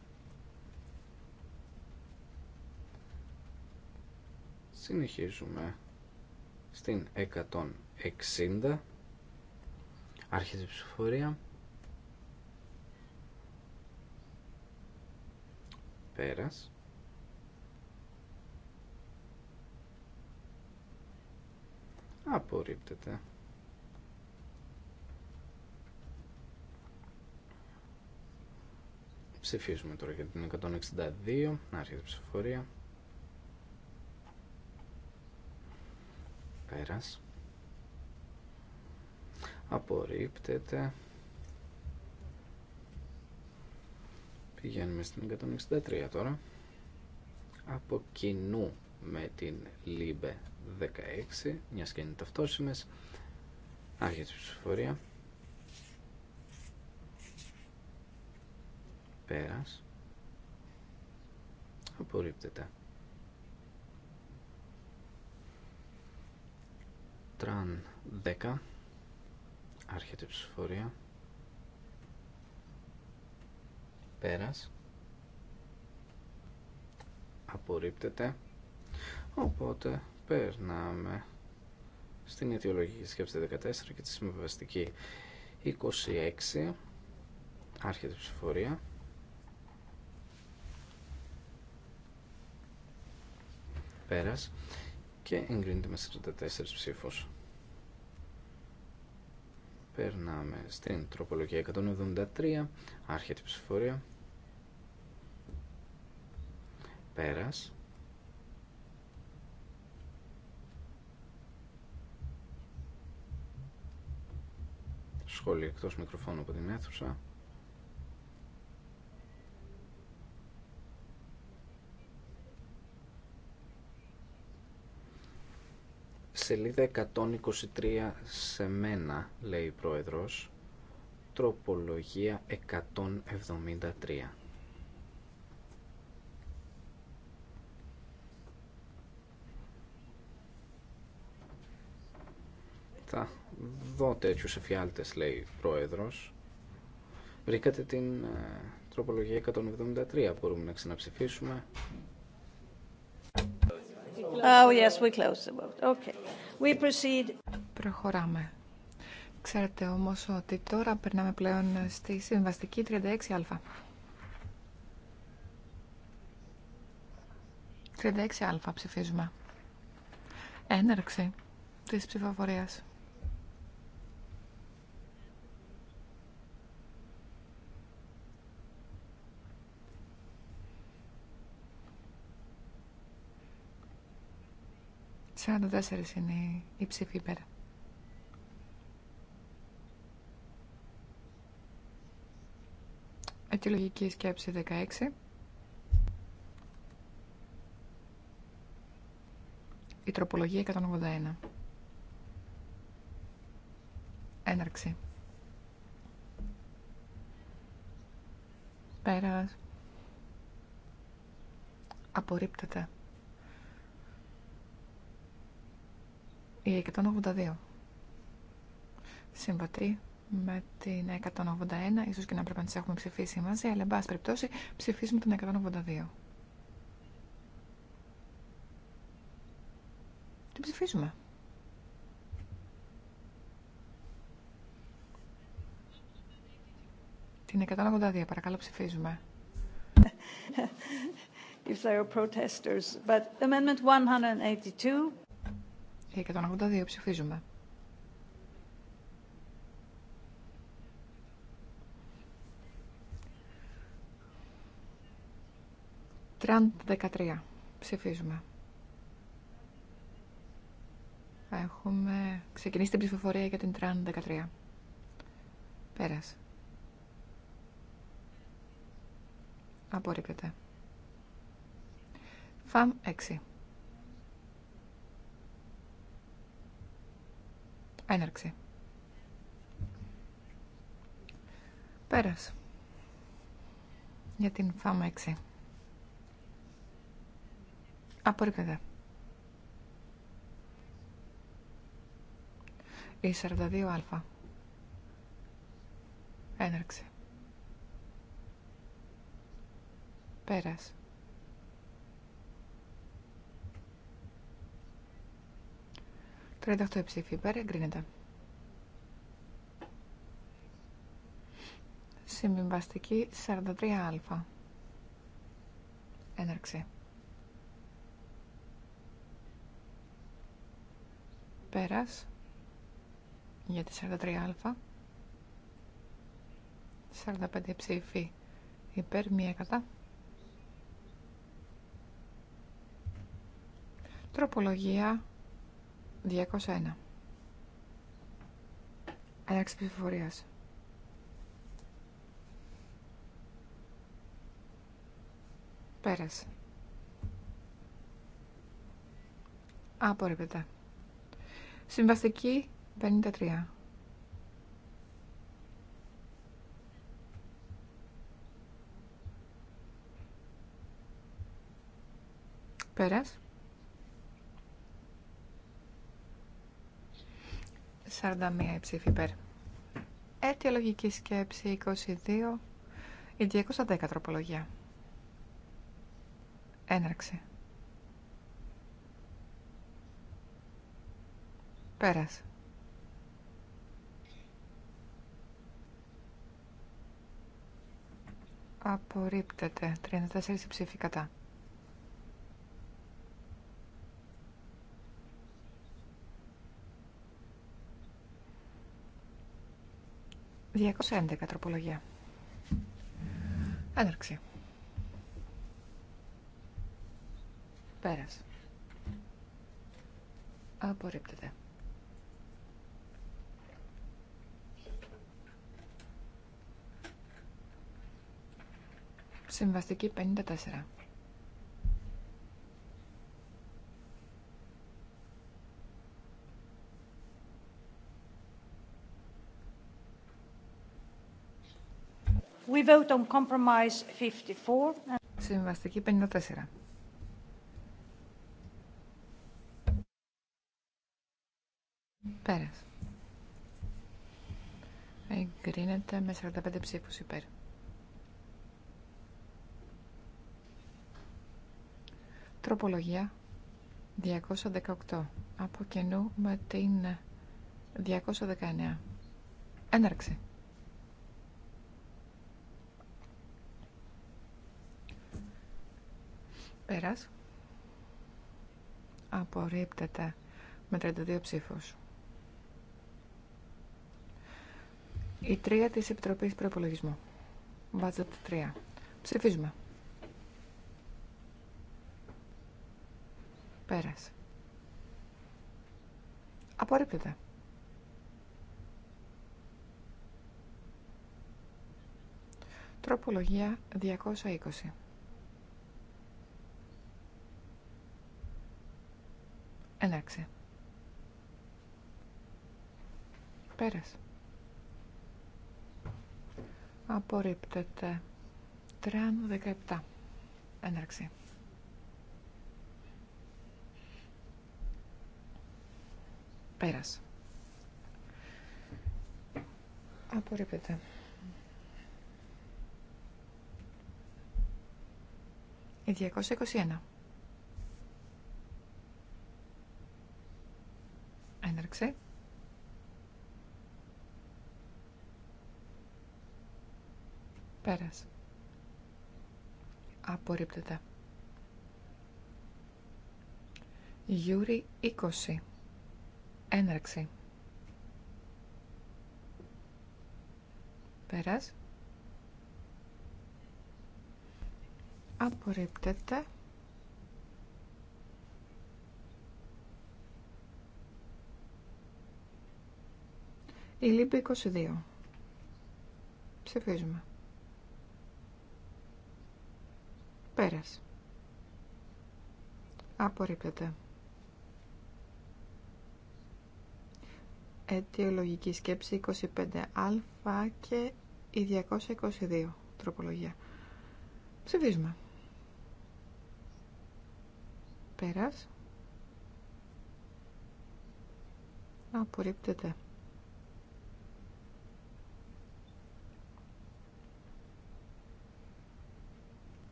συνεχίζουμε στην 160 άρχιζε η ψηφορία πέρας απορρίπτεται Ψηφίσουμε τώρα για την 162, αρχίσει η ψηφοφορία. Πέρας. Απορρίπτεται. Πηγαίνουμε στην 163 τώρα. Από κοινού με την ΛΥΜΠΕ 16, μια και είναι ταυτόσιμες. Άρχεται η ψηφοφορία. πέρας απορρίπτεται τραν 10 άρχεται η ψηφορία πέρας απορρίπτεται οπότε περνάμε στην αιτιολογική σκέψη 14 και τη συμβεβαστική 26 άρχεται η ψηφορία πέρας και εγκρίνεται με 44 ψήφους. Περνάμε στην τροπολογία 173, άρχεται η ψηφορία. Πέρας. Σχόλιο εκτός μικροφώνου από την αίθουσα. Σελίδα 123 σε μένα, λέει η Πρόεδρος, τροπολογία 173. Θα δω τέτοιου εφιάλτες, λέει ο Πρόεδρος. Βρήκατε την ε, τροπολογία 173, μπορούμε να ξαναψηφίσουμε.
Oh,
Προχωράμε. Ξέρετε όμως ότι τώρα περνάμε πλέον στη συμβαστική 36α. 36α ψηφίζουμε. Έναρξη της ψηφοφορίας. 44 είναι η ψήφη πέρα Αιτιολογική σκέψη 16. Η τροπολογία 181. Έναρξη. Πέρας. Απορρίπτεται. Η 182 συμβατή με την 181, ίσως και να πρέπει να τις έχουμε ψηφίσει μαζί, αλλά εν πάση περιπτώσει ψηφίσουμε την 182. Την ψηφίζουμε. Την 182, παρακαλώ ψηφίζουμε.
If there are protesters, but Amendment 182
182 ψηφίζουμε. Τραν 13 ψηφίζουμε. Έχουμε ξεκινήσει την ψηφοφορία για την Τραν 13. Πέρασε. Απορρίπτεται. ΦΑΜ 6. Έναρξη. Πέρας. Για την φάμα 6. Απορρίπτεται. Η 42α. Έναρξη. Πέρας. 38 ψήφοι υπέρ, εγκρίνεται. Συμβιβαστική 43α. Έναρξη. Πέρας για τη 43α. 45 ψηφί υπέρ, μία κατά. Τροπολογία 201. Αλλαξή ψηφοφορία. Πέρασε. Απορρίπτεται. Συμβαστική 53. Πέρας. 41 ψήφη υπέρ. Αιτιολογική σκέψη 22, η 210 τροπολογία. Έναρξη. Πέρας. Απορρίπτεται. 34 ψήφοι κατά. 211 τροπολογία. Έναρξη. Πέρας. Απορρίπτεται. Συμβαστική 54.
We vote on compromise 54.
Συμβαστική 54. Πέρας. Εγκρίνεται με 45 ψήφους υπέρ. Τροπολογία 218 από κενού με την 219. Έναρξη. Πέρας. Απορρίπτεται με 32 ψήφους. Η τρία της Επιτροπής Προπολογισμού. Budget τρία. Ψηφίζουμε. Πέρας. Απορρίπτεται. Τροπολογία 220. Εντάξει. Πέρασε. Απορρίπτεται. Τραν 17. Έναρξη. Πέρασε. Απορρίπτεται. Η 221. έναρξη. Πέρας. Απορρίπτεται. Γιούρι 20. Έναρξη. Πέρας. Απορρίπτεται. Η λίμπη 22. Ψηφίζουμε. Πέρας. Απορρίπτεται. Αιτιολογική σκέψη 25α και η 222 τροπολογία. Ψηφίζουμε. Πέρας. Απορρίπτεται.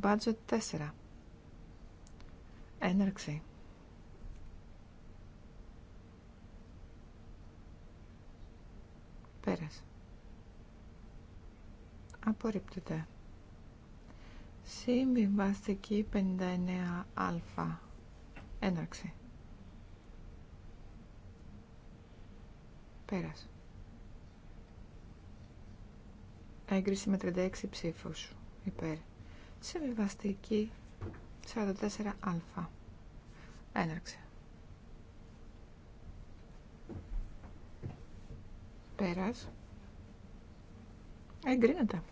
Budget 4. Έναρξη. Πέρας. Απορρίπτεται. Συμβιβαστική 59α. Έναρξη. Πέρας. Έγκριση με 36 ψήφους. Υπέρ. Συμβιβαστική 44α. Έναρξε. Πέρας. Εγκρίνεται.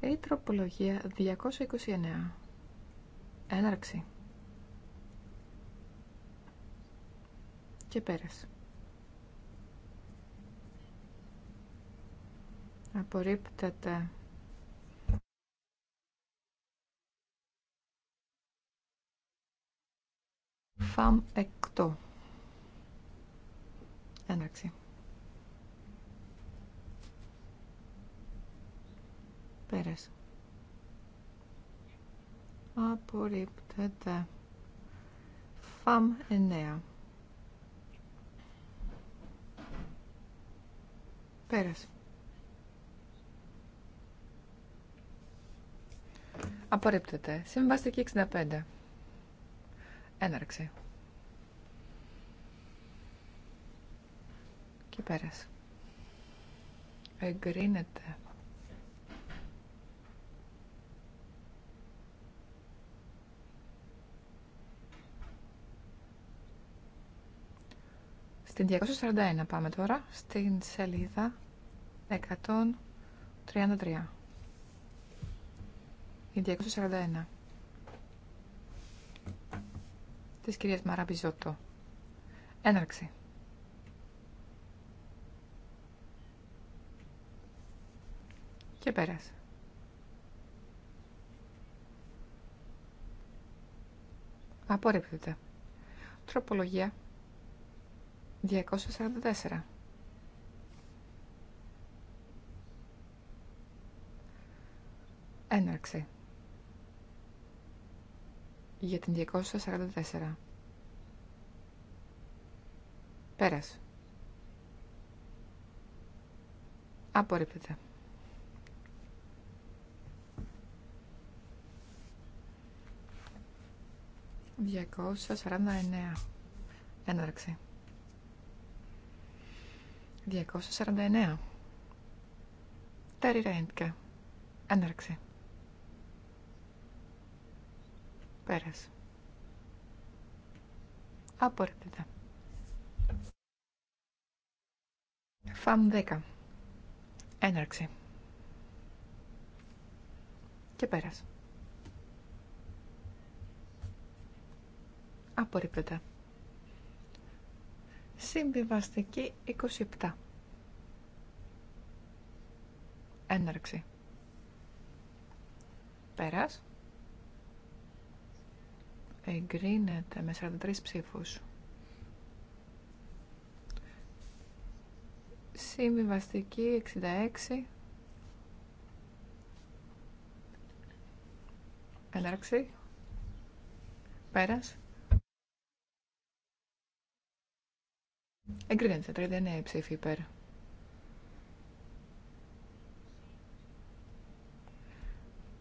Η τροπολογία 229. Έναρξη. Και πέρασε. Απορρίπτεται. 8. Έναρξη. Πέρες. Απορρίπτεται. ΦΑΜ 9. Πέρας. Απορρίπτεται. Συμβαστική 65. Έναρξη. Και πέρασε. Εγκρίνεται. Στην 241 πάμε τώρα, στην σελίδα 133. 241 της κυρίας Μαραμπιζότο. Έναρξη. Και πέρασε. Απορρίπτεται. Τροπολογία 244. Έναρξη για την 244. Πέρας. Απορρίπτεται. Διακόσια σαράντα εννέα. Έναρξη. 249. Τέρι Έναρξη. Πέρας. Απορρίπτεται. Φαμ 10. Έναρξη. Και πέρας. Απορρίπτεται. Συμβιβαστική 27. Έναρξη. Πέρας εγκρίνεται με 43 ψήφους. Συμβιβαστική 66. Έναρξη. Πέρας. Εγκρίνεται 39 ψήφοι υπέρ.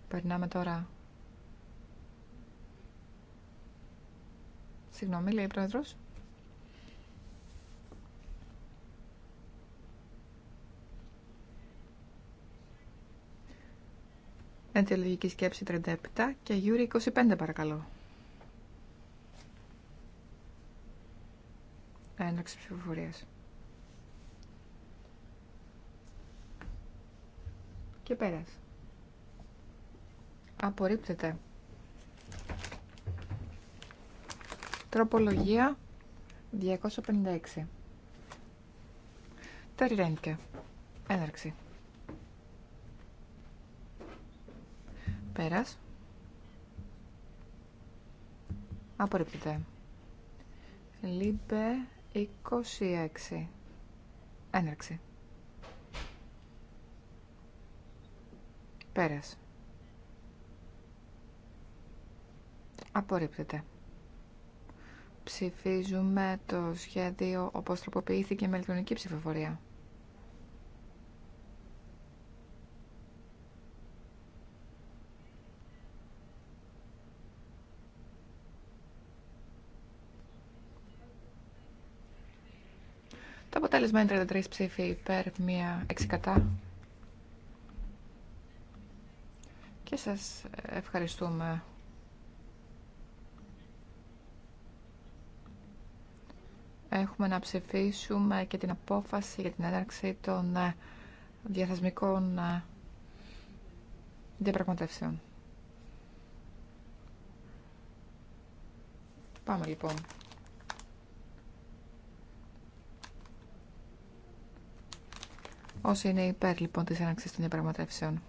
Περνάμε τώρα Συγγνώμη, λέει η Πρόεδρος. Εντελογική σκέψη 37 και Γιούρι 25 παρακαλώ. Ένταξη ψηφοφορία. Και πέρας. Απορρίπτεται. Τροπολογία 256. Τεριρέντκε. Έναρξη. Πέρας. Απορρίπτεται. Λίμπε 26. Έναρξη. Πέρας. Απορρίπτεται. Ψηφίζουμε το σχέδιο όπως τροποποιήθηκε με ηλεκτρονική ψηφοφορία. Το αποτέλεσμα είναι 33 ψήφοι υπέρ, μία εξικατά. Και σας ευχαριστούμε. έχουμε να ψηφίσουμε και την απόφαση για την έναρξη των ε, διαθεσμικών ε, διαπραγματεύσεων. Πάμε λοιπόν. Όσοι είναι υπέρ λοιπόν της έναρξης των διαπραγματεύσεων.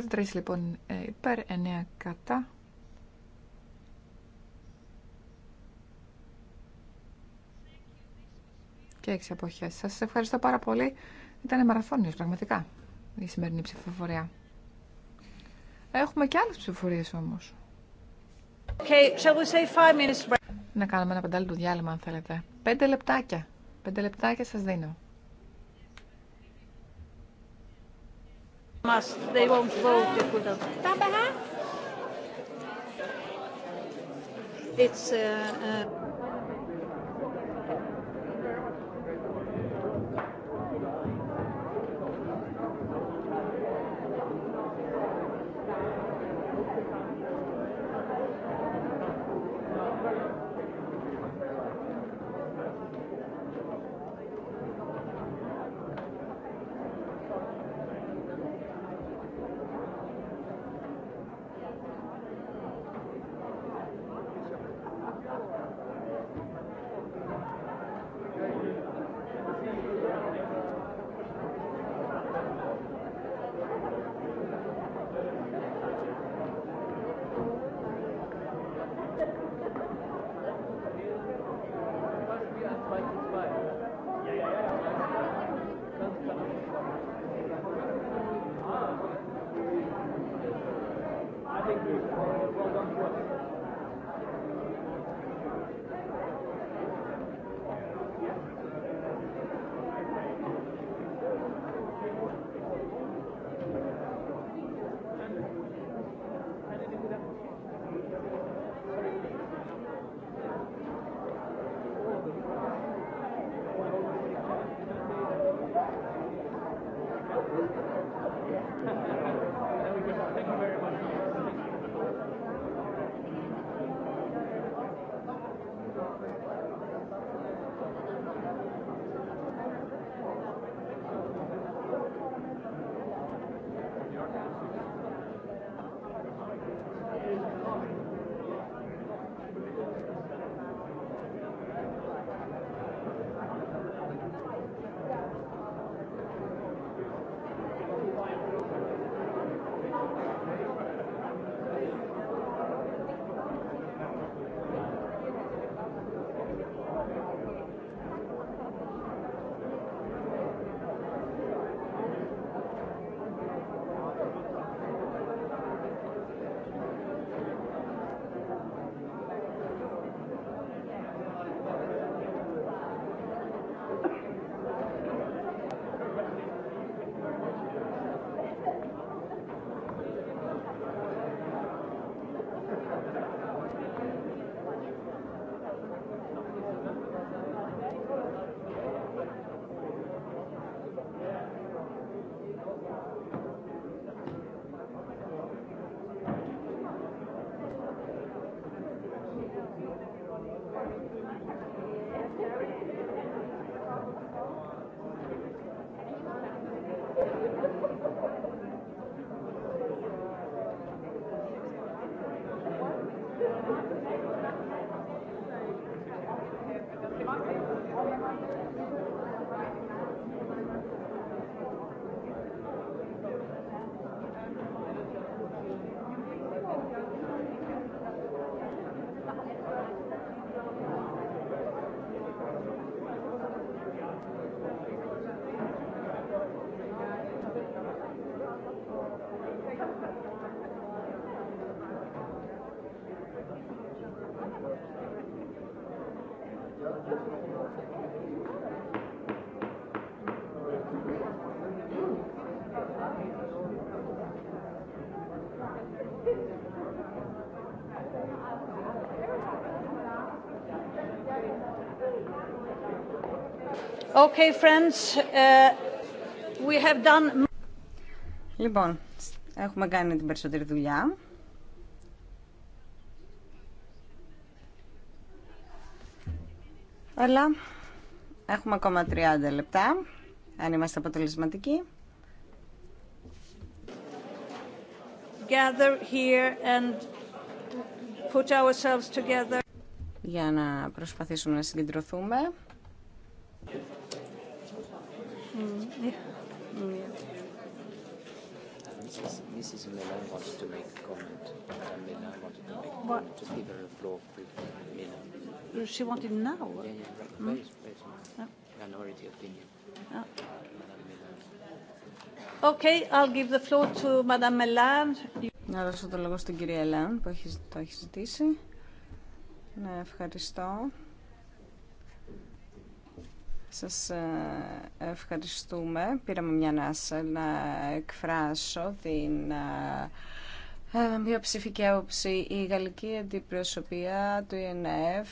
33 λοιπόν ε, υπέρ, 9 κατά. Και 6 αποχές. Σας ευχαριστώ πάρα πολύ. Ήταν μαραθώνιος πραγματικά η σημερινή ψηφοφορία. Έχουμε και άλλες ψηφοφορίες όμως. Okay, shall
we say five minutes...
Να κάνουμε ένα του διάλειμμα αν θέλετε. Πέντε λεπτάκια. Πέντε λεπτάκια σας δίνω.
must. They won't vote if we don't. It's. Uh, uh, Okay, friends, uh,
we have done...
Λοιπόν, έχουμε κάνει την περισσότερη δουλειά.
αλλά έχουμε ακόμα 30 λεπτά, αν είμαστε
αποτελεσματικοί. Gather here and put ourselves together. Για να
προσπαθήσουμε να συγκεντρωθούμε
she wanted now. Yeah, yeah. Hmm? Very,
very Minority opinion.
Okay, I'll give the floor to Madame Melan. Να δώσω το λόγο στην κυρία Ελάν που έχει, το έχει ζητήσει. Ναι, ευχαριστώ.
Σας ε, ευχαριστούμε. Πήραμε μια να, να εκφράσω την ε, ε, Μια ψηφική άποψη, η γαλλική αντιπροσωπεία του ΕΝΕΦ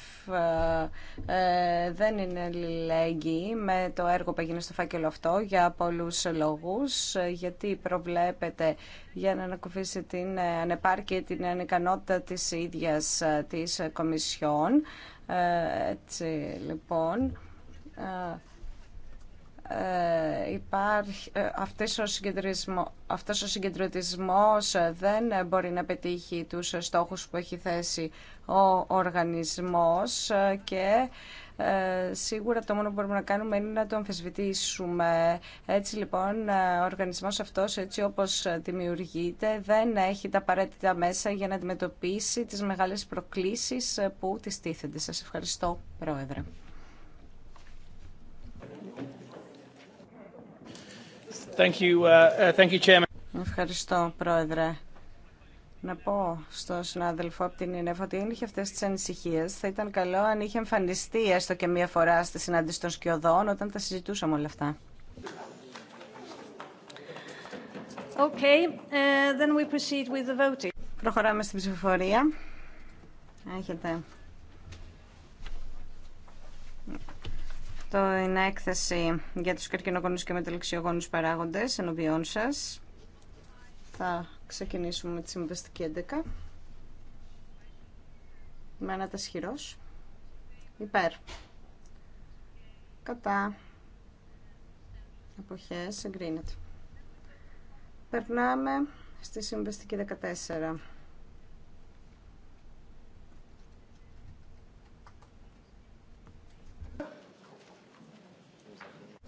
ε, δεν είναι αλληλέγγυη με το έργο που έγινε στο φάκελο αυτό για πολλούς λόγους, γιατί προβλέπεται για να ανακουφίσει την ε, ανεπάρκεια την ανικανότητα της ίδιας της Κομισιόν. Έτσι, λοιπόν, ε, υπάρχει, ε, αυτός, ο αυτός ο συγκεντρωτισμός ε, δεν μπορεί να πετύχει τους στόχους που έχει θέσει ο οργανισμός και σίγουρα το μόνο που μπορούμε να κάνουμε είναι να το αμφισβητήσουμε. Έτσι λοιπόν ο οργανισμός αυτός έτσι όπως δημιουργείται δεν έχει τα απαραίτητα μέσα για να αντιμετωπίσει τις μεγάλες προκλήσεις που της τίθενται. Σας ευχαριστώ Πρόεδρε. Uh, uh, Ευχαριστώ, Πρόεδρε. Να πω στον συνάδελφο από την ΕΝΕΦ ότι αν είχε αυτέ τι ανησυχίε, θα ήταν καλό αν είχε εμφανιστεί έστω και μία φορά στη συνάντηση των σκιωδών όταν τα συζητούσαμε όλα αυτά.
Okay, uh, then we proceed with the voting. Προχωράμε στην ψηφοφορία. Έχετε
Το είναι έκθεση για τους καρκινογόνους και μεταλλαξιογόνους παράγοντες ενωπιών σας. Θα ξεκινήσουμε με τη συμβαστική 11. Με ένα τεσχυρός. Υπέρ. Κατά. Αποχές εγκρίνεται. Περνάμε στη συμβαστική 14.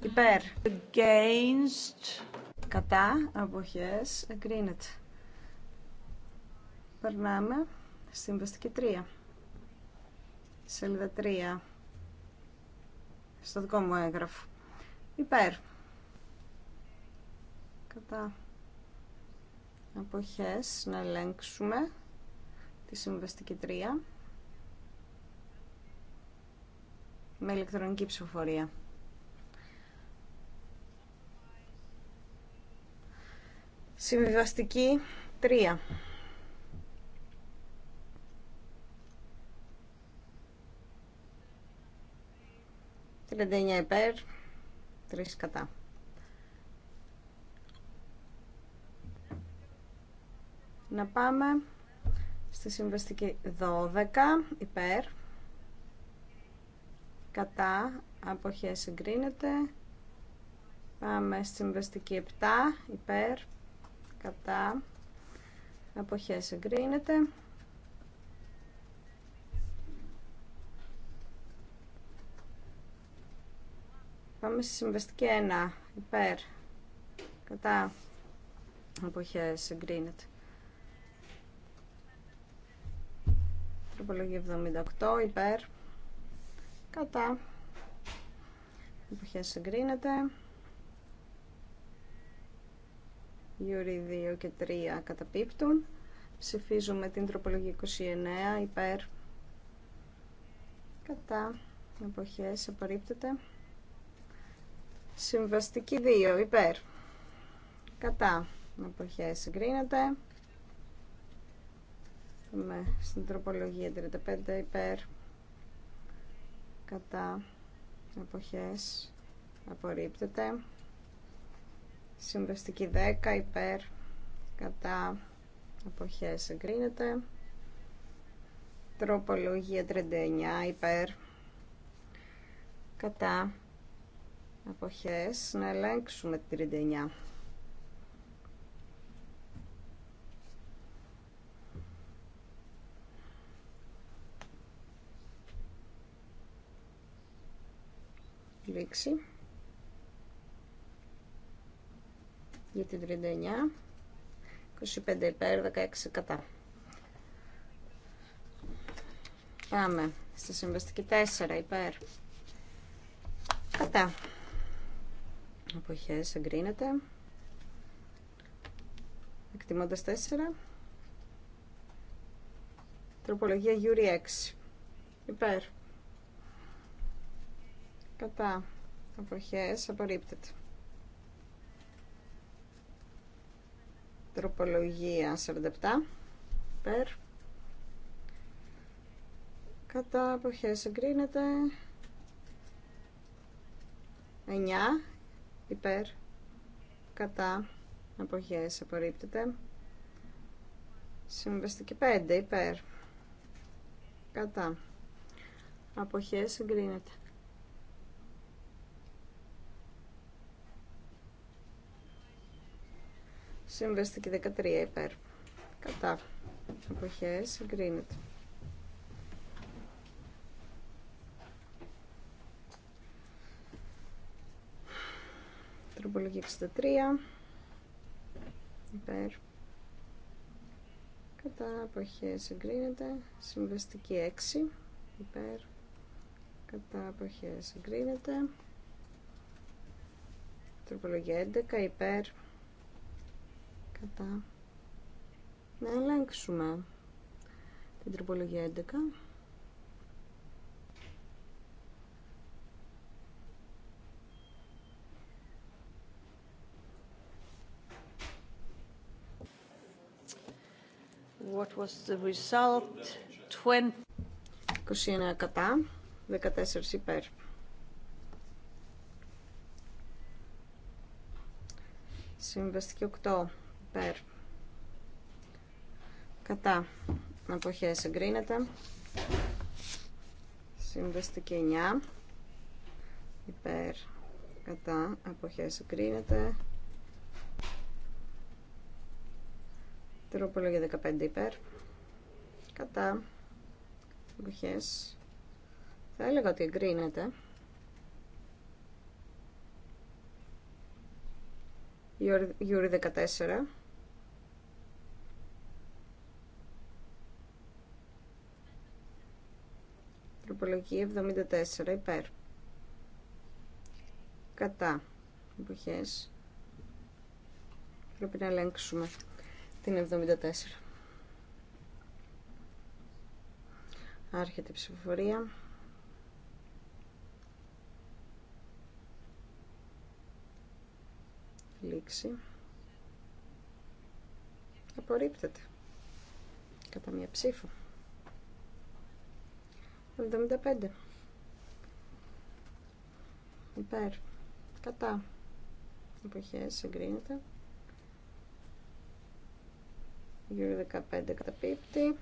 Υπέρ. Against. Κατά. Αποχές. Εγκρίνεται. Περνάμε στην βαστική τρία Σελίδα τρία Στο δικό μου έγγραφο. Υπέρ. Κατά. Αποχές. Να ελέγξουμε τη συμβαστική τρία με ηλεκτρονική ψηφοφορία. Συμβιβαστική 3. 39 υπέρ, 3 κατά. Να πάμε στη συμβαστική 12 υπέρ κατά αποχέ συγκρίνεται πάμε στη συμβαστική 7 υπέρ κατά αποχές εγκρίνεται Πάμε στη συμβαστική 1 υπέρ κατά αποχές εγκρίνεται Τροπολογία 78 υπέρ κατά αποχές εγκρίνεται Γιούρι 2 και 3 καταπίπτουν. Ψηφίζουμε την τροπολογία 29 υπέρ κατά εποχές απορρίπτεται. Συμβαστική 2 υπέρ κατά εποχές συγκρίνεται. Με στην τροπολογία 35 υπέρ κατά εποχές απορρίπτεται. Συμβαστική 10 υπέρ κατά αποχές εγκρίνεται. Τροπολογία 39 υπέρ κατά αποχές να ελέγξουμε την 39. Λήξη. για την 39 25 υπέρ 16 κατά Πάμε στη συμβαστική 4 υπέρ κατά αποχές εγκρίνεται εκτιμώντας 4 τροπολογία γιούρι 6 υπέρ κατά αποχές απορρίπτεται Τροπολογία 47. Περ. Κατά αποχές εγκρίνεται. 9. Υπέρ. Κατά αποχές απορρίπτεται. Συμβαστική 5. Υπέρ. Κατά. Αποχές εγκρίνεται. Συμβαστική 13 υπέρ. Κατά. Αποχές συγκρίνεται. Τροπολογία 63. Υπέρ. Κατά αποχές συγκρίνεται. Συμβαστική 6. Υπέρ. Κατά αποχές συγκρίνεται. Τροπολογία 11. Υπέρ κατά να ελέγξουμε την τροπολογία 11
What was the result? 20. 21 κατά,
14 υπέρ. Συμβαστική 8 υπέρ κατά αποχές εγκρίνεται συμβαστική 9 υπέρ κατά αποχές εγκρίνεται για 15 υπέρ κατά αποχές θα έλεγα ότι εγκρίνεται Γιούρι 14 Τροπολογία 74 υπέρ. Κατά. Εποχές. Πρέπει να ελέγξουμε την 74. Άρχεται η ψηφοφορία. Λήξη. Απορρίπτεται. Κατά μία ψήφο. 75 υπέρ κατά εποχές εγκρίνεται γύρω 15 καταπίπτει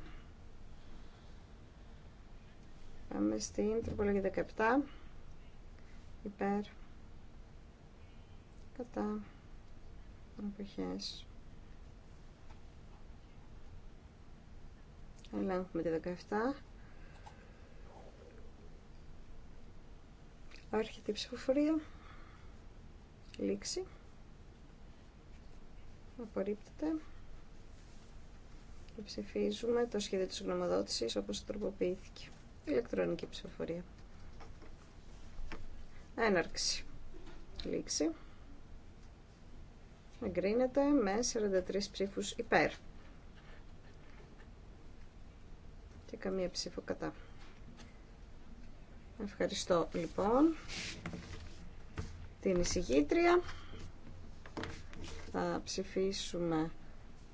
πάμε στην τροπολογία 17 υπέρ κατά εποχέ. ελέγχουμε τη 17 Άρχεται η ψηφοφορία. Λήξη. Απορρίπτεται. Και ψηφίζουμε το σχέδιο της γνωμοδότησης όπως τροποποιήθηκε. Ηλεκτρονική ψηφοφορία. Έναρξη. Λήξη. Εγκρίνεται με 43 ψήφους υπέρ. Και καμία ψήφο κατά. Ευχαριστώ λοιπόν την εισηγήτρια. Θα ψηφίσουμε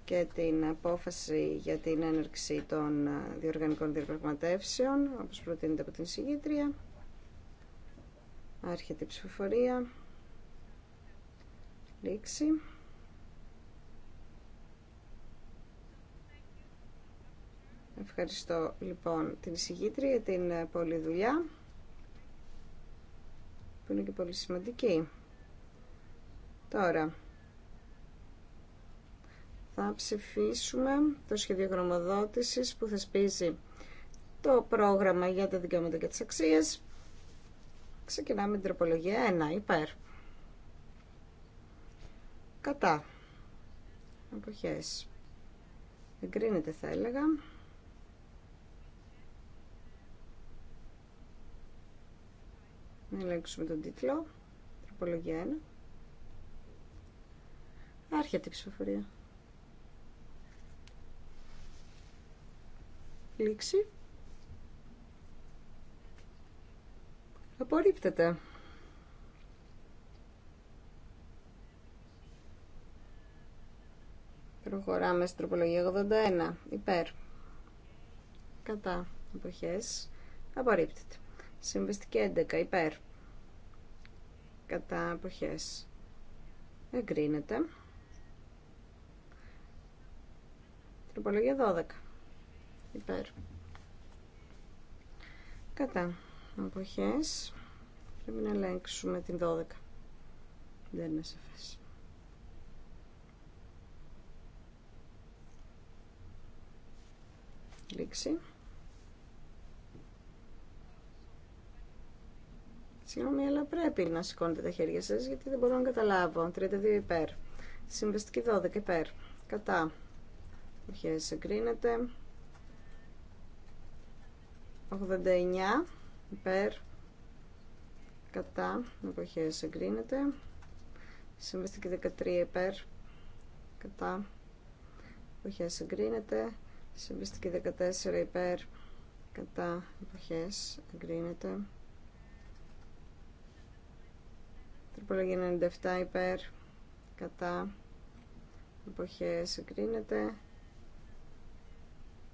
και την απόφαση για την έναρξη των ε, διοργανικών διαπραγματεύσεων, όπως προτείνεται από την εισηγήτρια. Άρχεται η ψηφοφορία. Λήξη. Ευχαριστώ λοιπόν την εισηγήτρια για την ε, πολλή δουλειά που είναι και πολύ σημαντική. Τώρα, θα ψηφίσουμε το σχέδιο γνωμοδότησης που θεσπίζει το πρόγραμμα για τα δικαιώματα και τις αξίες. Ξεκινάμε την τροπολογία 1, υπέρ. Κατά. Εποχές. Εγκρίνεται θα έλεγα. Να ελέγξουμε τον τίτλο. Τροπολογία 1. Άρχεται η ψηφοφορία. Λήξη. Απορρίπτεται. Προχωράμε στην τροπολογία 81. Υπέρ. Κατά. Εποχές. Απορρίπτεται. Συμβεστική 11 υπέρ. Κατά εποχές Εγκρίνεται. Τροπολογία 12. Υπέρ. Κατά εποχές Πρέπει να ελέγξουμε την 12. Δεν είναι σαφές. Λήξη. Συγγνώμη, αλλά πρέπει να σηκώνετε τα χέρια σας, γιατί δεν μπορώ να καταλάβω. 32 υπέρ. Συμβαστική 12 υπέρ. Κατά. Αποχές εγκρίνεται. 89 υπέρ. Κατά. Αποχές εγκρίνεται. Συμβαστική 13 υπέρ. Κατά. Αποχές εγκρίνεται. Συμβαστική 14 υπέρ. Κατά. εποχέ, εγκρίνεται. Τροπολογία 97 υπέρ κατά εποχές εγκρίνεται.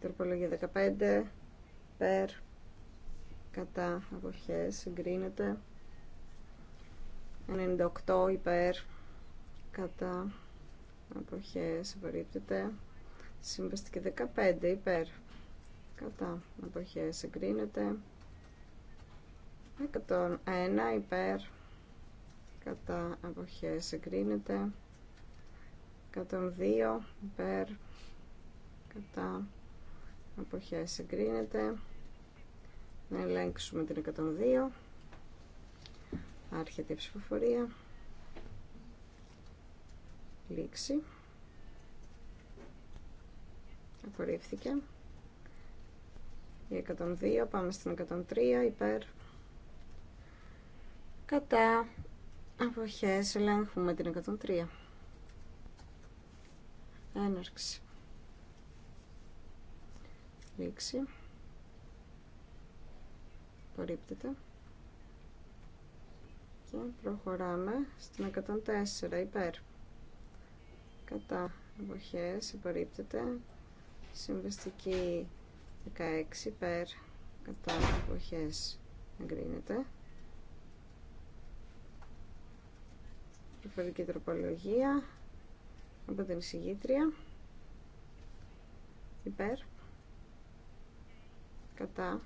Τροπολογία 15 υπέρ κατά εποχές εγκρίνεται. 98 υπέρ κατά εποχές απορρίπτεται. Συμβαστική 15 υπέρ κατά εποχές εγκρίνεται. 101 υπέρ κατά αποχές εγκρίνεται 102 υπέρ κατά αποχές εγκρίνεται να ελέγξουμε την 102 άρχεται η ψηφοφορία λήξη απορρίφθηκε η 102 πάμε στην 103 υπέρ κατά Αποχές ελέγχουμε την 103. Έναρξη. Λήξη. Απορρίπτεται. Και προχωράμε στην 104 υπέρ. Κατά αποχές απορρίπτεται. Συμβεστική 16 υπέρ. Κατά αποχές εγκρίνεται. προφορική τροπολογία από την εισηγήτρια υπέρ κατά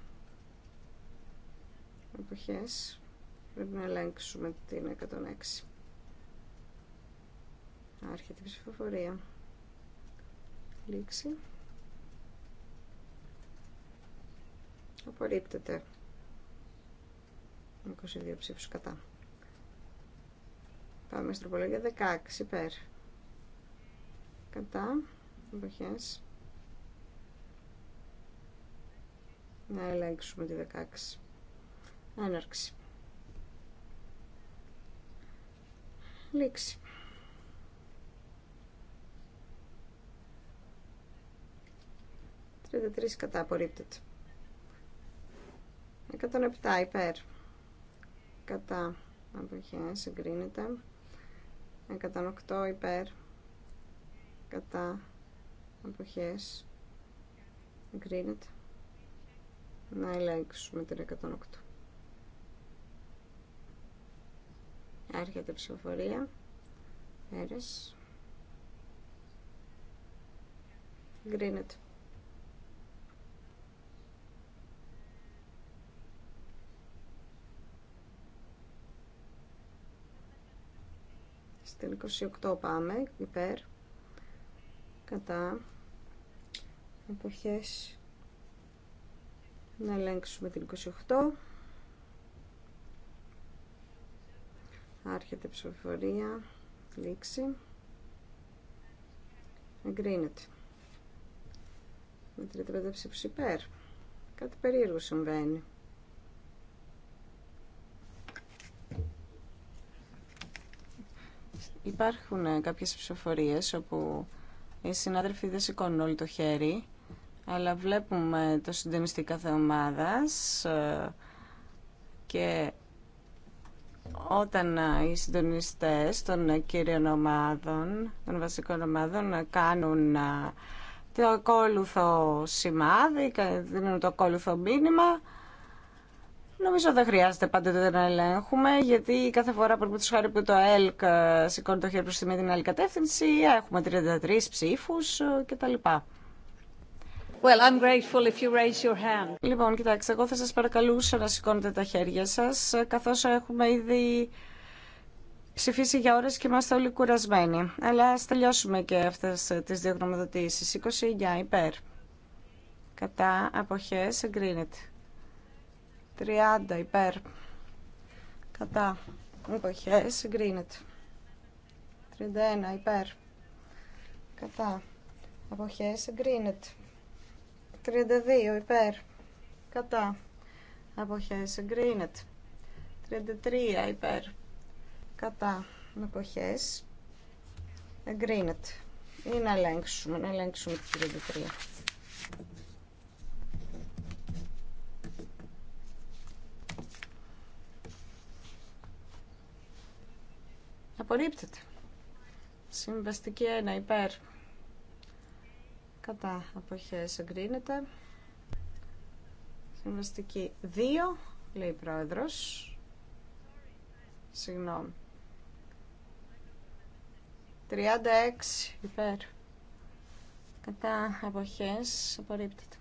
εποχές πρέπει να ελέγξουμε την 106 άρχεται η ψηφοφορία λήξη απορρίπτεται 22 ψήφους κατά Πάμε στην τροπολογία 16 υπέρ. Κατά. Εποχές. Να ελέγξουμε τη 16. Έναρξη. Λήξη. Τρίτα τρεις κατά απορρίπτεται. 107 υπέρ. Κατά αποχές εγκρίνεται. 108 υπέρ κατά αποχές εγκρίνεται να ελέγξουμε την 108 έρχεται η ψηφοφορία έρες Γκρίνεται. Στην 28 πάμε, υπέρ, κατά, εποχές, να ελέγξουμε την 28. Άρχεται ψηφοφορία, λήξη, εγκρίνεται. Με 35 ψήφους υπέρ. Κάτι περίεργο συμβαίνει. Υπάρχουν ε, κάποιες ψηφοφορίες όπου οι συνάδελφοι δεν σηκώνουν όλοι το χέρι, αλλά βλέπουμε το συντονιστή κάθε ομάδας ε, και όταν ε, οι συντονιστές των κύριων ομάδων, των βασικών ομάδων, κάνουν το ακόλουθο σημάδι, δίνουν το ακόλουθο μήνυμα, Νομίζω δεν χρειάζεται πάντοτε να ελέγχουμε, γιατί κάθε φορά που χάρη που το ΕΛΚ ε, σηκώνει το χέρι προς τη μία την
άλλη κατεύθυνση,
έχουμε 33 ψήφους ε, κτλ. Well, I'm
grateful if you raise your hand. Λοιπόν, κοιτάξτε, εγώ θα σας παρακαλούσα να σηκώνετε τα χέρια
σας, ε, καθώς έχουμε ήδη ψηφίσει για ώρες και είμαστε όλοι κουρασμένοι. Αλλά ας τελειώσουμε και αυτές τις διαγνωμοδοτήσεις. 29 υπέρ. Κατά αποχές εγκρίνεται. 30 υπέρ κατά εποχέ, συγκρίνεται 31 υπέρ κατά εποχέ, συγκρίνεται 32 υπέρ κατά εποχέ, συγκρίνεται 33 υπέρ κατά εποχέ. εγκρίνεται ή να ελέγξουμε, να ελέγξουμε τη 33 Απορρίπτεται. Συμβαστική 1 υπέρ. Κατά αποχές εγκρίνεται. Συμβαστική 2 λέει πρόεδρος. Συγγνώμη. 36 υπέρ. Κατά αποχές απορρίπτεται.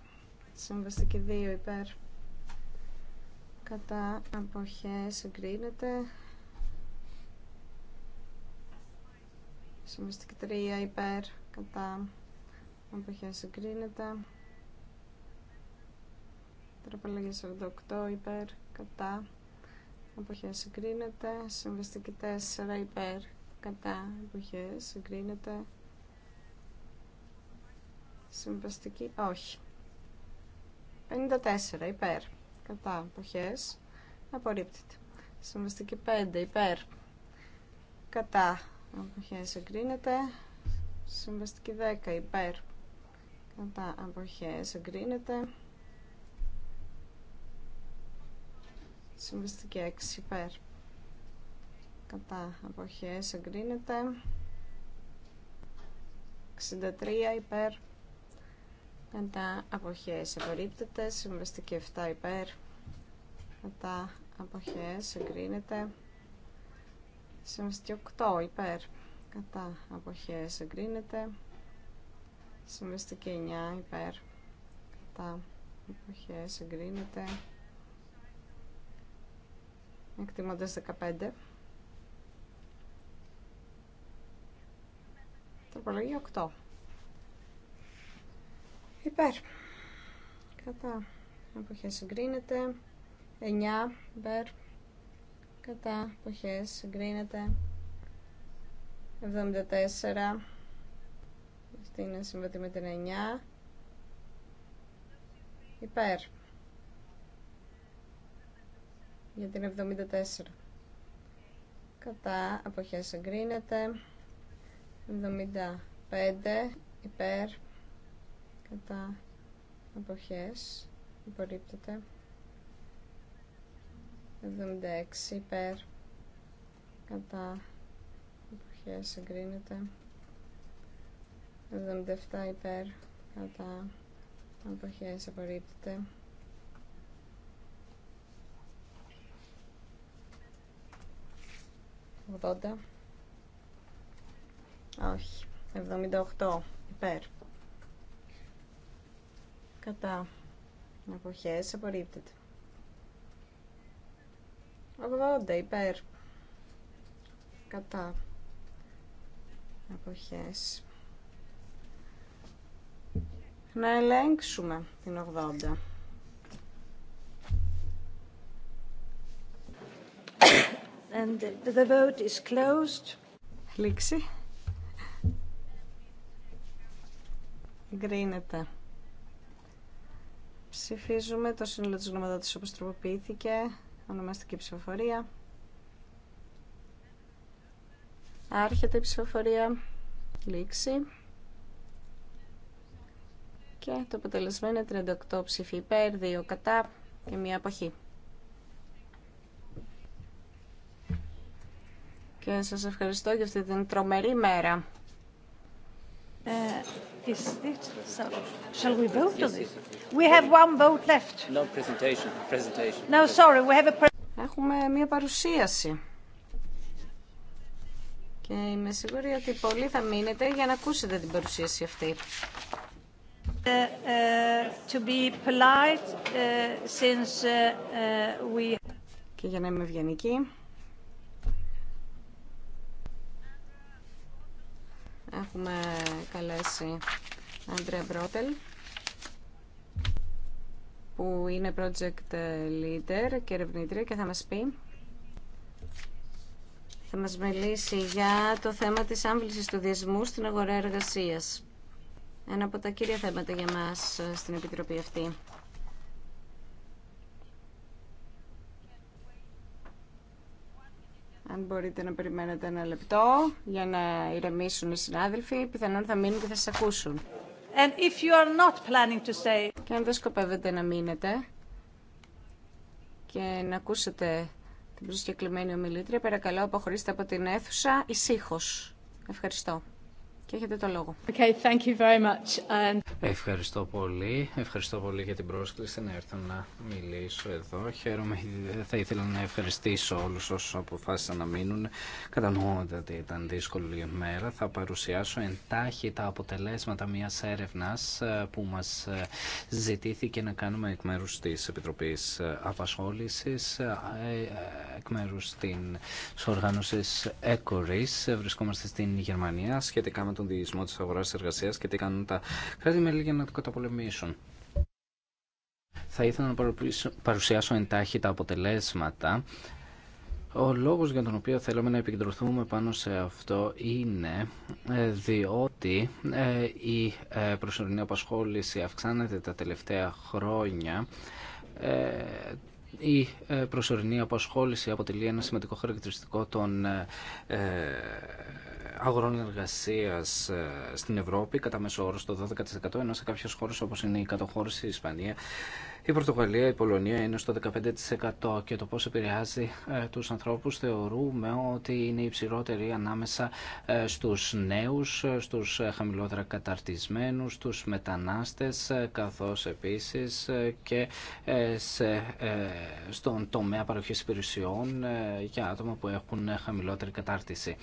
Συμβαστική 2 υπέρ. Κατά αποχές εγκρίνεται. Συμβαστική 3 υπέρ κατά αποχές συγκρίνεται. Τροπολογία 48 υπέρ κατά αποχέ συγκρίνεται. Συμβαστική 4 υπέρ κατά εποχέ, συγκρίνεται. Συμβαστική όχι. 54 υπέρ κατά εποχέ, απορρίπτεται. Συμβαστική 5 υπέρ κατά αποχές εγκρίνεται συμβαστική 10 υπέρ κατά αποχές εγκρίνεται συμβαστική 6 υπέρ κατά αποχές εγκρίνεται 63 υπέρ κατά αποχές απορρίπτεται συμβαστική 7 υπέρ κατά αποχές εγκρίνεται Συμβαστική 8 υπέρ κατά αποχές εγκρίνεται. Συμβαστική 9 υπέρ κατά αποχές εγκρίνεται. Εκτιμώντας 15. Τροπολογία 8. Υπέρ. Κατά. Αποχές εγκρίνεται. 9. Υπέρ κατά αποχές εγκρίνεται 74 αυτή είναι συμβατή με την 9 υπέρ για την 74 κατά αποχές εγκρίνεται 75 υπέρ κατά αποχές υπολείπτεται 76 υπέρ κατά εποχές εγκρίνεται 77 υπέρ κατά εποχές απορρίπτεται 80 όχι 78 υπέρ κατά εποχές απορρίπτεται 80 υπέρ κατά αποχές να ελέγξουμε την 80
And the vote is closed. Λήξη. Γκρίνεται.
Ψηφίζουμε το σύνολο της γνωματότησης όπως τροποποιήθηκε. Ονομαστική ψηφοφορία. Άρχεται η ψηφοφορία. Λήξη. Και το αποτελεσμα είναι 38 ψήφοι υπέρ, 2 κατά και μία αποχή. Και σας ευχαριστώ για αυτή την τρομερή μέρα.
Ε this, this so shall we vote on this? We have one vote left. No presentation. Presentation. No, sorry, we have a
Έχουμε μια παρουσίαση. Και είμαι σίγουρη ότι πολλοί
θα μείνετε για να ακούσετε την παρουσίαση αυτή. Ε, ε, to be polite, ε, since, we... Και για να είμαι ευγενική,
Έχουμε καλέσει Αντρέα Μπρότελ που είναι project leader και ερευνήτρια και θα μας πει θα μας μιλήσει για το θέμα της άμβλησης του διασμού στην αγορά εργασίας. Ένα από τα κύρια θέματα για μας ε, στην Επιτροπή αυτή. Αν μπορείτε να περιμένετε ένα λεπτό για να ηρεμήσουν οι συνάδελφοι, πιθανόν θα μείνουν και θα σα ακούσουν.
And if you are not planning to
Και αν δεν σκοπεύετε να μείνετε και να ακούσετε την προσκεκλημένη ομιλήτρια, παρακαλώ αποχωρήστε από την αίθουσα ησύχω. Ευχαριστώ και έχετε το λόγο. Okay, thank you very much. And...
Ευχαριστώ πολύ. Ευχαριστώ πολύ για την πρόσκληση να έρθω να μιλήσω εδώ. Χαίρομαι. Θα ήθελα να ευχαριστήσω όλους όσους αποφάσισαν να μείνουν. Κατανοώ ότι ήταν δύσκολη η μέρα. Θα παρουσιάσω εντάχει τα αποτελέσματα μιας έρευνας ε, που μας ε, ζητήθηκε να κάνουμε εκ μέρους της Επιτροπής ε, Απασχόλησης, εκ μέρους της οργάνωσης ECORIS. Βρισκόμαστε στην Γερμανία σχετικά με τον διεισμό της αγοράς της εργασίας και τι κάνουν τα κράτη-μέλη για να το καταπολεμήσουν. Θα ήθελα να παρουσιάσω εντάχει τα αποτελέσματα. Ο λόγος για τον οποίο θέλουμε να επικεντρωθούμε πάνω σε αυτό είναι ε, διότι ε, η ε, προσωρινή απασχόληση αυξάνεται τα τελευταία χρόνια η προσωρινή απασχόληση αποτελεί ένα σημαντικό χαρακτηριστικό των αγορών εργασία ε, στην Ευρώπη κατά μέσο όρο στο 12% ενώ σε κάποιε χώρε όπως είναι η κατοχώρηση η Ισπανία η Πορτογαλία, η Πολωνία είναι στο 15% και το πώς επηρεάζει ε, τους ανθρώπους θεωρούμε ότι είναι υψηλότερη ανάμεσα ε, στους νέους, στους χαμηλότερα καταρτισμένους, στους μετανάστες καθώς επίσης και σε, στον τομέα παροχής υπηρεσιών για άτομα που έχουν χαμηλότερη κατάρτιση.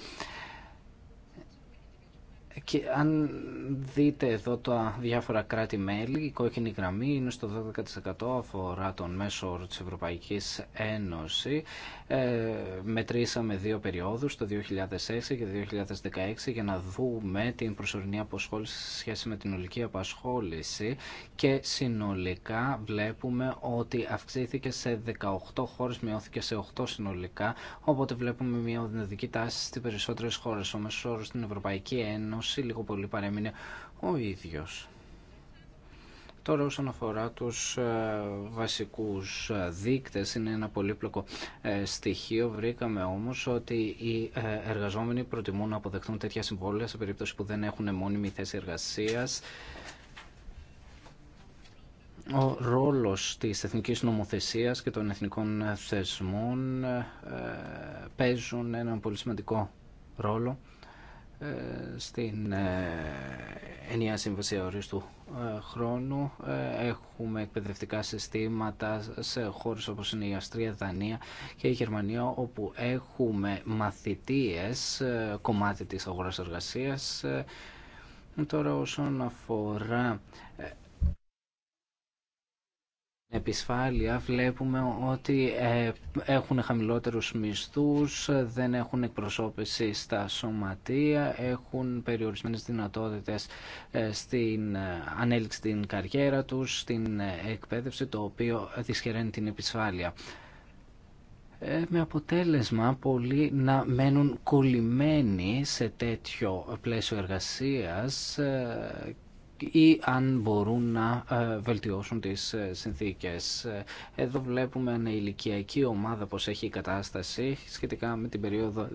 Και αν δείτε εδώ τα διάφορα κράτη-μέλη, η κόκκινη γραμμή είναι στο 12% αφορά τον μέσο όρο της Ευρωπαϊκής Ένωση. Ε, μετρήσαμε δύο περιόδους, το 2006 και το 2016, για να δούμε την προσωρινή απασχόληση σε σχέση με την ολική απασχόληση και συνολικά βλέπουμε ότι αυξήθηκε σε 18 χώρες, μειώθηκε σε 8 συνολικά, οπότε βλέπουμε μια οδυνατική τάση στις περισσότερες χώρες. Ο μέσος όρος στην Ευρωπαϊκή Ένωση ή λίγο πολύ παρέμεινε ο ίδιος. Τώρα όσον αφορά τους ε, βασικούς ε, δείκτες είναι ένα πολύπλοκο ε, στοιχείο. Βρήκαμε όμως ότι οι εργαζόμενοι προτιμούν να αποδεχτούν τέτοια συμβόλαια σε περίπτωση που δεν έχουν μόνιμη θέση εργασίας. Ο ρόλος της εθνικής νομοθεσίας και των εθνικών θεσμών παίζουν έναν πολύ σημαντικό ρόλο στην ε, ενιαία σύμβαση ορίστου ε, χρόνου. Ε, έχουμε εκπαιδευτικά συστήματα σε χώρες όπως είναι η Αυστρία, Δανία και η Γερμανία όπου έχουμε μαθητείες κομμάτι της αγοράς εργασίας. Τώρα όσον αφορά επισφάλεια βλέπουμε ότι ε, έχουν χαμηλότερους μισθούς, δεν έχουν εκπροσώπηση στα σωματεία, έχουν περιορισμένες δυνατότητες ε, στην ε, ανέλυξη την καριέρα τους, στην εκπαίδευση, το οποίο δυσχεραίνει την επισφάλεια. Με αποτέλεσμα πολλοί να μένουν κολλημένοι σε τέτοιο πλαίσιο εργασίας ή αν μπορούν να ε, βελτιώσουν τις ε, συνθήκες. Ε, εδώ βλέπουμε ανηλικιακή ομάδα πως έχει η κατάσταση ηλικιακη ομαδα πως εχει η κατασταση σχετικα με την περίοδο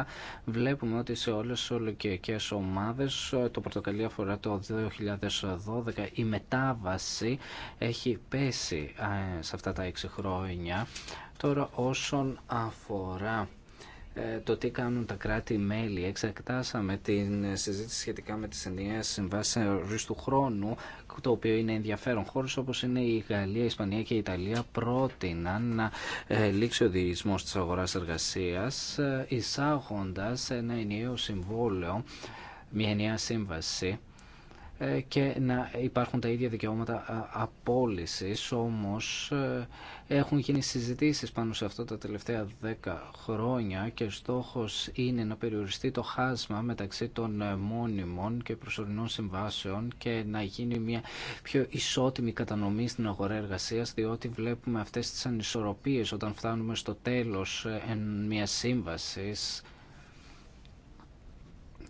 2006-2012. Βλέπουμε ότι σε όλες τις ολοκιακές ομάδες το πορτοκαλί αφορά το 2012 η μετάβαση έχει πέσει σε αυτά τα 6 χρόνια. Τώρα όσον αφορά ε, το τι κάνουν τα κράτη-μέλη. Εξετάσαμε την συζήτηση σχετικά με τις ενιαίες συμβάσεις του χρόνου, το οποίο είναι ενδιαφέρον. Χώρες όπως είναι η Γαλλία, η Ισπανία και η Ιταλία πρότειναν να ε, λήξει ο διεισμός της αγοράς εργασίας, ε, εισάγοντας ένα ενιαίο συμβόλαιο, μια ενιαία σύμβαση, ε, και να υπάρχουν τα ίδια δικαιώματα ε, απόλυσης, όμως ε, έχουν γίνει συζητήσεις πάνω σε αυτό τα τελευταία δέκα χρόνια και στόχος είναι να περιοριστεί το χάσμα μεταξύ των μόνιμων και προσωρινών συμβάσεων και να γίνει μια πιο ισότιμη κατανομή στην αγορά εργασίας, διότι βλέπουμε αυτές τις ανισορροπίες όταν φτάνουμε στο τέλος μια σύμβασης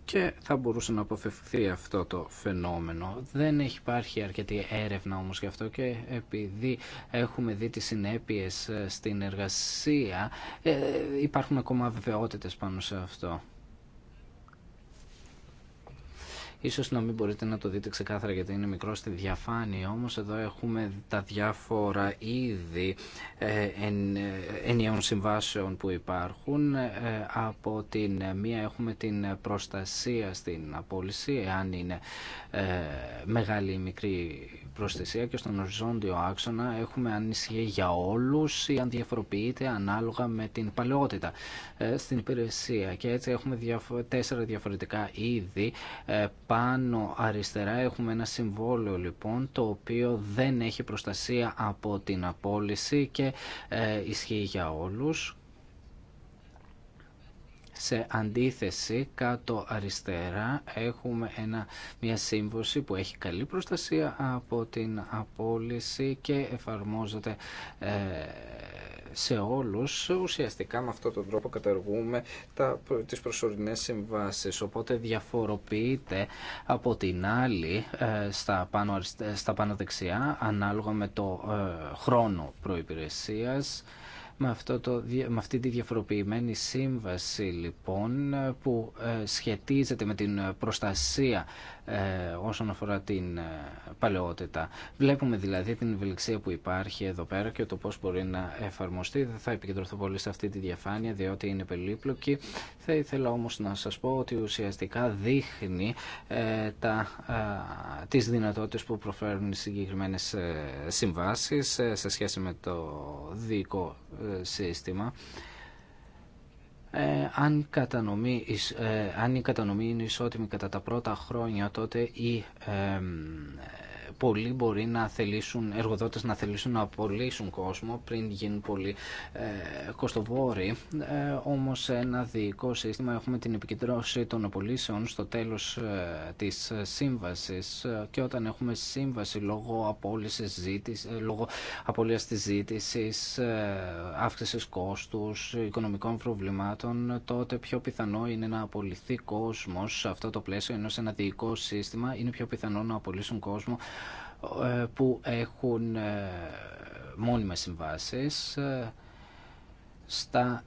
και θα μπορούσε να αποφευχθεί αυτό το φαινόμενο. Δεν έχει υπάρχει αρκετή έρευνα όμως γι' αυτό και επειδή έχουμε δει τις συνέπειες ε, στην εργασία ε, υπάρχουν ακόμα βεβαιότητες πάνω σε αυτό. Ίσως να μην μπορείτε να το δείτε ξεκάθαρα γιατί είναι μικρό στη διαφάνεια, όμως εδώ έχουμε τα διάφορα είδη ε, ε, ενιαίων συμβάσεων που υπάρχουν. Ε, από την μία έχουμε την προστασία στην απόλυση, εάν είναι μεγάλη ή μικρή προστασία και στον οριζόντιο άξονα έχουμε ανησυχία για όλους ή αν διαφοροποιείται ανάλογα με την παλαιότητα ε, στην υπηρεσία και έτσι έχουμε τέσσερα διαφορετικά είδη ε, πάνω αριστερά έχουμε ένα συμβόλαιο λοιπόν το οποίο δεν έχει προστασία από την απόλυση και ε, ισχύει για όλους σε αντίθεση, κάτω αριστερά έχουμε ένα, μια σύμβαση που έχει καλή προστασία από την απόλυση και εφαρμόζεται ε, σε όλους. Ουσιαστικά με αυτόν τον τρόπο καταργούμε τα, τις προσωρινές συμβάσεις. Οπότε διαφοροποιείται από την άλλη ε, στα, πάνω, ε, στα πάνω δεξιά ανάλογα με το χρόνο προϋπηρεσίας με, αυτό το, με αυτή τη διαφοροποιημένη σύμβαση λοιπόν που ε, σχετίζεται με την προστασία ε, όσον αφορά την ε, παλαιότητα. Βλέπουμε δηλαδή την ευελιξία που υπάρχει εδώ πέρα και το πώς μπορεί να εφαρμοστεί. Δεν θα επικεντρωθώ πολύ σε αυτή τη διαφάνεια διότι είναι περίπλοκη. Θα ήθελα όμως να σας πω ότι ουσιαστικά δείχνει ε, τα, τις δυνατότητες που προφέρουν οι συγκεκριμένες συμβάσεις σε σχέση με το δικό σύστημα. Ε, αν, κατανομή, ε, αν η κατανομή είναι ισότιμη κατά τα πρώτα χρόνια τότε η ε, πολλοί μπορεί να θελήσουν, εργοδότες να θελήσουν να απολύσουν κόσμο πριν γίνουν πολύ ε, κοστοβόροι. Ε, όμως σε ένα διοικό σύστημα έχουμε την επικεντρώση των απολύσεων στο τέλος ε, της σύμβασης και όταν έχουμε σύμβαση λόγω απόλυσης ζήτησης, ε, λόγω απολύας της ζήτησης, ε, αύξησης κόστους, οικονομικών προβλημάτων, τότε πιο πιθανό είναι να απολυθεί κόσμος σε αυτό το πλαίσιο, ενώ σε ένα διοικό σύστημα είναι πιο πιθανό να απολύσουν κόσμο που έχουν ε, μόνιμες συμβάσεις ε, στα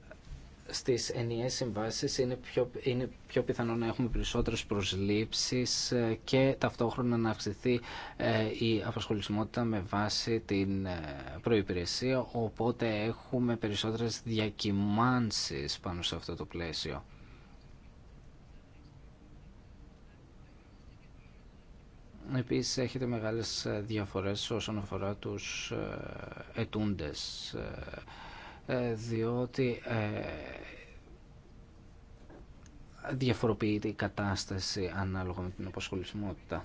στις ενιαίες συμβάσεις είναι πιο, είναι πιο πιθανό να έχουμε περισσότερες προσλήψεις ε, και ταυτόχρονα να αυξηθεί η απασχολησιμότητα με βάση την προϋπηρεσία οπότε έχουμε περισσότερες διακυμάνσεις πάνω σε αυτό το πλαίσιο. Επίσης έχετε μεγάλες ε, διαφορές όσον αφορά τους ε, ετούντες, ε, διότι διαφοροποιείται η κατάσταση ανάλογα με την αποσχολησιμότητα.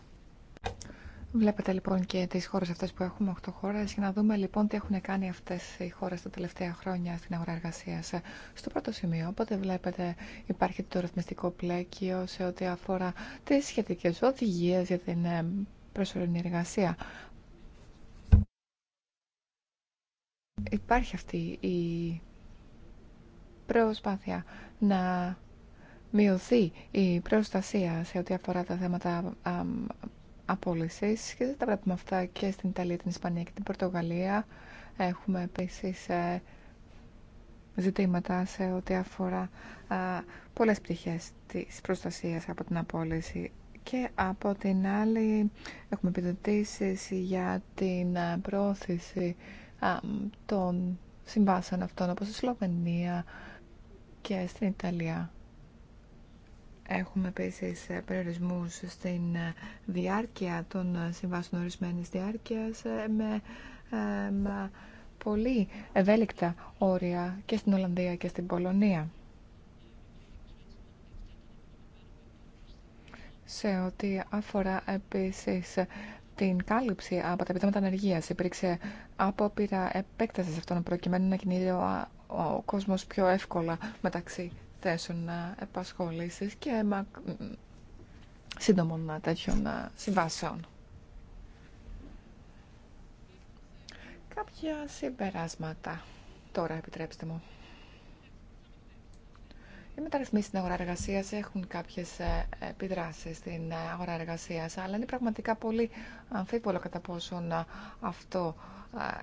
Βλέπετε λοιπόν και τις χώρες αυτές που έχουμε, 8 χώρες, για να δούμε λοιπόν τι έχουν κάνει αυτές οι χώρες τα τελευταία χρόνια στην αγορά εργασία. Στο πρώτο σημείο, οπότε βλέπετε υπάρχει το ρυθμιστικό πλαίκιο σε ό,τι αφορά τις σχετικές οδηγίες για την ε, προσωρινή εργασία. Υπάρχει αυτή η προσπάθεια να μειωθεί η προστασία σε ό,τι αφορά τα θέματα απόλυση και δεν αυτά και στην Ιταλία, την Ισπανία και την Πορτογαλία. Έχουμε επίση ε, ζητήματα σε ό,τι αφορά ε, πολλές πτυχές της προστασίας από την απόλυση και από την άλλη έχουμε επιδοτήσεις για την ε, πρόθεση των συμβάσεων αυτών όπως στη Σλοβενία και στην Ιταλία. Έχουμε επίση ε, περιορισμού στην ε, διάρκεια των ε, συμβάσεων ορισμένη διάρκεια με, πολύ ευέλικτα όρια και στην Ολλανδία και στην Πολωνία. Σε ό,τι αφορά επίσης την κάλυψη από τα επιδόματα ανεργία, υπήρξε απόπειρα επέκταση αυτών προκειμένου να κινείται ο, ο κόσμο πιο εύκολα μεταξύ θέσεων επασχόλησης και σύντομων ε, τέτοιων ε, συμβάσεων. Κάποια συμπεράσματα. Τώρα επιτρέψτε μου. Οι μεταρρυθμίσει στην αγορά εργασία έχουν κάποιε επιδράσει στην ε, αγορά εργασία, αλλά είναι πραγματικά πολύ αμφίβολο κατά πόσον αυτό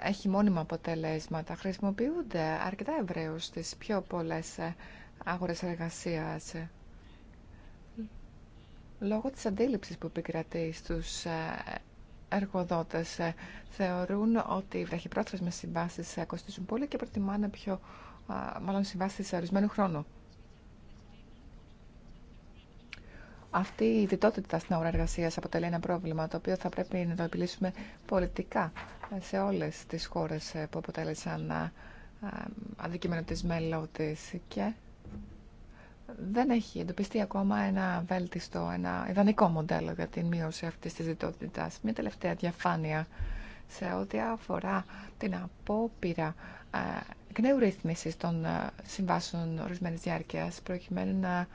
έχει μόνιμα αποτελέσματα. Χρησιμοποιούνται αρκετά ευρέω στι πιο πολλέ αγορές εργασίας λόγω της αντίληψης που επικρατεί στους ε, εργοδότες ε, θεωρούν ότι οι βραχυπρόθεσμες συμβάσεις ε, κοστίζουν πολύ και προτιμάνε πιο μάλλον συμβάσεις ορισμένου χρόνου. Αυτή η διτότητα στην αγορά εργασίας αποτελεί ένα πρόβλημα το οποίο θα πρέπει να το επιλύσουμε πολιτικά σε όλες τις χώρες που αποτέλεσαν αντικείμενο της μελότης και δεν έχει εντοπιστεί ακόμα ένα βέλτιστο, ένα ιδανικό μοντέλο για την μείωση αυτής της ζητότητας. Μια τελευταία διαφάνεια σε ό,τι αφορά την απόπειρα ε, εκ νέου ρύθμισης των ε, συμβάσεων ορισμένης διάρκειας προκειμένου να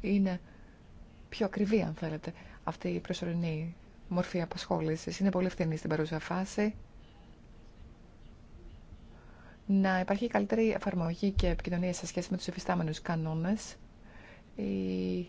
είναι πιο ακριβή, αν θέλετε, αυτή η προσωρινή μορφή απασχόλησης. Είναι πολύ φθηνή στην παρούσα φάση να υπάρχει καλύτερη εφαρμογή και επικοινωνία σε σχέση με τους εφιστάμενους κανόνες. Η...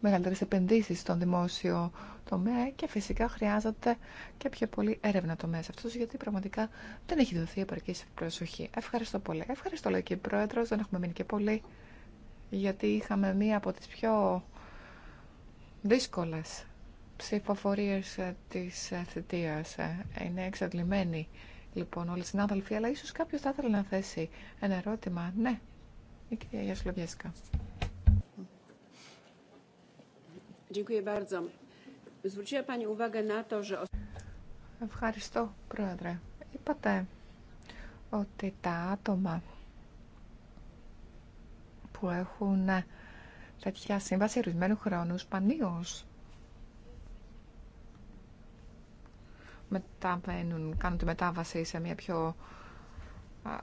Μεγαλύτερες επενδύσεις στον δημόσιο τομέα και φυσικά χρειάζεται και πιο πολύ έρευνα τομέα σε αυτός γιατί πραγματικά δεν έχει δοθεί επαρκή προσοχή. Ευχαριστώ πολύ. Ευχαριστώ λέει και η πρόεδρο, δεν έχουμε μείνει και πολύ γιατί είχαμε μία από τι πιο δύσκολε ψηφοφορίες ε, της ε, θητείας. Ε. Είναι εξαντλημένοι λοιπόν όλοι οι συνάδελφοι, αλλά ίσως κάποιος θα ήθελε να θέσει ένα ερώτημα. Ναι, η κυρία Γιασλοβιέσκα. Ευχαριστώ, Πρόεδρε. Είπατε ότι τα άτομα που έχουν τέτοια σύμβαση ορισμένου χρόνου σπανίως μεταβαίνουν, κάνουν τη μετάβαση σε μια πιο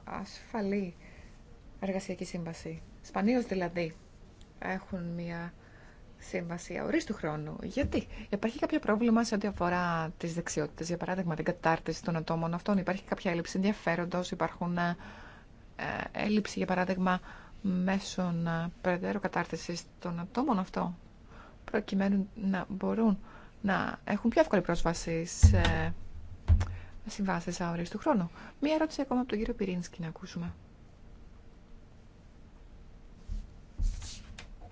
ασφαλή εργασιακή σύμβαση. Σπανίω δηλαδή έχουν μια σύμβαση αορίστου χρόνου. Γιατί υπάρχει κάποιο πρόβλημα σε ό,τι αφορά τι δεξιότητε, για παράδειγμα την κατάρτιση των ατόμων αυτών, υπάρχει κάποια έλλειψη ενδιαφέροντο, υπάρχουν ε, ε, έλλειψη, για παράδειγμα, μέσων ε, περαιτέρω κατάρτιση των ατόμων αυτών, προκειμένου να μπορούν να έχουν πιο εύκολη πρόσβαση σε συμβάσει αορίστου του χρόνου. Μία ερώτηση ακόμα από τον κύριο Πυρίνσκι να ακούσουμε.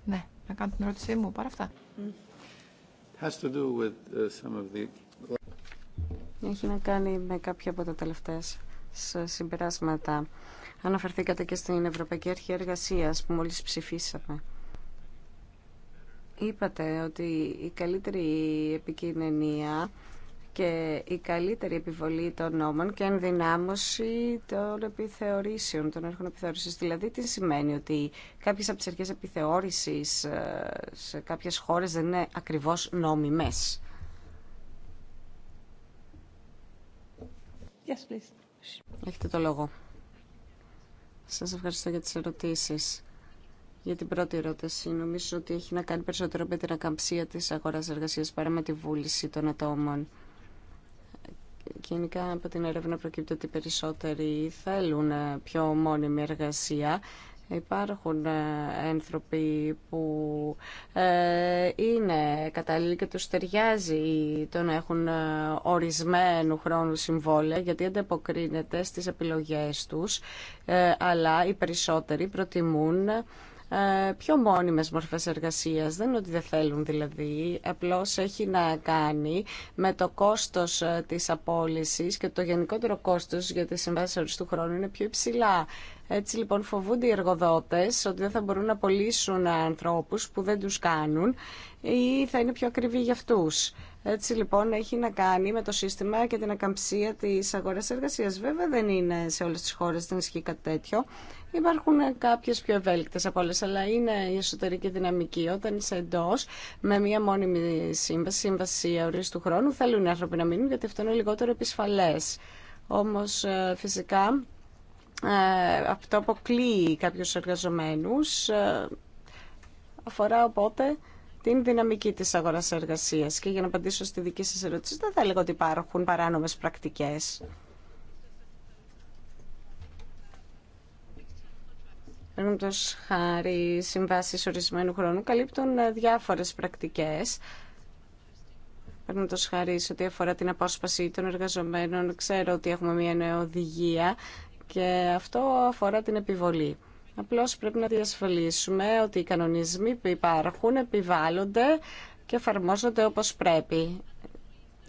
Ναι, να κάνω την ερώτησή μου παρά αυτά. Mm.
Uh,
Έχει να κάνει με κάποια από τα τελευταία συμπεράσματα. Αναφερθήκατε και στην Ευρωπαϊκή Αρχή εργασία που μόλι ψηφίσαμε. Είπατε ότι η καλύτερη επικοινωνία και η καλύτερη επιβολή των νόμων και ενδυνάμωση των επιθεωρήσεων, των έρχων επιθεώρησης. Δηλαδή, τι σημαίνει ότι κάποιες από τις αρχές επιθεώρησης ε, σε κάποιες χώρες δεν είναι ακριβώς νόμιμες. Yes, Έχετε το λόγο. Σας ευχαριστώ για τις ερωτήσεις. Για την πρώτη ερώτηση, νομίζω ότι έχει να κάνει περισσότερο με την ακαμψία της αγοράς εργασίας παρά με τη βούληση των ατόμων. Γενικά από την έρευνα προκύπτει ότι περισσότεροι θέλουν ε, πιο μόνιμη εργασία. Υπάρχουν ε, άνθρωποι που ε, είναι κατάλληλοι και τους ταιριάζει το να έχουν ορισμένου χρόνου συμβόλαια γιατί ανταποκρίνεται στις επιλογές τους αλλά οι περισσότεροι προτιμούν ε, πιο μόνιμες μορφές εργασίας. Δεν είναι ότι δεν θέλουν δηλαδή, απλώς έχει να κάνει με το κόστος ε, της απόλυσης και το γενικότερο κόστος για τις συμβάσεις οριστού χρόνου είναι πιο υψηλά. Έτσι λοιπόν φοβούνται οι εργοδότες ότι δεν θα μπορούν να απολύσουν ανθρώπους που δεν τους κάνουν ή θα είναι πιο ακριβή για αυτούς. Έτσι λοιπόν έχει να κάνει με το σύστημα και την ακαμψία της αγοράς εργασίας. Βέβαια δεν είναι σε όλες τις χώρες δεν ισχύει κάτι τέτοιο. Υπάρχουν κάποιες πιο ευέλικτες από όλες, αλλά είναι η εσωτερική δυναμική. Όταν είσαι εντό με μία μόνιμη σύμβαση, σύμβαση του χρόνου, θέλουν οι άνθρωποι να μείνουν, γιατί αυτό είναι λιγότερο επισφαλές. Όμως ε, φυσικά ε, αυτό αποκλείει κάποιους εργαζομένους, ε, αφορά οπότε την δυναμική της αγοράς εργασίας. Και για να απαντήσω στη δική σας ερώτηση, δεν θα έλεγα ότι υπάρχουν παράνομες πρακτικές. Παραδείγματο χάρη, συμβάσει ορισμένου χρόνου καλύπτουν ε, διάφορε πρακτικέ. Παραδείγματο χάρη, σε ό,τι αφορά την απόσπαση των εργαζομένων, ξέρω ότι έχουμε μια νέα οδηγία και αυτό αφορά την επιβολή. Απλώς πρέπει να διασφαλίσουμε ότι οι κανονισμοί που υπάρχουν επιβάλλονται και εφαρμόζονται όπως πρέπει.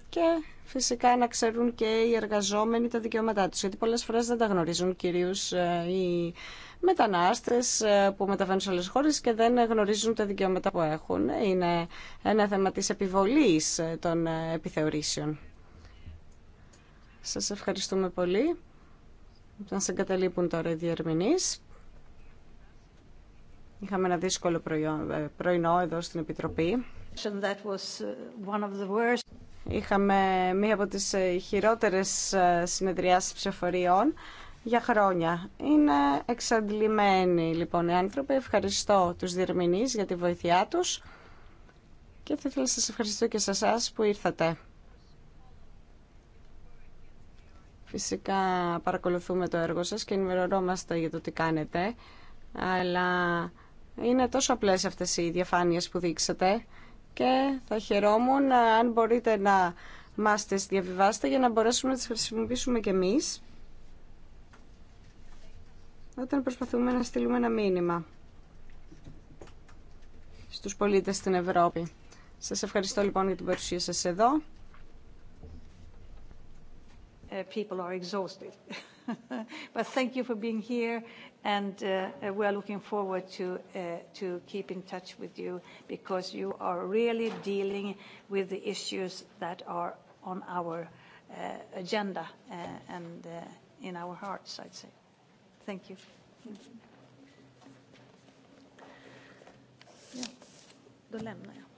Και φυσικά να ξέρουν και οι εργαζόμενοι τα δικαιώματά τους, γιατί πολλές φορές δεν τα γνωρίζουν κυρίως ε, οι μετανάστες ε, που μεταβαίνουν σε άλλε χώρες και δεν γνωρίζουν τα δικαιώματα που έχουν. Είναι ένα θέμα τη επιβολής ε, των ε, επιθεωρήσεων. Σας ευχαριστούμε πολύ. Να σε εγκαταλείπουν τώρα οι διερμηνείς. Είχαμε ένα δύσκολο πρωινό εδώ στην Επιτροπή. Είχαμε μία από τις χειρότερες συνεδριάσεις ψηφοφοριών για χρόνια. Είναι εξαντλημένοι λοιπόν οι άνθρωποι. Ευχαριστώ τους διερμηνείς για τη βοήθειά τους και θα ήθελα να σας ευχαριστώ και σε εσά που ήρθατε. Φυσικά παρακολουθούμε το έργο σας και ενημερωνόμαστε για το τι κάνετε, αλλά είναι τόσο απλές αυτές οι διαφάνειες που δείξατε και θα χαιρόμουν αν μπορείτε να μας τις διαβιβάσετε για να μπορέσουμε να τις χρησιμοποιήσουμε και εμείς όταν προσπαθούμε να στείλουμε ένα μήνυμα στους πολίτες στην Ευρώπη. Σας ευχαριστώ λοιπόν για την παρουσία σας εδώ.
People are exhausted. But thank you for being here and we are looking forward to to keep in touch with you because you are really dealing with the issues that are on our agenda and in our hearts, I'd say. Thank you. Då lämnar jag.